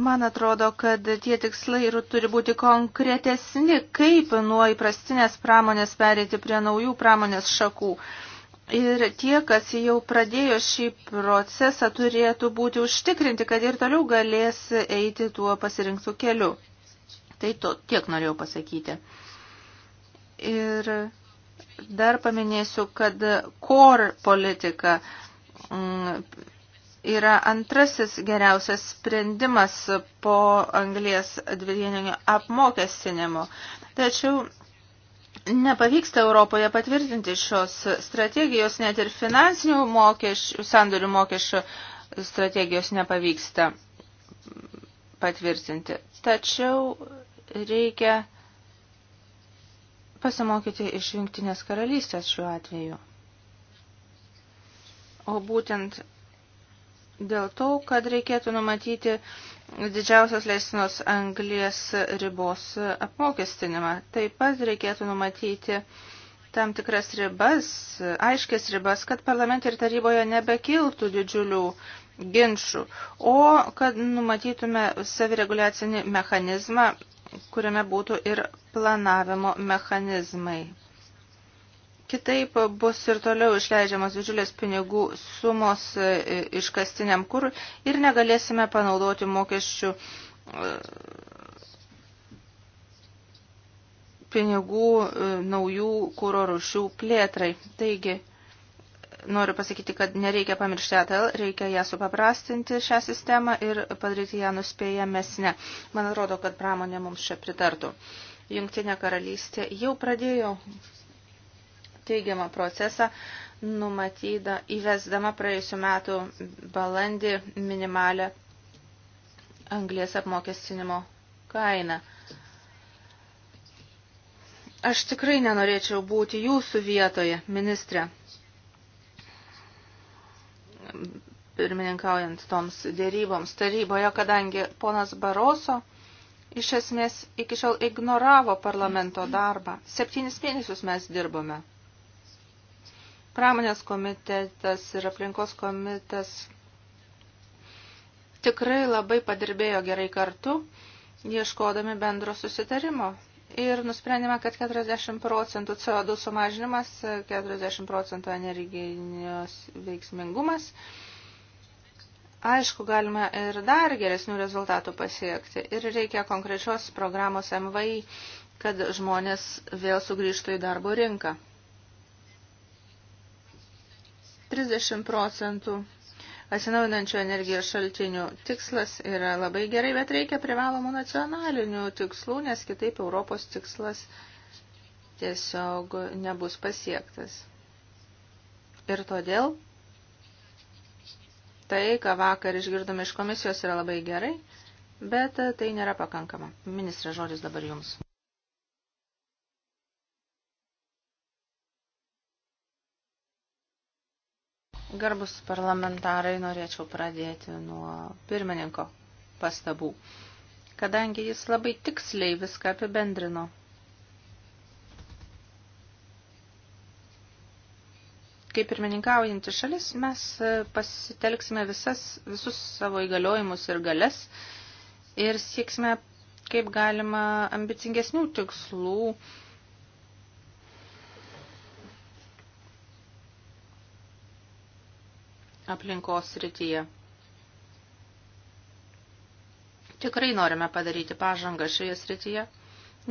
Man atrodo, kad tie tikslai ir turi būti konkretesni, kaip nuo įprastinės pramonės perėti prie naujų pramonės šakų. Uh, Ir tie, kas jau pradėjo šį procesą, turėtų būti užtikrinti, kad ir toliau galės eiti tuo pasirinktų keliu. Tai to, tiek norėjau pasakyti. Ir dar paminėsiu, kad core politika mm, yra antrasis geriausias sprendimas po anglės dvidienio apmokestinimo. Tačiau nepavyksta Europoje patvirtinti šios strategijos, net ir finansinių mokesčių, sandorių mokesčių strategijos nepavyksta patvirtinti. Tačiau reikia pasimokyti iš jungtinės karalystės šiuo atveju. O būtent dėl to, kad reikėtų numatyti didžiausios leistinos anglies ribos apmokestinimą. Taip pat reikėtų numatyti tam tikras ribas, aiškės ribas, kad parlamentai ir taryboje nebekiltų didžiulių ginčių, o kad numatytume savireguliacinį mechanizmą, kuriame būtų ir planavimo mechanizmai. Kitaip bus ir toliau išleidžiamas didžiulės pinigų sumos e, iškastiniam kurui ir negalėsime panaudoti mokesčių e, pinigų e, naujų kūro rušių plėtrai. Taigi, noriu pasakyti, kad nereikia pamiršti ATL, reikia ją supaprastinti šią sistemą ir padaryti ją nuspėjamesnę. Man atrodo, kad pramonė mums čia pritartų. Jungtinė karalystė jau pradėjo teigiamą procesą, numatyda, įvesdama praėjusiu metu balandį minimalę anglės apmokestinimo kainą. Aš tikrai nenorėčiau būti jūsų vietoje, ministrė, pirmininkaujant toms dėryboms taryboje, kadangi ponas Baroso iš esmės iki šiol ignoravo parlamento darbą. Septynis mėnesius mes dirbome pramonės komitetas ir aplinkos komitetas tikrai labai padirbėjo gerai kartu, ieškodami bendro susitarimo. Ir nusprendėme, kad 40 procentų CO2 sumažinimas, 40 procentų energijos veiksmingumas. Aišku, galime ir dar geresnių rezultatų pasiekti. Ir reikia konkrečios programos MVI, kad žmonės vėl sugrįžtų į darbo rinką. 30 procentų atsinaujinančių energijos šaltinių. Tikslas yra labai gerai, bet reikia privalomų nacionalinių tikslų, nes kitaip Europos tikslas tiesiog nebus pasiektas. Ir todėl tai, ką vakar išgirdome iš komisijos, yra labai gerai, bet tai nėra pakankama. Ministrė, žodis dabar jums. Garbus parlamentarai, norėčiau pradėti nuo pirmininko pastabų, kadangi jis labai tiksliai viską apibendrino. Kaip pirmininkaujantį šalis, mes pasitelksime visas, visus savo įgaliojimus ir galės ir sieksime kaip galima ambicingesnių tikslų aplinkos srityje. Tikrai norime padaryti pažangą šioje srityje,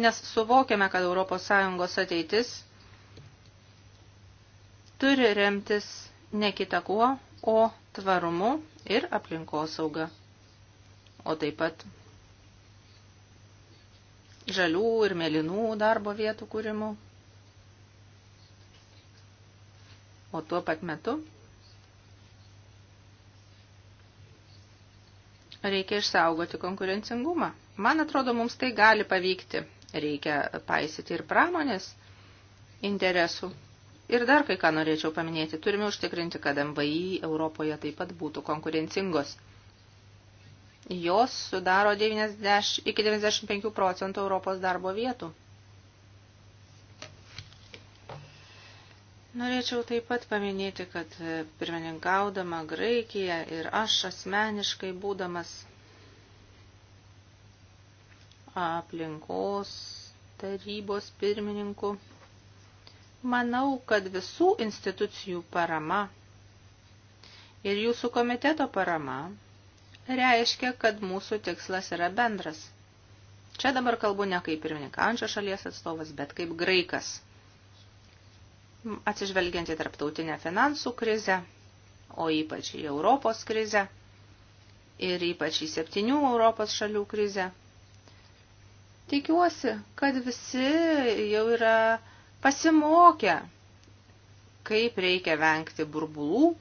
nes suvokiame, kad ES ateitis turi remtis ne kita kuo, o tvarumu ir aplinkosauga, o taip pat žalių ir mėlynų darbo vietų kūrimu. O tuo pat metu Reikia išsaugoti konkurencingumą. Man atrodo, mums tai gali pavykti. Reikia paisyti ir pramonės interesų. Ir dar kai ką norėčiau paminėti, turime užtikrinti, kad MVI Europoje taip pat būtų konkurencingos. Jos sudaro 90, iki 95 procentų Europos darbo vietų. Norėčiau taip pat paminėti, kad pirmininkaudama Graikija ir aš asmeniškai būdamas aplinkos tarybos pirmininku, manau, kad visų institucijų parama ir jūsų komiteto parama reiškia, kad mūsų tikslas yra bendras. Čia dabar kalbu ne kaip pirmininkaujančio šalies atstovas, bet kaip graikas atsižvelgiant į tarptautinę finansų krizę, o ypač į Europos krizę ir ypač į septynių Europos šalių krizę. Tikiuosi, kad visi jau yra pasimokę, kaip reikia vengti burbulų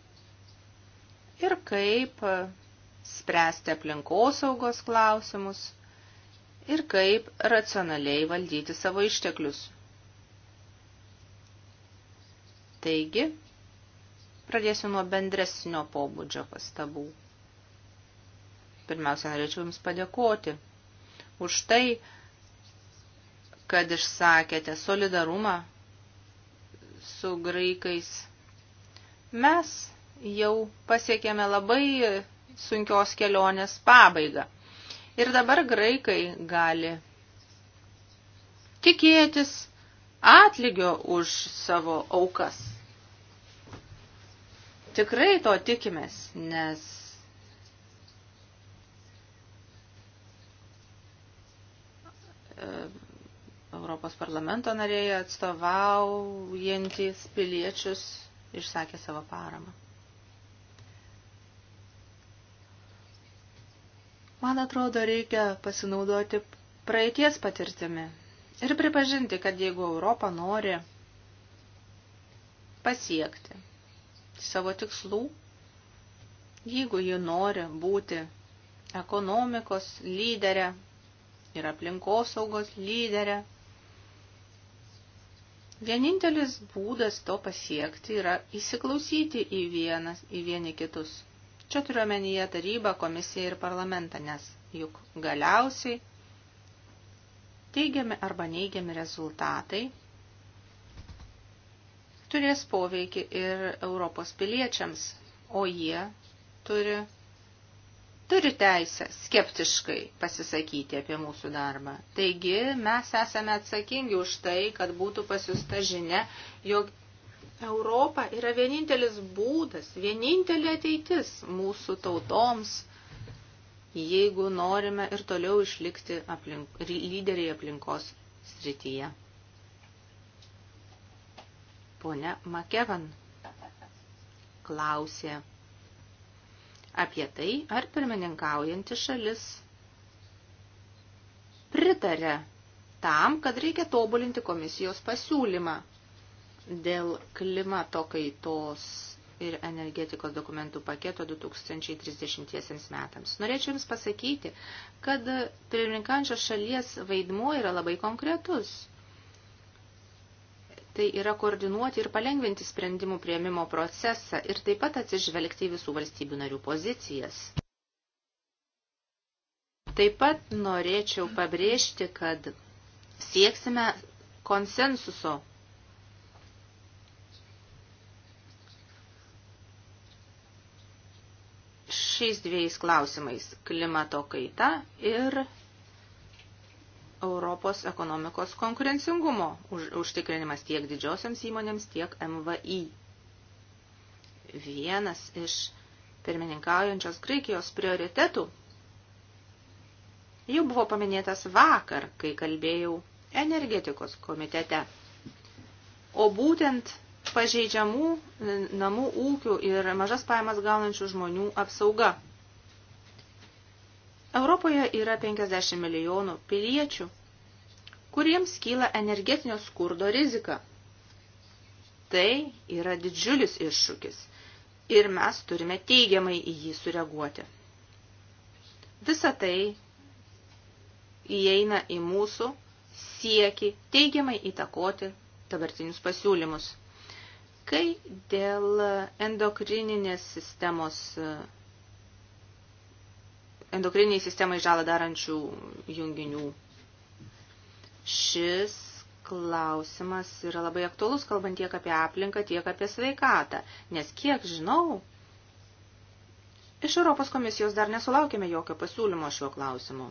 ir kaip spręsti aplinkosaugos klausimus ir kaip racionaliai valdyti savo išteklius. Taigi, pradėsiu nuo bendresnio pobūdžio pastabų. Pirmiausia, norėčiau Jums padėkoti už tai, kad išsakėte solidarumą su graikais. Mes jau pasiekėme labai sunkios kelionės pabaigą. Ir dabar graikai gali tikėtis atlygio už savo aukas. Tikrai to tikimės, nes Europos parlamento nariai atstovaujantis piliečius išsakė savo paramą. Man atrodo, reikia pasinaudoti praeities patirtimi ir pripažinti, kad jeigu Europa nori pasiekti savo tikslų, jeigu ji nori būti ekonomikos lyderė ir aplinkosaugos lyderė, vienintelis būdas to pasiekti yra įsiklausyti į, vienas, į vieni kitus. Čia turiuomenyje tarybą, komisiją ir parlamentą, nes juk galiausiai teigiami arba neigiami rezultatai turės poveikį ir Europos piliečiams, o jie turi, turi teisę skeptiškai pasisakyti apie mūsų darbą. Taigi mes esame atsakingi už tai, kad būtų pasiusta žinia, jog Europa yra vienintelis būdas, vienintelė ateitis mūsų tautoms, jeigu norime ir toliau išlikti aplink, lyderiai aplinkos srityje. Pone Makevan klausė apie tai, ar pirmininkaujanti šalis pritarė tam, kad reikia tobulinti komisijos pasiūlymą dėl klimato kaitos ir energetikos dokumentų paketo 2030 metams. Norėčiau Jums pasakyti, kad pirmininkančios šalies vaidmuo yra labai konkretus. Tai yra koordinuoti ir palengventi sprendimų prieimimo procesą ir taip pat atsižvelgti į visų valstybių narių pozicijas. Taip pat norėčiau pabrėžti, kad sieksime konsensuso šiais dviejais klausimais – klimato kaita ir Europos ekonomikos konkurencingumo už, užtikrinimas tiek didžiosioms įmonėms, tiek MVI. Vienas iš pirmininkaujančios Graikijos prioritetų jau buvo paminėtas vakar, kai kalbėjau energetikos komitete. O būtent pažeidžiamų e, namų ūkių ir mažas pajamas gaunančių žmonių apsauga. Europoje yra 50 milijonų piliečių, kuriems kyla energetinio skurdo rizika. Tai yra didžiulis iššūkis ir mes turime teigiamai į jį sureaguoti. Visa tai įeina į mūsų sieki teigiamai įtakoti dabartinius pasiūlymus. Kai dėl endokrininės sistemos, endokriniai sistemai žalą darančių junginių, šis klausimas yra labai aktuolus, kalbant tiek apie aplinką, tiek apie sveikatą. Nes kiek žinau, iš Europos komisijos dar nesulaukėme jokio pasiūlymo šiuo klausimu.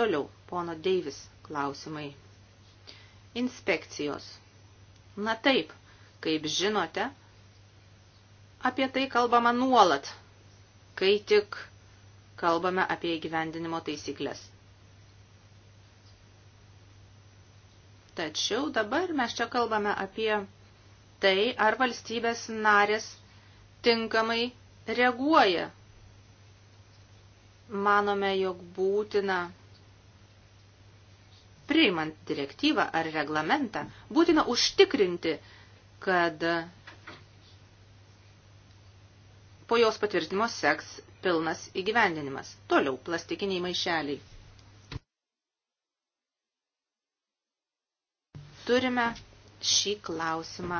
Toliau, pono Deivis klausimai. Inspekcijos. Na taip, Kaip žinote, apie tai kalbama nuolat, kai tik kalbame apie įgyvendinimo taisyklės. Tačiau dabar mes čia kalbame apie tai, ar valstybės narės tinkamai reaguoja. Manome, jog būtina, priimant direktyvą ar reglamentą, būtina užtikrinti, kad po jos patvirtinimo seks pilnas įgyvendinimas. Toliau plastikiniai maišeliai. Turime šį klausimą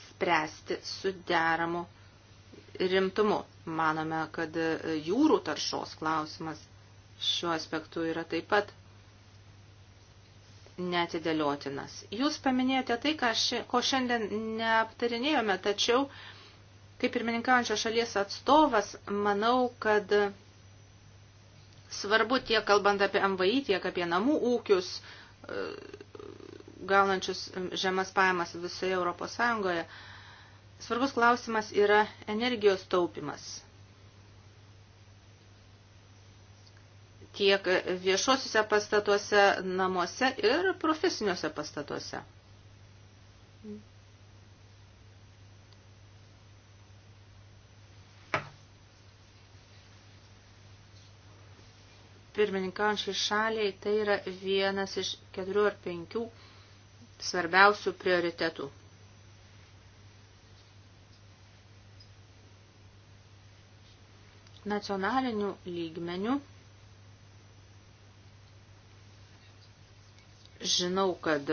spręsti su deramu rimtumu. Manome, kad jūrų taršos klausimas šiuo aspektu yra taip pat netidėliotinas. Jūs paminėjote tai, ši, ko šiandien neaptarinėjome, tačiau, kaip pirmininkaujančio šalies atstovas, manau, kad svarbu tiek kalbant apie MVI, tiek apie namų ūkius, e, gaunančius žemas pajamas visoje Europos Sąjungoje, svarbus klausimas yra energijos taupimas. tiek viešosiuose pastatuose, namuose ir profesiniuose pastatuose. Pirmininkaujančiai šaliai tai yra vienas iš keturių ar penkių svarbiausių prioritetų. Nacionalinių lygmenių Žinau, kad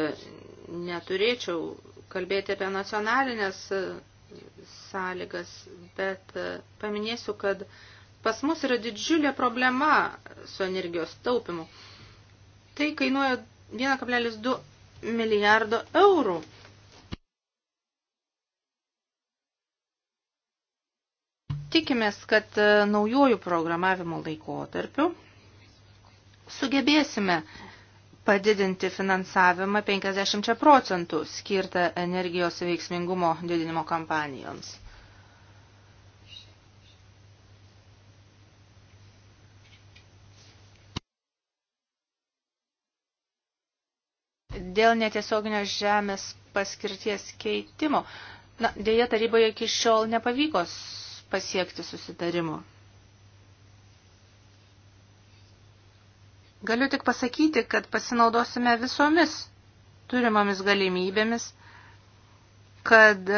neturėčiau kalbėti apie nacionalinės e, sąlygas, bet e, paminėsiu, kad pas mus yra didžiulė problema su energijos taupimu. Tai kainuoja 1,2 milijardo eurų. Tikimės, kad e, naujojų programavimo laikotarpiu sugebėsime uh, padidinti finansavimą 50 procentų skirtą energijos veiksmingumo didinimo kampanijoms. Dėl netiesioginio žemės paskirties keitimo, na, dėja taryboje iki šiol nepavyko pasiekti susitarimo. Galiu tik pasakyti, kad pasinaudosime visomis turimomis galimybėmis, kad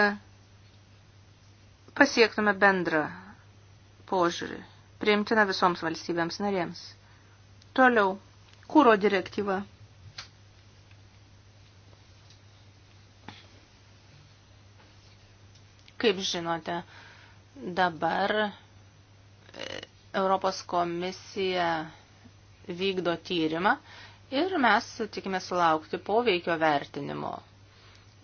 pasiektume bendrą požiūrį, priimtina visoms valstybėms narėms. Toliau, kūro direktyva. Kaip žinote, dabar e, Europos komisija vykdo tyrimą ir mes tikime sulaukti poveikio vertinimo.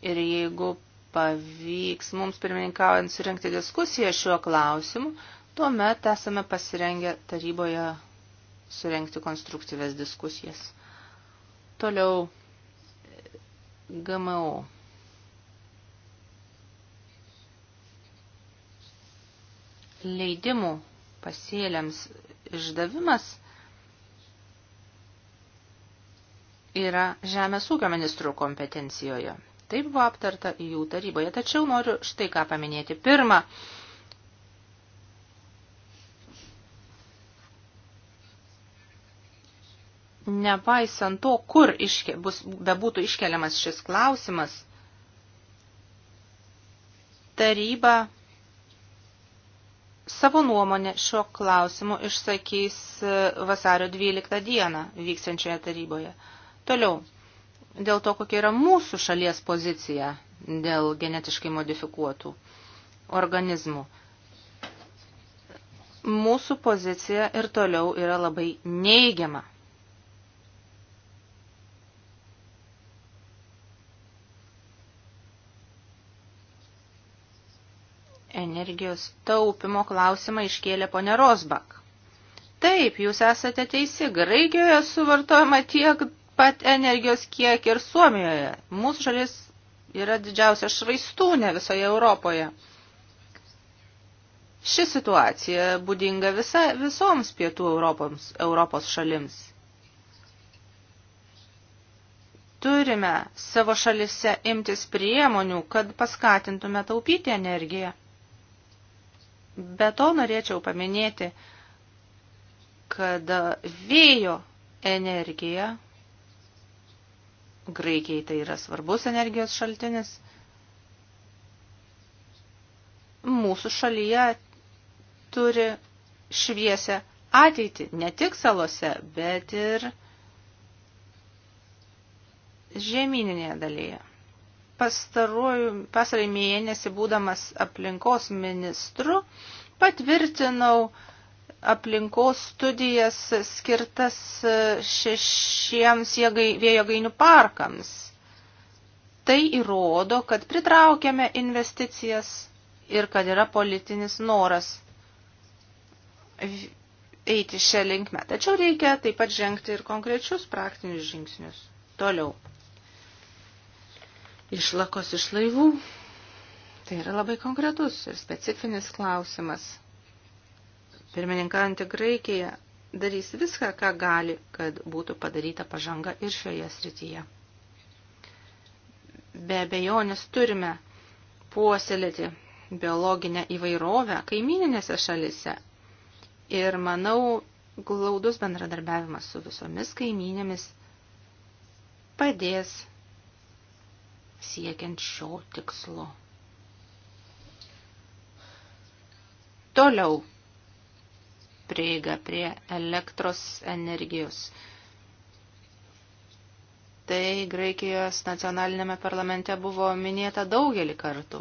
Ir jeigu pavyks mums pirmininkaujant surinkti diskusiją šiuo klausimu, tuomet esame pasirengę taryboje surinkti konstruktyves diskusijas. Toliau GMO. Leidimų pasėliams išdavimas yra Žemės ūkio ministrų kompetencijoje. Taip buvo aptarta jų taryboje, tačiau noriu štai ką paminėti. Pirma, nepaisant to, kur iške, bus, bebūtų iškeliamas šis klausimas, taryba savo nuomonę šiuo klausimu išsakys e, vasario 12 dieną vyksiančioje taryboje. Toliau, dėl to, kokia yra mūsų šalies pozicija dėl genetiškai modifikuotų organizmų. Mūsų pozicija ir toliau yra labai neigiama. Energijos taupimo klausimą iškėlė ponė Rosbak. Taip, jūs esate teisi, Graikijoje suvartojama tiek pat energijos kiekį ir Suomijoje. Mūsų šalis yra didžiausia švaistūnė visoje Europoje. Ši situacija būdinga visa, visoms pietų Europoms, Europos šalims. Turime savo šalise imtis priemonių, kad paskatintume taupyti energiją. Be to norėčiau paminėti, kad vėjo energija Graikijai tai yra svarbus energijos šaltinis. Mūsų šalyje turi šviesę ateitį, ne tik salose, bet ir žemyninėje dalyje. Pastarąjį mėnesį būdamas aplinkos ministru patvirtinau uh, aplinkos studijas skirtas e, šešiems vėjo gainių parkams. Tai įrodo, kad pritraukiame investicijas ir kad yra politinis noras eiti šią linkmę. Tačiau reikia taip pat žengti ir konkrečius praktinius žingsnius. Toliau. Išlakos iš laivų. Tai yra labai konkretus ir specifinis klausimas. Pirmininkaujantį Graikiją darys viską, ką gali, kad būtų padaryta pažanga ir šioje srityje. Be abejonės turime puoselėti biologinę įvairovę kaimininėse šalise. Ir manau, glaudus bendradarbiavimas su visomis kaiminėmis padės siekiant šio tikslo. Toliau prieigą prie elektros energijos. Tai Graikijos nacionalinėme parlamente buvo minėta daugelį kartų.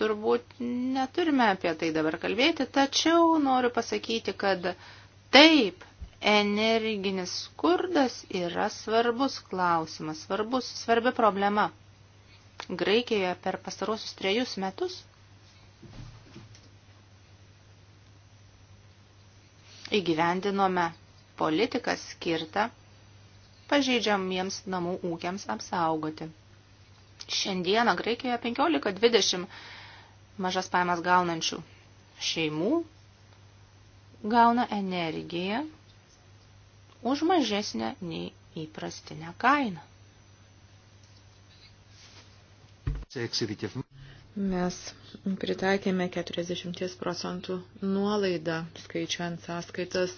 Turbūt neturime apie tai dabar kalbėti, tačiau noriu pasakyti, kad taip, energinis skurdas yra svarbus klausimas, svarbus, svarbi problema. Graikijoje per pastarosius trejus metus įgyvendinome politiką skirtą pažeidžiamiems namų ūkiams apsaugoti. Šiandieną Graikijoje 15-20 mažas pajamas gaunančių šeimų gauna energiją už mažesnę nei įprastinę kainą. Mes pritaikėme 40 procentų nuolaidą skaičiuojant sąskaitas,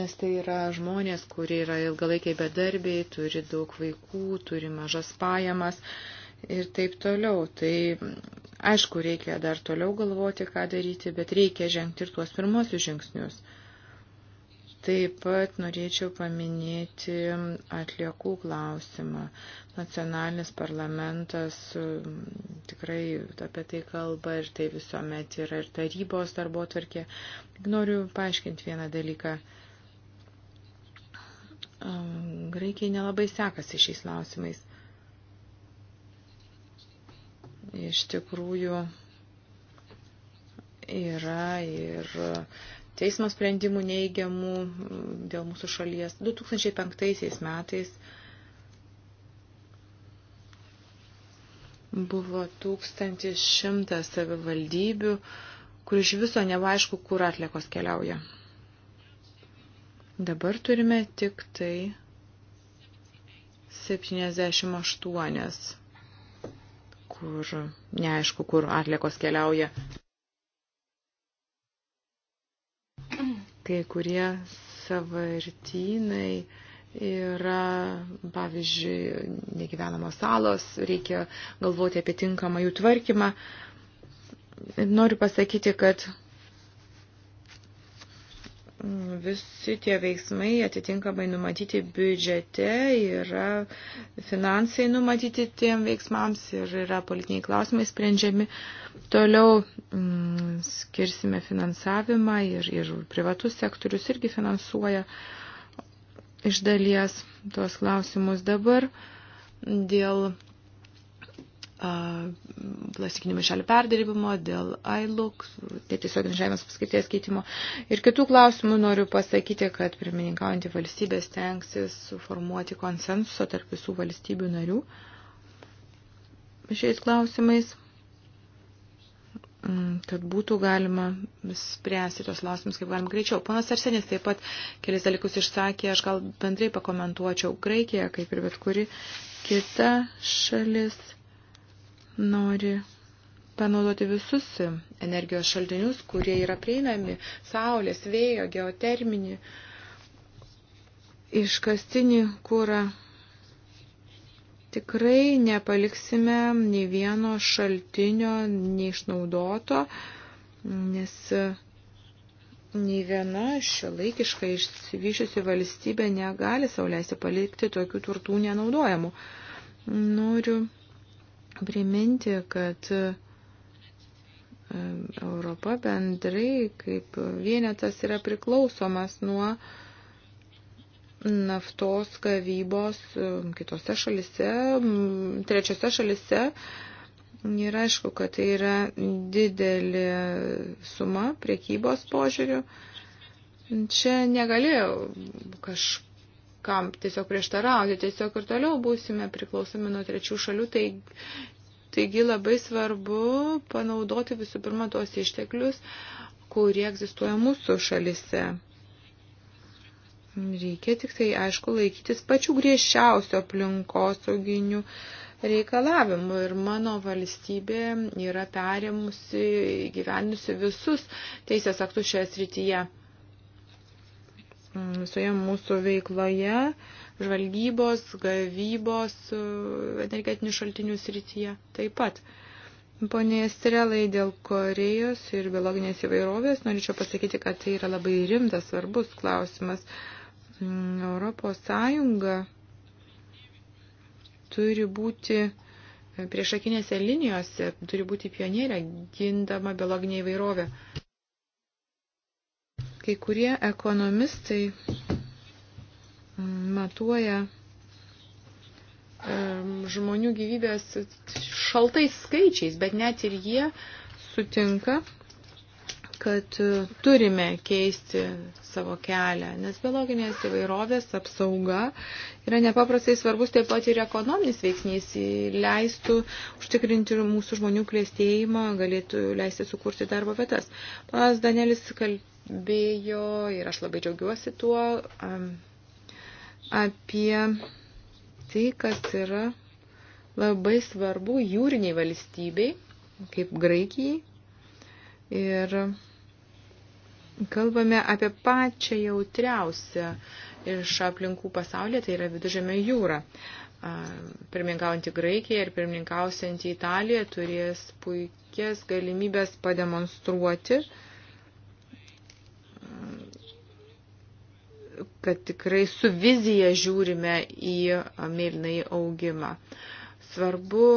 nes tai yra žmonės, kurie yra ilgalaikiai bedarbiai, turi daug vaikų, turi mažas pajamas ir taip toliau. Tai aišku, reikia dar toliau galvoti, ką daryti, bet reikia žengti ir tuos pirmosius žingsnius. Taip pat norėčiau paminėti atliekų klausimą. Nacionalinis parlamentas mm, tikrai apie tai kalba ir tai visuomet yra ir tarybos darbo tvarkė. Noriu paaiškinti vieną dalyką. Graikiai nelabai sekasi šiais klausimais. Iš tikrųjų yra ir teismo sprendimų neigiamų mm, dėl mūsų šalies. 2005 metais buvo 1100 savivaldybių, kur iš viso nevaaišku, kur atlikos keliauja. Dabar turime tik tai 78, kur neaišku, kur atlikos keliauja. Kai kurie savartynai yra, pavyzdžiui, negyvenamos salos, reikia galvoti apie tinkamą jų tvarkymą. Noriu pasakyti, kad visi tie veiksmai atitinkamai numatyti biudžete, yra finansai numatyti tiem veiksmams ir yra politiniai klausimai sprendžiami. Toliau mm, skirsime finansavimą ir, ir privatus sektorius irgi finansuoja iš dalies tuos klausimus dabar dėl plastikinių maišelių perdirbimo, dėl iLook, netiesioginės žemės paskaities keitimo. Ir kitų klausimų noriu pasakyti, kad pirmininkaujantį valstybę stengsis suformuoti konsensusą tarp visų valstybių narių šiais klausimais, mm, kad būtų galima spręsti tos klausimus kaip galima greičiau. Ponas Arsenis taip pat kelis dalykus išsakė, aš gal bendrai pakomentuočiau Graikiją, kaip ir bet kuri kita šalis nori panaudoti visus energijos šaltinius, kurie yra prieinami - saulės, vėjo, geoterminį, iškastinį kūrą. Tikrai nepaliksime nei vieno šaltinio neišnaudoto, nes nei viena šiolaikiškai išsivyšiusi valstybė negali sauliaisi palikti tokių turtų nenaudojamų. Noriu priminti, kad Europa bendrai kaip vienetas yra priklausomas nuo naftos gavybos kitose šalise, trečiose šalise. Ir aišku, kad tai yra didelė suma priekybos požiūriu. Čia negalėjau kažkaip kam tiesiog prieštarauti, tiesiog ir toliau būsime priklausomi nuo trečių šalių, tai, taigi labai svarbu panaudoti visų pirma tuos išteklius, kurie egzistuoja mūsų šalise. Reikia tik tai, aišku, laikytis pačių griežčiausio aplinkosauginių reikalavimų ir mano valstybė yra perėmusi, gyvenusi visus teisės aktus šioje srityje. Mm, visoje mūsų veikloje, žvalgybos, gavybos, e, energetinių šaltinių srityje taip pat. Pone Estrelai, dėl Korejos ir biologinės įvairovės norėčiau pasakyti, kad tai yra labai rimtas, svarbus klausimas. Mm, Europos Sąjunga turi būti priešakinėse linijose, turi būti pionierė gindama biologinė įvairovė. Kai kurie ekonomistai mm, matuoja žmonių gyvybės šaltais skaičiais, bet net ir jie sutinka, kad e, turime keisti savo kelią, nes biologinės įvairovės apsauga yra nepaprastai svarbus taip pat ir ekonominis veiksnys, leistų užtikrinti mūsų žmonių klėstėjimą, galėtų leisti sukurti darbo vietas. Panas Danielis kal kalbėjo ir aš labai džiaugiuosi tuo apie tai, kas yra labai svarbu jūriniai valstybei, kaip Graikijai. Ir kalbame apie pačią jautriausią iš aplinkų pasaulyje, tai yra Vidužėme jūra. Pirmininkaujantį Graikiją ir pirmininkausiantį Italiją turės puikias galimybės pademonstruoti, uh, kad tikrai su vizija žiūrime į mėlynai augimą. Svarbu,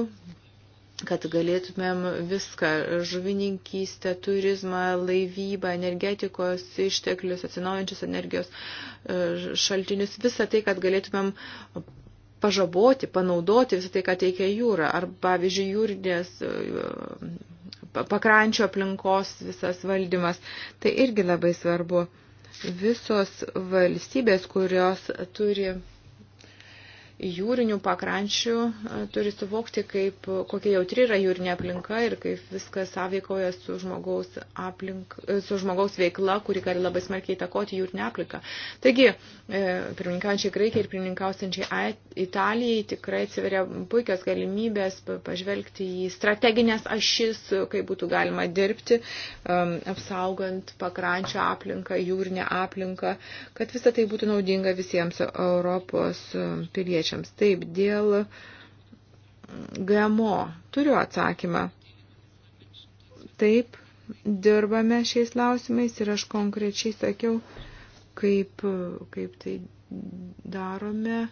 kad galėtumėm viską - žuvininkystę, turizmą, laivybą, energetikos išteklius, atsinaujančius energijos e, šaltinius, visą tai, kad galėtumėm pažaboti, panaudoti visą tai, ką teikia jūra. Ar, pavyzdžiui, jūrinės e, pakrančio aplinkos visas valdymas. Tai irgi labai svarbu visos valstybės, kurios turi jūrinių pakrančių e, turi suvokti, kaip, kokia jautri yra jūrinė aplinka ir kaip viskas sąveikoja su žmogaus, aplink, e, su žmogaus veikla, kuri gali labai smarkiai įtakoti jūrinę aplinką. Taigi, e, pirmininkaujančiai Graikiai ir pirmininkaujančiai Italijai tikrai atsiveria puikios galimybės pažvelgti į strateginės ašis, kaip būtų galima dirbti, apsaugant pakrančio aplinką, jūrinę aplinką, kad visa tai būtų naudinga visiems Europos piliečiams piliečiams. Taip, dėl GMO turiu atsakymą. Taip, dirbame šiais klausimais ir aš konkrečiai sakiau, kaip, kaip tai darome.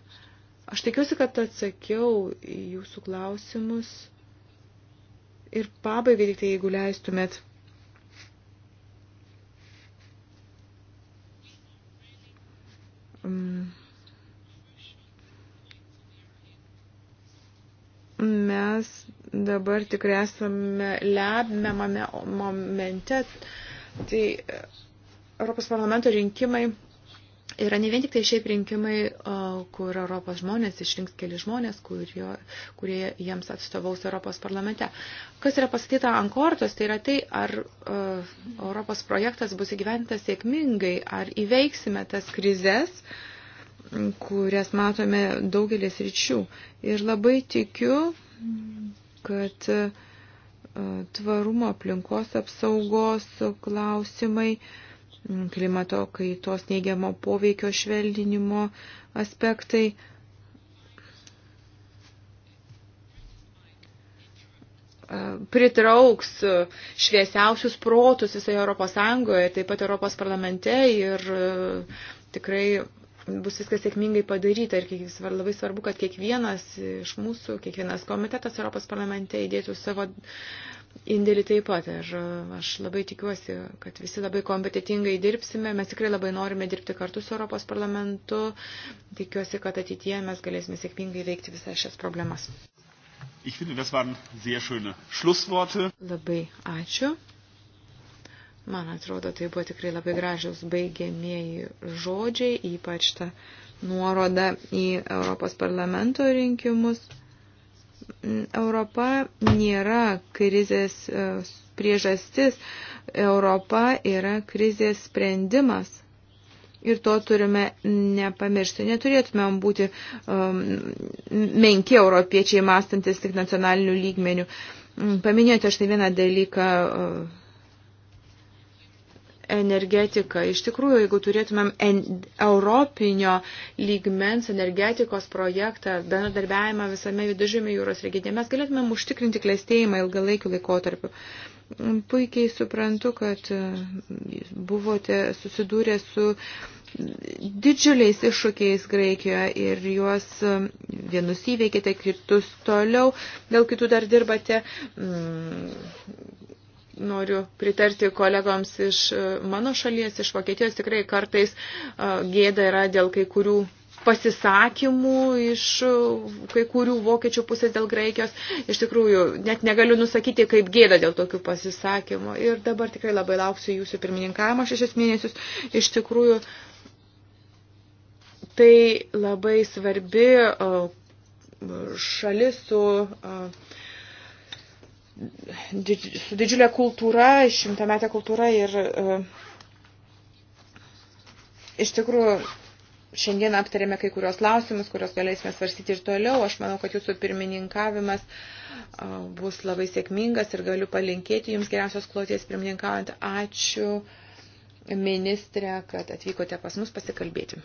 Aš tikiuosi, kad atsakiau į jūsų klausimus. Ir pabaigai tik tai, jeigu leistumėt. Mm mes dabar tikrai esame lemiamame momente. Tai e, Europos parlamento rinkimai yra ne vien tik tai šiaip rinkimai, e, kur Europos žmonės išrinks keli žmonės, kurio, kurie jiems atstovaus Europos parlamente. Kas yra pasakyta ant kortos, tai yra tai, ar uh, Europos projektas bus įgyventas sėkmingai, ar įveiksime tas krizės, uh, kurias matome daugelės ryčių. Ir labai tikiu, kad e, tvarumo aplinkos apsaugos klausimai, klimato kaitos neigiamo poveikio švelninimo aspektai e, pritrauks šviesiausius protus visoje Europos Sąjungoje, taip pat Europos parlamente ir e, tikrai bus viskas sėkmingai padaryta ir kiek, labai svarbu, kad kiekvienas iš mūsų, kiekvienas komitetas Europos parlamente įdėtų savo indėlį taip pat. Ir uh, aš labai tikiuosi, kad visi labai kompetitingai dirbsime. Mes tikrai labai norime dirbti kartu su Europos parlamentu. Tikiuosi, kad ateityje mes galėsime sėkmingai veikti visas šias problemas. Ich finde, das waren sehr schöne Schlussworte. Labai ačiū. Man atrodo, tai buvo tikrai labai gražiaus baigiamieji žodžiai, ypač ta nuoroda į Europos parlamento rinkimus. Europa nėra krizės e, priežastis, Europa yra krizės sprendimas. Ir to turime nepamiršti. Neturėtumėm būti um, menki europiečiai mąstantis tik nacionalinių lygmenių. Mm, paminėjote štai vieną dalyką. Uh, energetika. Iš tikrųjų, jeigu turėtumėm en, europinio lygmens energetikos projektą, bendradarbiavimą visame viduržymio jūros regione, mes galėtumėm užtikrinti klėstėjimą ilgalaikiu laikotarpiu. Puikiai suprantu, kad e, buvote susidūrę su didžiuliais iššūkiais Graikijoje ir juos e, vienus įveikėte, kitus toliau, dėl kitų dar dirbate. Mm, noriu pritarti kolegoms iš e, mano šalies, iš Vokietijos. Tikrai kartais e, gėda yra dėl kai kurių pasisakymų iš e, kai kurių vokiečių pusės dėl Graikijos. Iš tikrųjų, net negaliu nusakyti, kaip gėda dėl tokių pasisakymų. Ir dabar tikrai labai lauksiu jūsų pirmininkavimo šešis mėnesius. Iš tikrųjų, tai labai svarbi šalis su. Uh, didžiulė kultūra, šimtametė kultūra ir e, iš tikrųjų šiandien aptarėme kai kurios klausimus, kurios galėsime svarstyti ir toliau. Aš manau, kad jūsų pirmininkavimas e, bus labai sėkmingas ir galiu palinkėti jums geriausios kloties pirmininkaujant. Ačiū ministrė, kad atvykote pas mus pasikalbėti.